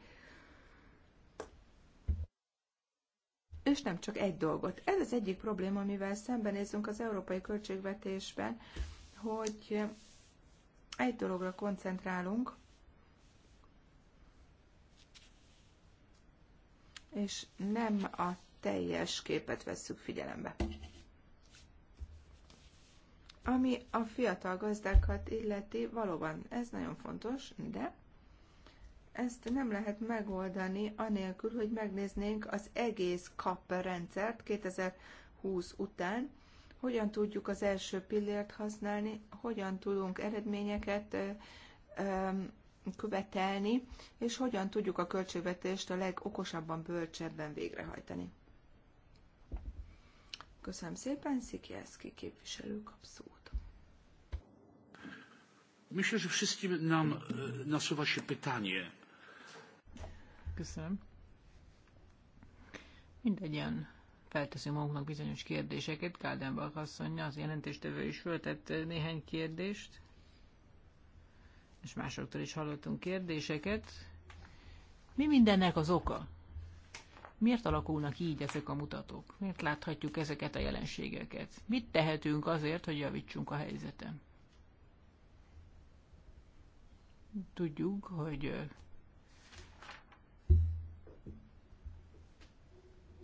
és nem csak egy dolgot. Ez az egyik probléma, amivel szembenézünk az európai költségvetésben, hogy egy dologra koncentrálunk, és nem a teljes képet vesszük figyelembe. Ami a fiatal gazdákat illeti, valóban ez nagyon fontos, de ezt nem lehet megoldani anélkül, hogy megnéznénk az egész KAP rendszert 2020 után, hogyan tudjuk az első pillért használni, hogyan tudunk eredményeket követelni, és hogyan tudjuk a költségvetést a legokosabban, bölcsebben végrehajtani. Köszönöm szépen, Szikieszki képviselő kap szót. Myślę, że wszystkim nam e, nasuwa się pytanie. Köszönöm. Mindegyen felteszünk magunknak bizonyos kérdéseket. Kádán asszony, az jelentéstevő is föltett e, néhány kérdést, és másoktól is hallottunk kérdéseket. Mi mindennek az oka? Miért alakulnak így ezek a mutatók? Miért láthatjuk ezeket a jelenségeket? Mit tehetünk azért, hogy javítsunk a helyzeten? Tudjuk, hogy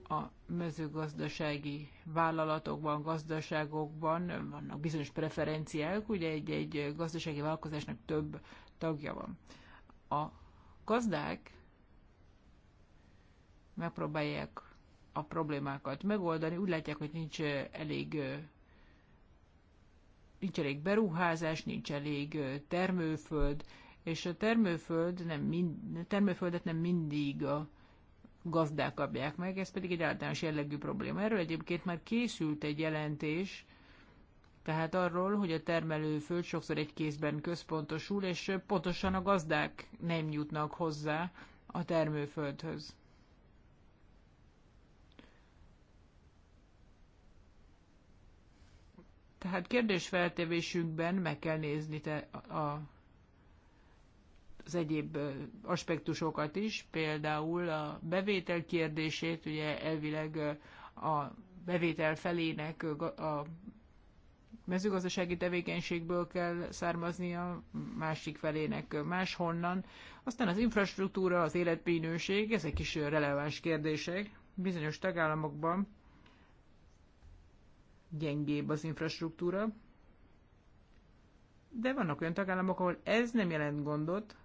a mezőgazdasági vállalatokban, gazdaságokban vannak bizonyos preferenciák, ugye egy-egy gazdasági vállalkozásnak több tagja van. A gazdák megpróbálják a problémákat megoldani, úgy látják, hogy nincs elég nincs elég beruházás, nincs elég termőföld, és a termőföld nem mind, termőföldet nem mindig a gazdák kapják meg, ez pedig egy általános jellegű probléma. Erről egyébként már készült egy jelentés, tehát arról, hogy a termelőföld sokszor egy kézben központosul, és pontosan a gazdák nem jutnak hozzá a termőföldhöz. Tehát kérdésfeltevésünkben meg kell nézni te a, az egyéb aspektusokat is, például a bevétel kérdését, ugye elvileg a bevétel felének a mezőgazdasági tevékenységből kell származnia, másik felének máshonnan. Aztán az infrastruktúra, az életminőség, ezek is releváns kérdések bizonyos tagállamokban gyengébb az infrastruktúra, de vannak olyan tagállamok, ahol ez nem jelent gondot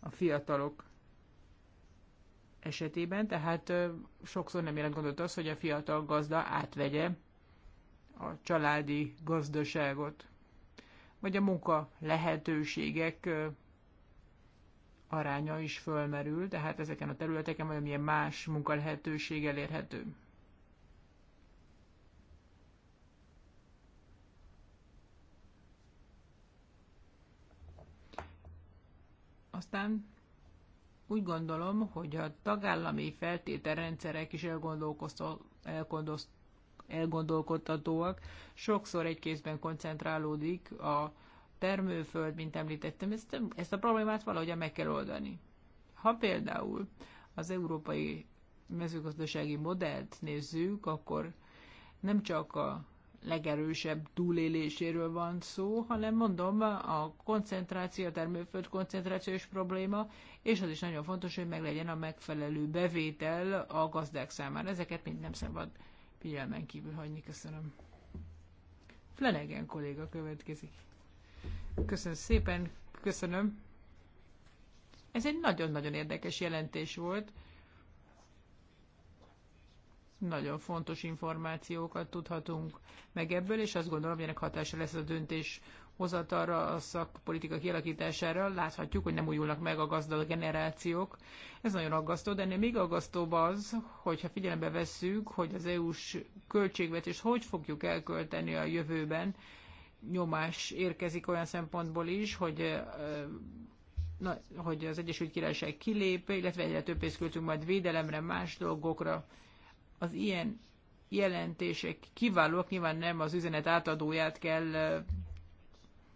a fiatalok esetében, tehát sokszor nem jelent gondot az, hogy a fiatal gazda átvegye a családi gazdaságot, vagy a munka lehetőségek aránya is fölmerül, tehát ezeken a területeken valamilyen más munka lehetőség elérhető. Aztán úgy gondolom, hogy a tagállami feltételrendszerek is elgondolkodtatóak. Sokszor egy kézben koncentrálódik a termőföld, mint említettem, ezt, ezt a problémát valahogy meg kell oldani. Ha például az európai mezőgazdasági modellt nézzük, akkor nem csak a legerősebb túléléséről van szó, hanem mondom, a koncentráció, a termőföld koncentrációs probléma, és az is nagyon fontos, hogy meglegyen a megfelelő bevétel a gazdák számára. Ezeket mind nem szabad figyelmen kívül hagyni. Köszönöm. Flanagan kolléga következik. Köszönöm szépen, köszönöm. Ez egy nagyon-nagyon érdekes jelentés volt nagyon fontos információkat tudhatunk meg ebből, és azt gondolom, hogy ennek hatása lesz a döntés hozatalra, a szakpolitika kialakítására. Láthatjuk, hogy nem újulnak meg a gazdag generációk. Ez nagyon aggasztó, de ennél még aggasztóbb az, hogyha figyelembe vesszük, hogy az EU-s költségvetés hogy fogjuk elkölteni a jövőben, nyomás érkezik olyan szempontból is, hogy na, hogy az Egyesült Királyság kilép, illetve egyre több pénzt költünk majd védelemre, más dolgokra, az ilyen jelentések kiválóak, nyilván nem az üzenet átadóját kell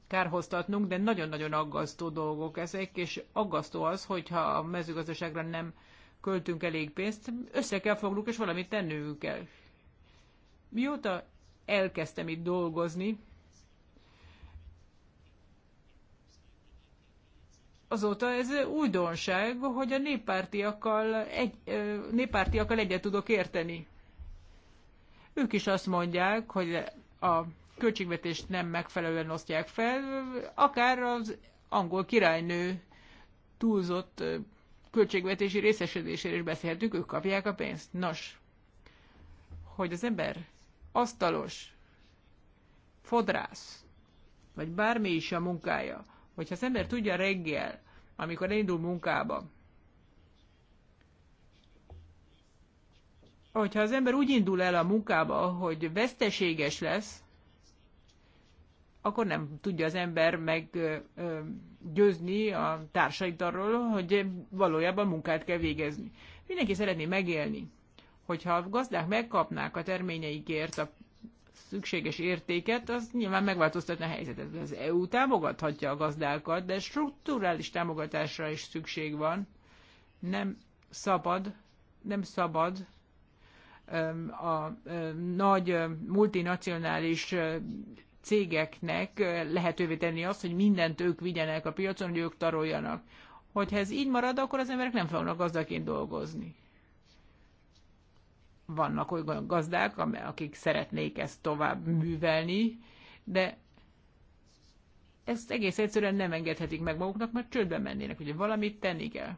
kárhoztatnunk, de nagyon-nagyon aggasztó dolgok ezek, és aggasztó az, hogyha a mezőgazdaságra nem költünk elég pénzt, össze kell fognunk, és valamit tennünk kell. Mióta elkezdtem itt dolgozni, azóta ez újdonság, hogy a néppártiakkal, egy, néppártiakkal egyet tudok érteni. Ők is azt mondják, hogy a költségvetést nem megfelelően osztják fel, akár az angol királynő túlzott költségvetési részesedésére is beszélhetünk, ők kapják a pénzt. Nos, hogy az ember asztalos, fodrász, vagy bármi is a munkája, hogyha az ember tudja reggel, amikor indul munkába. Hogyha az ember úgy indul el a munkába, hogy veszteséges lesz, akkor nem tudja az ember meggyőzni a társait arról, hogy valójában munkát kell végezni. Mindenki szeretné megélni. Hogyha a gazdák megkapnák a terményeikért a szükséges értéket, az nyilván megváltoztatna a helyzetet. Az EU támogathatja a gazdákat, de strukturális támogatásra is szükség van. Nem szabad, nem szabad a nagy multinacionális cégeknek lehetővé tenni azt, hogy mindent ők vigyenek a piacon, hogy ők taroljanak. Hogyha ez így marad, akkor az emberek nem fognak gazdaként dolgozni vannak olyan gazdák, akik szeretnék ezt tovább művelni, de ezt egész egyszerűen nem engedhetik meg maguknak, mert csődbe mennének, ugye valamit tenni kell.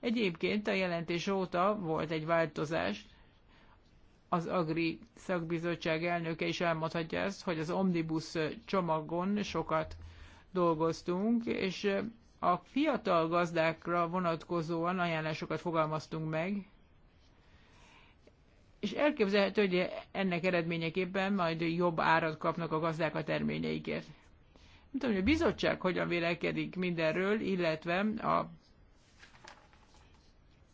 Egyébként a jelentés óta volt egy változás, az Agri szakbizottság elnöke is elmondhatja ezt, hogy az Omnibus csomagon sokat dolgoztunk, és a fiatal gazdákra vonatkozóan ajánlásokat fogalmaztunk meg, és elképzelhető, hogy ennek eredményeképpen majd jobb árat kapnak a gazdák a terményeikért. Nem tudom, hogy a bizottság hogyan vélekedik mindenről, illetve a,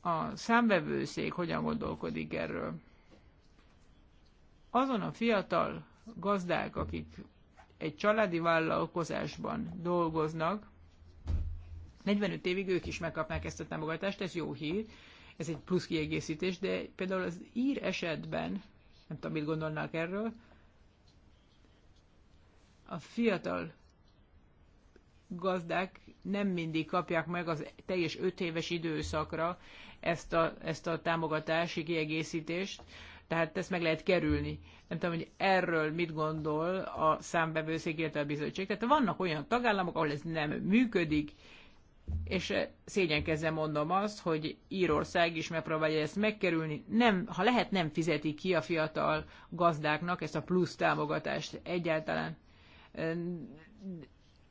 a számvevőszék hogyan gondolkodik erről. Azon a fiatal gazdák, akik egy családi vállalkozásban dolgoznak, 45 évig ők is megkapnák ezt a támogatást, ez jó hír, ez egy plusz kiegészítés, de például az ír esetben, nem tudom, mit gondolnák erről, a fiatal gazdák nem mindig kapják meg az teljes öt éves időszakra ezt a, ezt a támogatási kiegészítést, tehát ezt meg lehet kerülni. Nem tudom, hogy erről mit gondol a számbevőszék, illetve a bizottság. Tehát vannak olyan tagállamok, ahol ez nem működik, és eh, szégyenkezzen mondom azt, hogy Írország is megpróbálja ezt megkerülni. Nem, ha lehet, nem fizeti ki a fiatal gazdáknak ezt a plusz támogatást egyáltalán.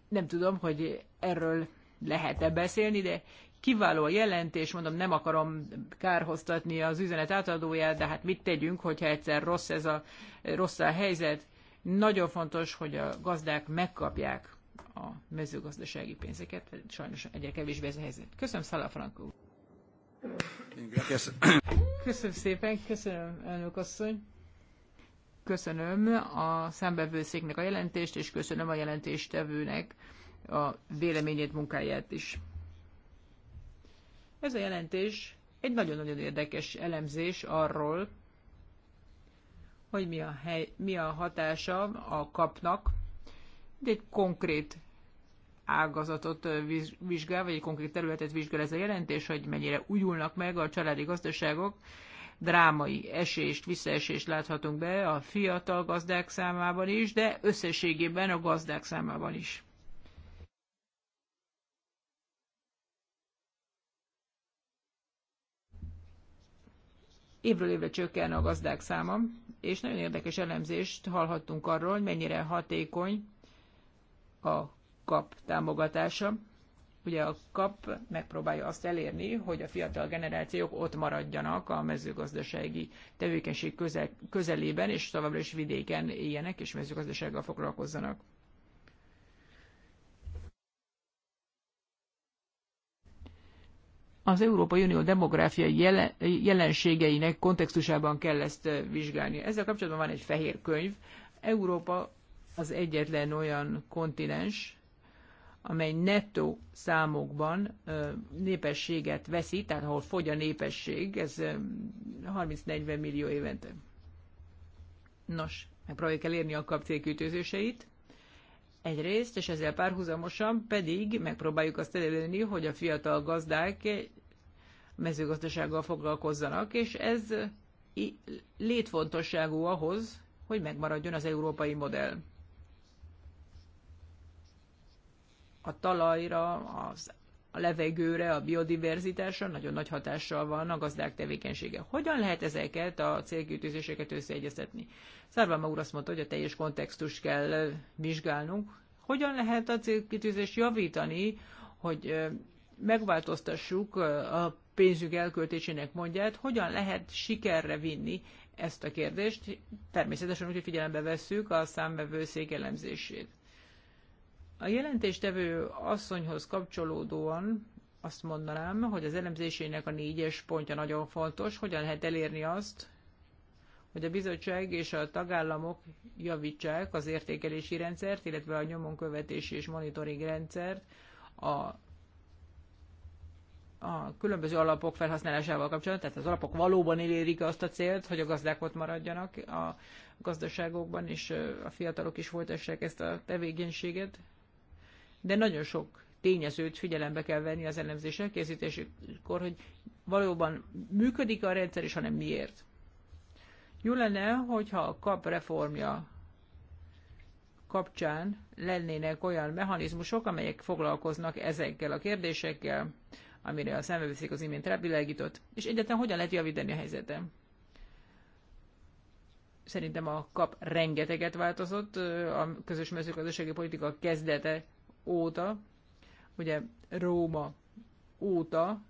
Nem tudom, hogy erről lehet-e beszélni, de kiváló a jelentés, mondom, nem akarom kárhoztatni az üzenet átadóját, de hát mit tegyünk, hogyha egyszer rossz ez a, rossz a helyzet. Nagyon fontos, hogy a gazdák megkapják a mezőgazdasági pénzeket, sajnos egyre kevésbé ez a helyzet. Köszönöm, Szala Frankó. Köszönöm szépen, köszönöm, elnök asszony. Köszönöm a szembevőszéknek a jelentést, és köszönöm a jelentéstevőnek a véleményét, munkáját is. Ez a jelentés egy nagyon-nagyon érdekes elemzés arról, hogy mi a, hely, mi a hatása a kapnak de egy konkrét ágazatot vizsgál, vagy egy konkrét területet vizsgál ez a jelentés, hogy mennyire újulnak meg a családi gazdaságok. Drámai esést, visszaesést láthatunk be a fiatal gazdák számában is, de összességében a gazdák számában is. évről évre csökken a gazdák száma, és nagyon érdekes elemzést hallhattunk arról, hogy mennyire hatékony a kap támogatása. Ugye a kap megpróbálja azt elérni, hogy a fiatal generációk ott maradjanak a mezőgazdasági tevékenység közel, közelében, és továbbra is vidéken éljenek, és mezőgazdasággal foglalkozzanak. az Európai Unió demográfiai jelenségeinek kontextusában kell ezt vizsgálni. Ezzel kapcsolatban van egy fehér könyv, Európa az egyetlen olyan kontinens, amely nettó számokban népességet veszi, tehát ahol fogy a népesség, ez 30-40 millió évente. Nos, megpróbáljuk elérni a kapcélkütőzéseit. Egyrészt, és ezzel párhuzamosan pedig megpróbáljuk azt elérni, hogy a fiatal gazdák mezőgazdasággal foglalkozzanak, és ez létfontosságú ahhoz, hogy megmaradjon az európai modell. a talajra, az, a levegőre, a biodiverzitásra nagyon nagy hatással van a gazdák tevékenysége. Hogyan lehet ezeket a célkütőzéseket összeegyeztetni? Szárváma úr azt mondta, hogy a teljes kontextust kell vizsgálnunk. Hogyan lehet a célkütőzést javítani, hogy megváltoztassuk a pénzük elköltésének mondját, hogyan lehet sikerre vinni ezt a kérdést, természetesen úgy, hogy figyelembe vesszük a számbevőszék elemzését. A jelentéstevő asszonyhoz kapcsolódóan azt mondanám, hogy az elemzésének a négyes pontja nagyon fontos, hogyan lehet elérni azt, hogy a bizottság és a tagállamok javítsák az értékelési rendszert, illetve a nyomonkövetési és monitoring rendszert a, a különböző alapok felhasználásával kapcsolatban, tehát az alapok valóban elérik azt a célt, hogy a gazdák ott maradjanak a gazdaságokban, és a fiatalok is folytassák ezt a tevékenységet de nagyon sok tényezőt figyelembe kell venni az elemzés elkészítésekor, hogy valóban működik a rendszer, és hanem miért. Jó lenne, hogyha a kap reformja kapcsán lennének olyan mechanizmusok, amelyek foglalkoznak ezekkel a kérdésekkel, amire a szembeviszik az imént rávilágított, és egyáltalán hogyan lehet javítani a helyzetem. Szerintem a kap rengeteget változott, a közös mezőgazdasági politika kezdete óta, ugye Róma óta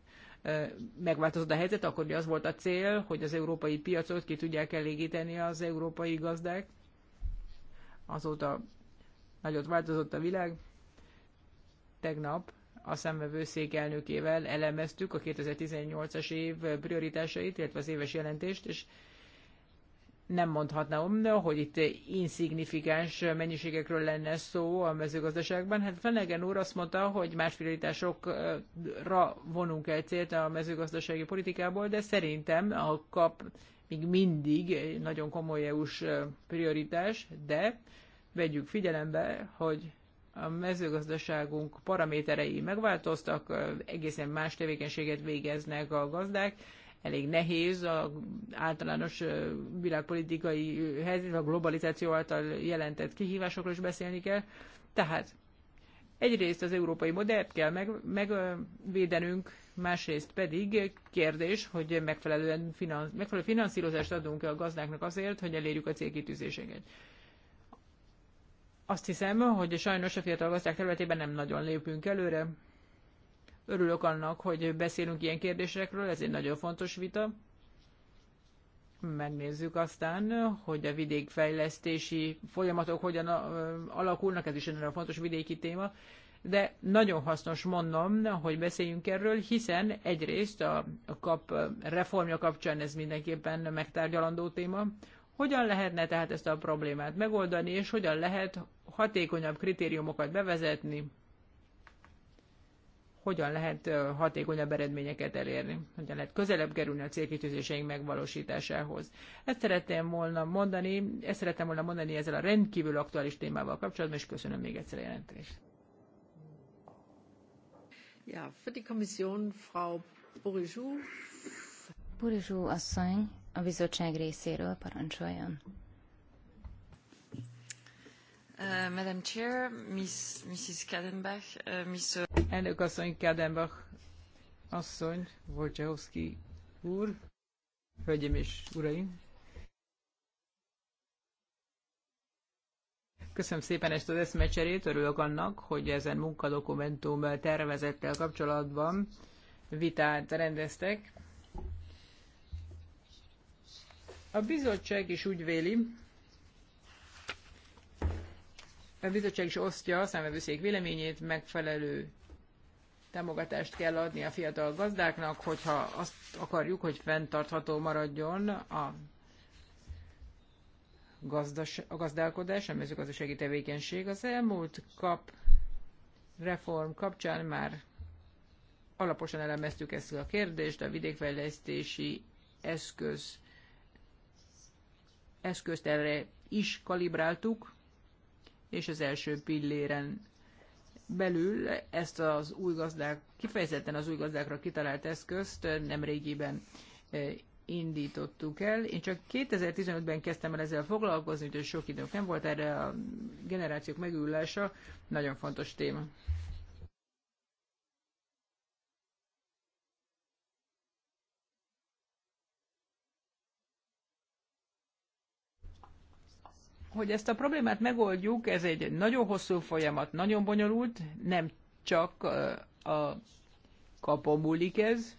megváltozott a helyzet, akkor ugye az volt a cél, hogy az európai piacot ki tudják elégíteni az európai gazdák. Azóta nagyot változott a világ. Tegnap a szemvevőszék elnökével elemeztük a 2018-as év prioritásait, illetve az éves jelentést, és nem mondhatnám, hogy itt insignifikáns mennyiségekről lenne szó a mezőgazdaságban. Hát Fenegen úr azt mondta, hogy más prioritásokra vonunk el célt a mezőgazdasági politikából, de szerintem a kap még mindig egy nagyon komoly eu prioritás, de vegyük figyelembe, hogy a mezőgazdaságunk paraméterei megváltoztak, egészen más tevékenységet végeznek a gazdák, elég nehéz a általános világpolitikai helyzet, a globalizáció által jelentett kihívásokról is beszélni kell. Tehát egyrészt az európai modellt kell meg, megvédenünk, másrészt pedig kérdés, hogy megfelelően finansz, megfelelő finanszírozást adunk-e a gazdáknak azért, hogy elérjük a célkitűzéseket. Azt hiszem, hogy sajnos a fiatal gazdák területében nem nagyon lépünk előre, Örülök annak, hogy beszélünk ilyen kérdésekről, ez egy nagyon fontos vita. Megnézzük aztán, hogy a vidékfejlesztési folyamatok hogyan alakulnak, ez is egy nagyon fontos vidéki téma, de nagyon hasznos mondom, hogy beszéljünk erről, hiszen egyrészt a kap reformja kapcsán ez mindenképpen megtárgyalandó téma, hogyan lehetne tehát ezt a problémát megoldani, és hogyan lehet hatékonyabb kritériumokat bevezetni, hogyan lehet hatékonyabb eredményeket elérni, hogyan lehet közelebb kerülni a célkitűzéseink megvalósításához. Ezt szeretném volna mondani, ezt szeretném volna mondani ezzel a rendkívül aktuális témával kapcsolatban, és köszönöm még egyszer a jelentést. Ja, für die Kommission Frau Bourgeau. Bourgeau asszony a bizottság részéről parancsoljon. Uh, Madam Chair, Miss, Mrs. Kadenbach, uh, Miss... Uh, Elnök asszony, Kadenbach asszony, Wojciechowski úr, hölgyeim és uraim. Köszönöm szépen ezt az eszmecserét, örülök annak, hogy ezen munkadokumentum tervezettel kapcsolatban vitát rendeztek. A bizottság is úgy véli, a bizottság is osztja a számvevőszék véleményét, megfelelő támogatást kell adni a fiatal gazdáknak, hogyha azt akarjuk, hogy fenntartható maradjon a, gazdas, a gazdálkodás, a mezőgazdasági tevékenység. Az elmúlt kap reform kapcsán már alaposan elemeztük ezt a kérdést, a vidékfejlesztési eszköz, eszközt erre is kalibráltuk, és az első pilléren belül ezt az új gazdák, kifejezetten az új gazdákra kitalált eszközt régiben eh, indítottuk el. Én csak 2015-ben kezdtem el ezzel foglalkozni, úgyhogy sok időnk nem volt erre a generációk megüllása. Nagyon fontos téma. hogy ezt a problémát megoldjuk, ez egy nagyon hosszú folyamat, nagyon bonyolult, nem csak a kapon múlik ez,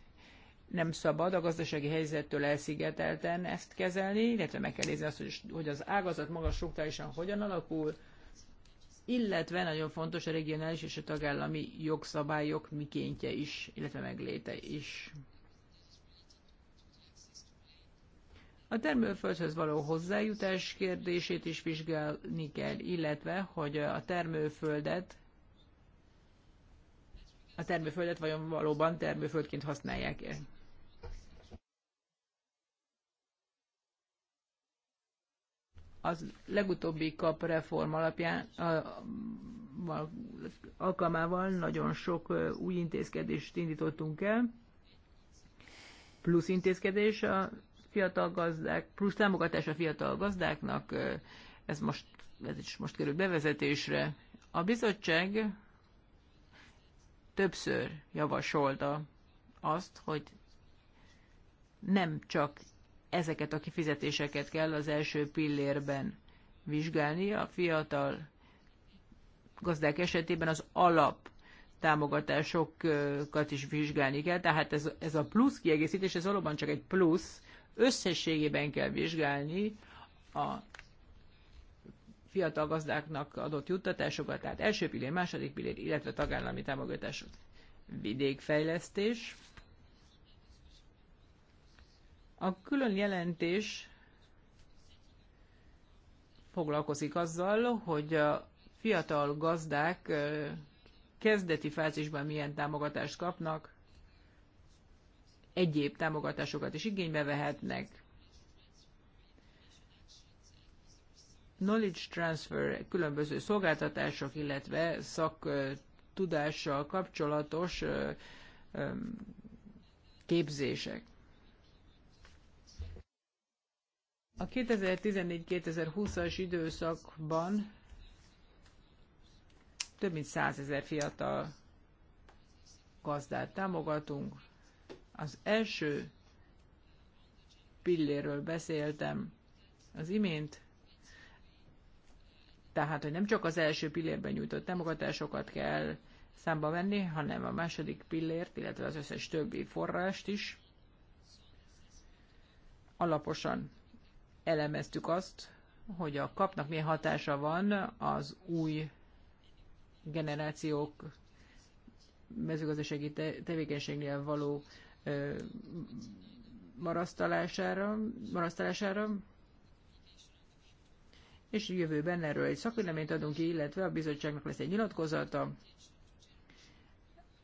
nem szabad a gazdasági helyzettől elszigetelten ezt kezelni, illetve meg kell nézni azt, hogy az ágazat maga struktúrálisan hogyan alakul, illetve nagyon fontos a regionális és a tagállami jogszabályok mikéntje is, illetve megléte is. A termőföldhöz való hozzájutás kérdését is vizsgálni kell, illetve, hogy a termőföldet a termőföldet vajon valóban termőföldként használják-e. Az legutóbbi kap reform alapján a, a, a, alkalmával nagyon sok új intézkedést indítottunk el, plusz intézkedés a fiatal gazdák, plusz támogatás a fiatal gazdáknak, ez most, ez is most kerül bevezetésre. A bizottság többször javasolta azt, hogy nem csak ezeket a kifizetéseket kell az első pillérben vizsgálni, a fiatal gazdák esetében az alap támogatásokat is vizsgálni kell, tehát ez, ez a plusz kiegészítés, ez valóban csak egy plusz, összességében kell vizsgálni a fiatal gazdáknak adott juttatásokat, tehát első pillér, második pillér, illetve tagállami támogatások. Vidékfejlesztés. A külön jelentés foglalkozik azzal, hogy a fiatal gazdák kezdeti fázisban milyen támogatást kapnak, egyéb támogatásokat is igénybe vehetnek. Knowledge transfer, különböző szolgáltatások, illetve szaktudással kapcsolatos képzések. A 2014-2020-as időszakban több mint százezer fiatal gazdát támogatunk. Az első pilléről beszéltem az imént, tehát, hogy nem csak az első pillérben nyújtott támogatásokat kell számba venni, hanem a második pillért, illetve az összes többi forrást is. Alaposan elemeztük azt, hogy a kapnak milyen hatása van az új generációk mezőgazdasági tevékenységnél való marasztalására, marasztalására és jövőben erről egy szakvéleményt adunk ki, illetve a bizottságnak lesz egy nyilatkozata,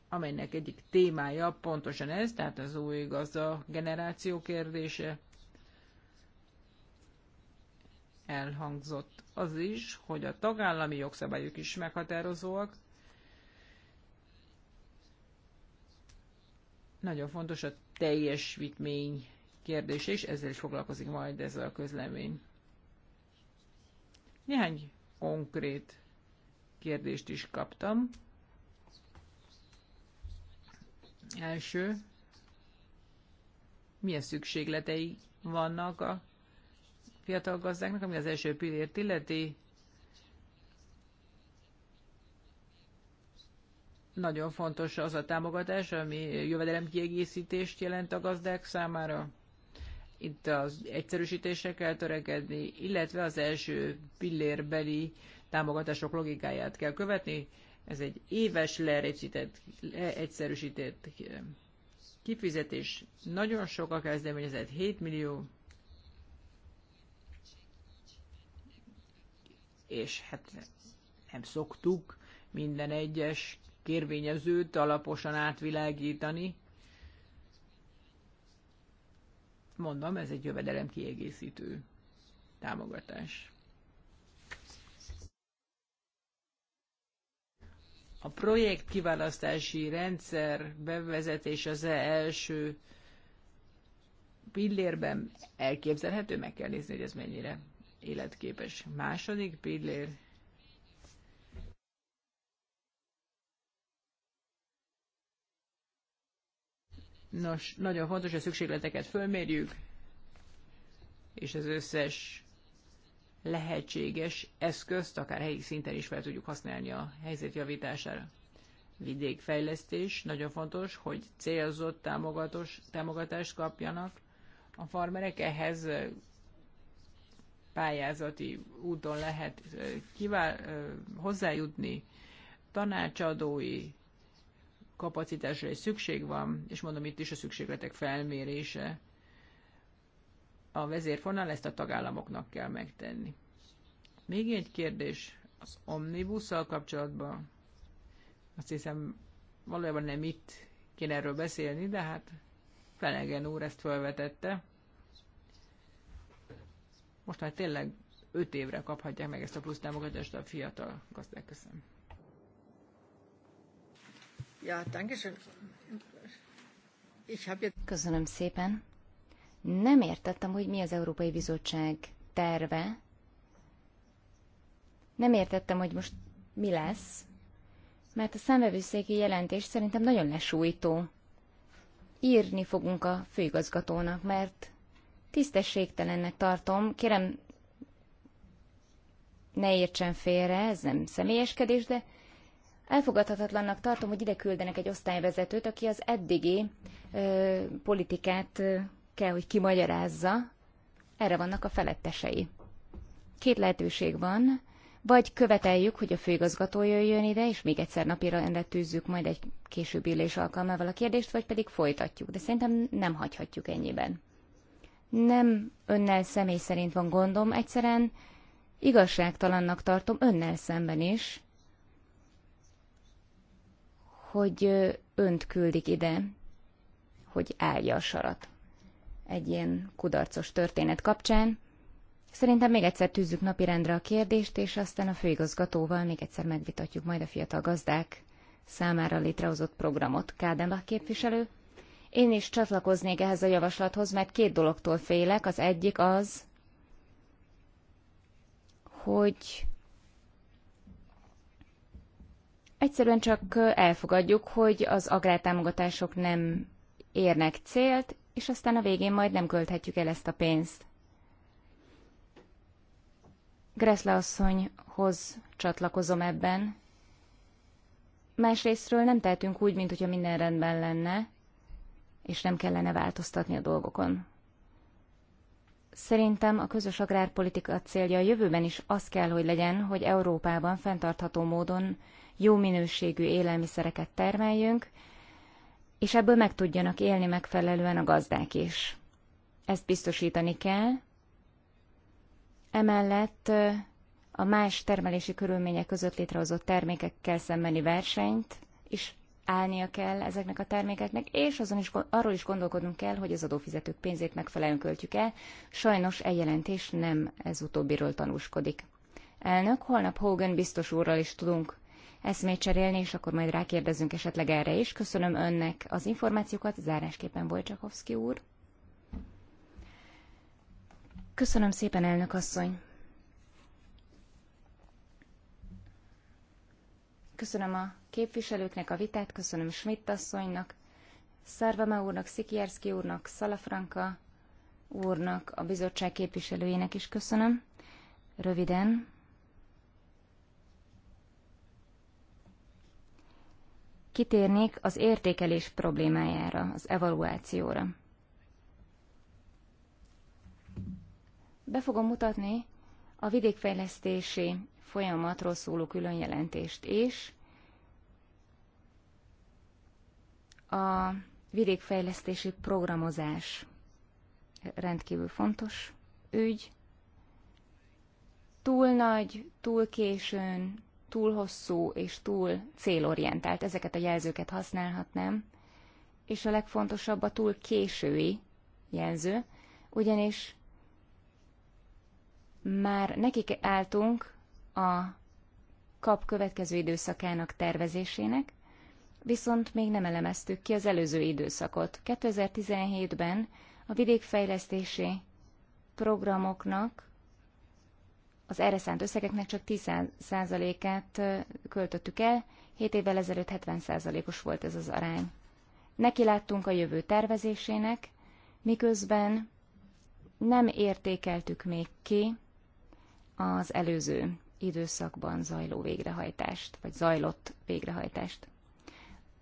amelynek egyik témája pontosan ez, tehát az új gazda generáció kérdése. Elhangzott az is, hogy a tagállami jogszabályok is meghatározóak, Nagyon fontos a teljesítmény kérdése, és ezzel is foglalkozik majd ez a közlemény. Néhány konkrét kérdést is kaptam. Első, milyen szükségletei vannak a fiatal gazdáknak, ami az első pillért illeti, Nagyon fontos az a támogatás, ami jövedelemkiegészítést jelent a gazdák számára. Itt az egyszerűsítésre kell törekedni, illetve az első pillérbeli támogatások logikáját kell követni. Ez egy éves leegyszerűsített, leegyszerűsített kifizetés. Nagyon sok a kezdeményezett, 7 millió. És hát nem szoktuk minden egyes kérvényezőt alaposan átvilágítani. Mondom, ez egy jövedelem kiegészítő támogatás. A projekt kiválasztási rendszer bevezetés az első pillérben elképzelhető, meg kell nézni, hogy ez mennyire életképes. Második pillér Nos, nagyon fontos, a szükségleteket fölmérjük, és az összes lehetséges eszközt, akár helyi szinten is fel tudjuk használni a helyzet javítására. Vidékfejlesztés, nagyon fontos, hogy célzott támogatós, támogatást kapjanak a farmerek, ehhez pályázati úton lehet kivál, hozzájutni, tanácsadói kapacitásra is szükség van, és mondom itt is a szükségletek felmérése. A vezérfonal ezt a tagállamoknak kell megtenni. Még egy kérdés az omnibusszal kapcsolatban. Azt hiszem, valójában nem itt kéne erről beszélni, de hát Felegen úr ezt felvetette. Most már tényleg 5 évre kaphatják meg ezt a plusz támogatást a fiatal gazdák. Köszönöm. Köszönöm szépen. Nem értettem, hogy mi az Európai Bizottság terve. Nem értettem, hogy most mi lesz, mert a számvevőszéki jelentés szerintem nagyon lesújtó. Írni fogunk a főigazgatónak, mert tisztességtelennek tartom. Kérem, ne értsen félre, ez nem személyeskedés, de Elfogadhatatlannak tartom, hogy ide küldenek egy osztályvezetőt, aki az eddigi ö, politikát ö, kell, hogy kimagyarázza. Erre vannak a felettesei. Két lehetőség van, vagy követeljük, hogy a főigazgató jöjjön ide, és még egyszer napira tűzzük majd egy későbbi ülés alkalmával a kérdést, vagy pedig folytatjuk, de szerintem nem hagyhatjuk ennyiben. Nem önnel személy szerint van gondom, egyszerűen igazságtalannak tartom önnel szemben is, hogy önt küldik ide, hogy állja a sarat egy ilyen kudarcos történet kapcsán. Szerintem még egyszer tűzzük napirendre a kérdést, és aztán a főigazgatóval még egyszer megvitatjuk majd a fiatal gazdák számára létrehozott programot. Kádemba képviselő, én is csatlakoznék ehhez a javaslathoz, mert két dologtól félek. Az egyik az, hogy Egyszerűen csak elfogadjuk, hogy az agrártámogatások nem érnek célt, és aztán a végén majd nem költhetjük el ezt a pénzt. Greszle asszonyhoz csatlakozom ebben. Másrésztről nem tehetünk úgy, mint hogyha minden rendben lenne, és nem kellene változtatni a dolgokon. Szerintem a közös agrárpolitika célja a jövőben is az kell, hogy legyen, hogy Európában fenntartható módon jó minőségű élelmiszereket termeljünk, és ebből meg tudjanak élni megfelelően a gazdák is. Ezt biztosítani kell. Emellett a más termelési körülmények között létrehozott termékekkel szembeni versenyt is állnia kell ezeknek a termékeknek, és azon is, arról is gondolkodnunk kell, hogy az adófizetők pénzét megfelelően költjük el. Sajnos egy jelentés nem ez utóbbiról tanúskodik. Elnök, holnap Hogan biztos úrral is tudunk eszmét cserélni, és akkor majd rákérdezünk esetleg erre is. Köszönöm önnek az információkat, zárásképpen Bolcsakovszki úr. Köszönöm szépen, elnök asszony. Köszönöm a képviselőknek a vitát, köszönöm Schmidt asszonynak, Szárvama úrnak, Szikierszki úrnak, Szalafranka úrnak, a bizottság képviselőjének is köszönöm. Röviden, kitérnék az értékelés problémájára, az evaluációra. Be fogom mutatni a vidékfejlesztési folyamatról szóló különjelentést is, a vidékfejlesztési programozás rendkívül fontos ügy. Túl nagy, túl későn, túl hosszú és túl célorientált, ezeket a jelzőket használhatnám, és a legfontosabb a túl késői jelző, ugyanis már nekik álltunk a kap következő időszakának tervezésének, viszont még nem elemeztük ki az előző időszakot. 2017-ben a vidékfejlesztési programoknak az erre szánt összegeknek csak 10%-át költöttük el, 7 évvel ezelőtt 70%-os volt ez az arány. Neki láttunk a jövő tervezésének, miközben nem értékeltük még ki az előző időszakban zajló végrehajtást, vagy zajlott végrehajtást.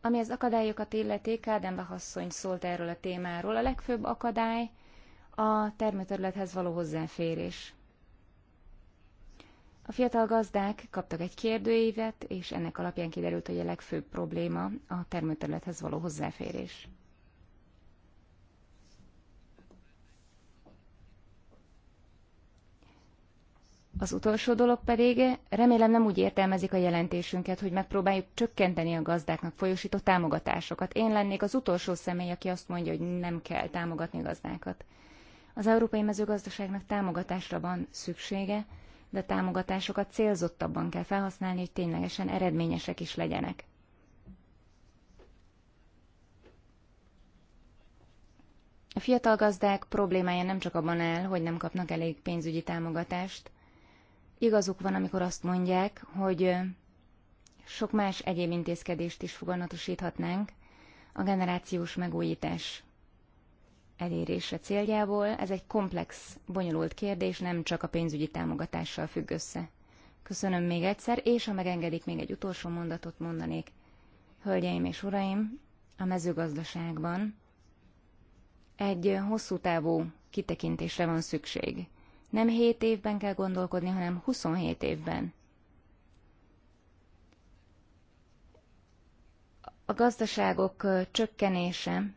Ami az akadályokat illeti, Kádenbach asszony szólt erről a témáról. A legfőbb akadály a termőterülethez való hozzáférés. A fiatal gazdák kaptak egy kérdőívet, és ennek alapján kiderült, hogy a legfőbb probléma a termőterülethez való hozzáférés. Az utolsó dolog pedig, remélem nem úgy értelmezik a jelentésünket, hogy megpróbáljuk csökkenteni a gazdáknak folyosított támogatásokat. Én lennék az utolsó személy, aki azt mondja, hogy nem kell támogatni gazdákat. Az európai mezőgazdaságnak támogatásra van szüksége, de a támogatásokat célzottabban kell felhasználni, hogy ténylegesen eredményesek is legyenek. A fiatal gazdák problémája nem csak abban áll, hogy nem kapnak elég pénzügyi támogatást. Igazuk van, amikor azt mondják, hogy sok más egyéb intézkedést is foganatosíthatnánk a generációs megújítás elérése céljából. Ez egy komplex, bonyolult kérdés, nem csak a pénzügyi támogatással függ össze. Köszönöm még egyszer, és ha megengedik, még egy utolsó mondatot mondanék. Hölgyeim és uraim, a mezőgazdaságban egy hosszú távú kitekintésre van szükség. Nem 7 évben kell gondolkodni, hanem 27 évben. A gazdaságok csökkenése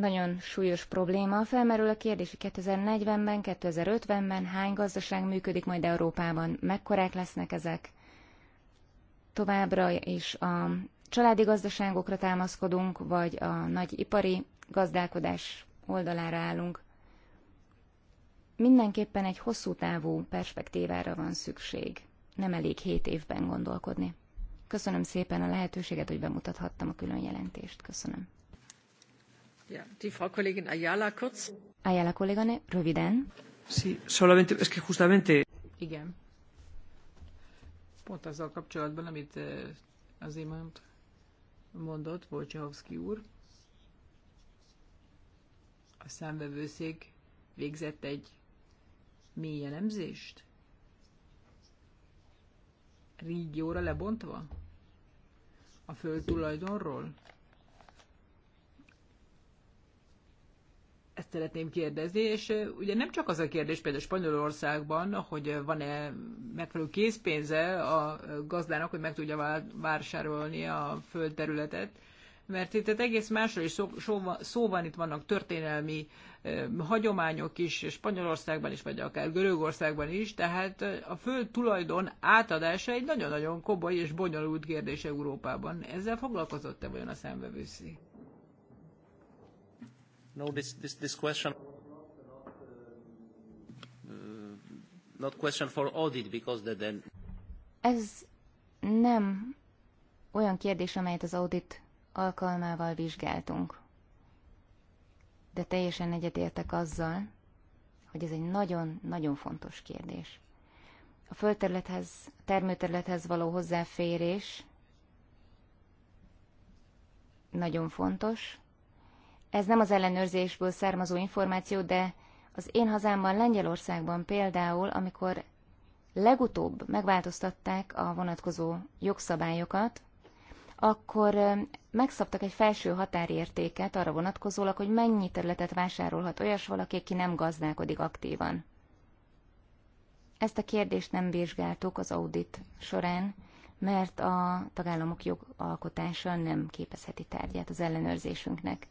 nagyon súlyos probléma. Felmerül a kérdés, hogy 2040-ben, 2050-ben hány gazdaság működik majd Európában, mekkorák lesznek ezek. Továbbra is a családi gazdaságokra támaszkodunk, vagy a nagy ipari gazdálkodás oldalára állunk. Mindenképpen egy hosszú távú perspektívára van szükség. Nem elég hét évben gondolkodni. Köszönöm szépen a lehetőséget, hogy bemutathattam a külön jelentést. Köszönöm. Ja, die Frau Kollegin Ayala kurz. röviden. Sí, solamente, es que justamente... Igen. Pont azzal kapcsolatban, amit eh, az imánt mondott Wojciechowski úr, a számvevőszék végzett egy mély elemzést? Régióra lebontva? A földtulajdonról? ezt szeretném kérdezni, és ugye nem csak az a kérdés például Spanyolországban, hogy van-e megfelelő készpénze a gazdának, hogy meg tudja vásárolni a földterületet, mert itt egész másról is szó, szó van, itt vannak történelmi eh, hagyományok is, Spanyolországban is, vagy akár Görögországban is, tehát a föld tulajdon átadása egy nagyon-nagyon komoly és bonyolult kérdés Európában. Ezzel foglalkozott-e vajon a számvevőszék? No, this, this, this question uh, not question for audit because the then Ez nem olyan kérdés, amelyet az audit alkalmával vizsgáltunk. De teljesen egyetértek azzal, hogy ez egy nagyon-nagyon fontos kérdés. A földterülethez, a termőterülethez való hozzáférés nagyon fontos, ez nem az ellenőrzésből származó információ, de az én hazámban, Lengyelországban például, amikor legutóbb megváltoztatták a vonatkozó jogszabályokat, akkor megszabtak egy felső határértéket arra vonatkozólag, hogy mennyi területet vásárolhat olyas valaki, aki nem gazdálkodik aktívan. Ezt a kérdést nem vizsgáltuk az audit során, mert a tagállamok jogalkotása nem képezheti tárgyát az ellenőrzésünknek.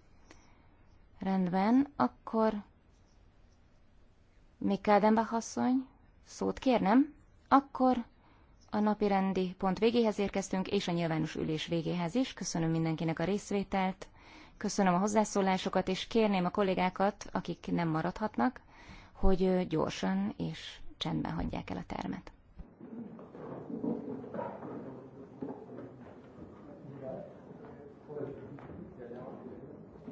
Rendben, akkor... Mikkeldenbach asszony, szót kérnem, akkor a napi rendi pont végéhez érkeztünk, és a nyilvános ülés végéhez is. Köszönöm mindenkinek a részvételt, köszönöm a hozzászólásokat, és kérném a kollégákat, akik nem maradhatnak, hogy gyorsan és csendben hagyják el a termet.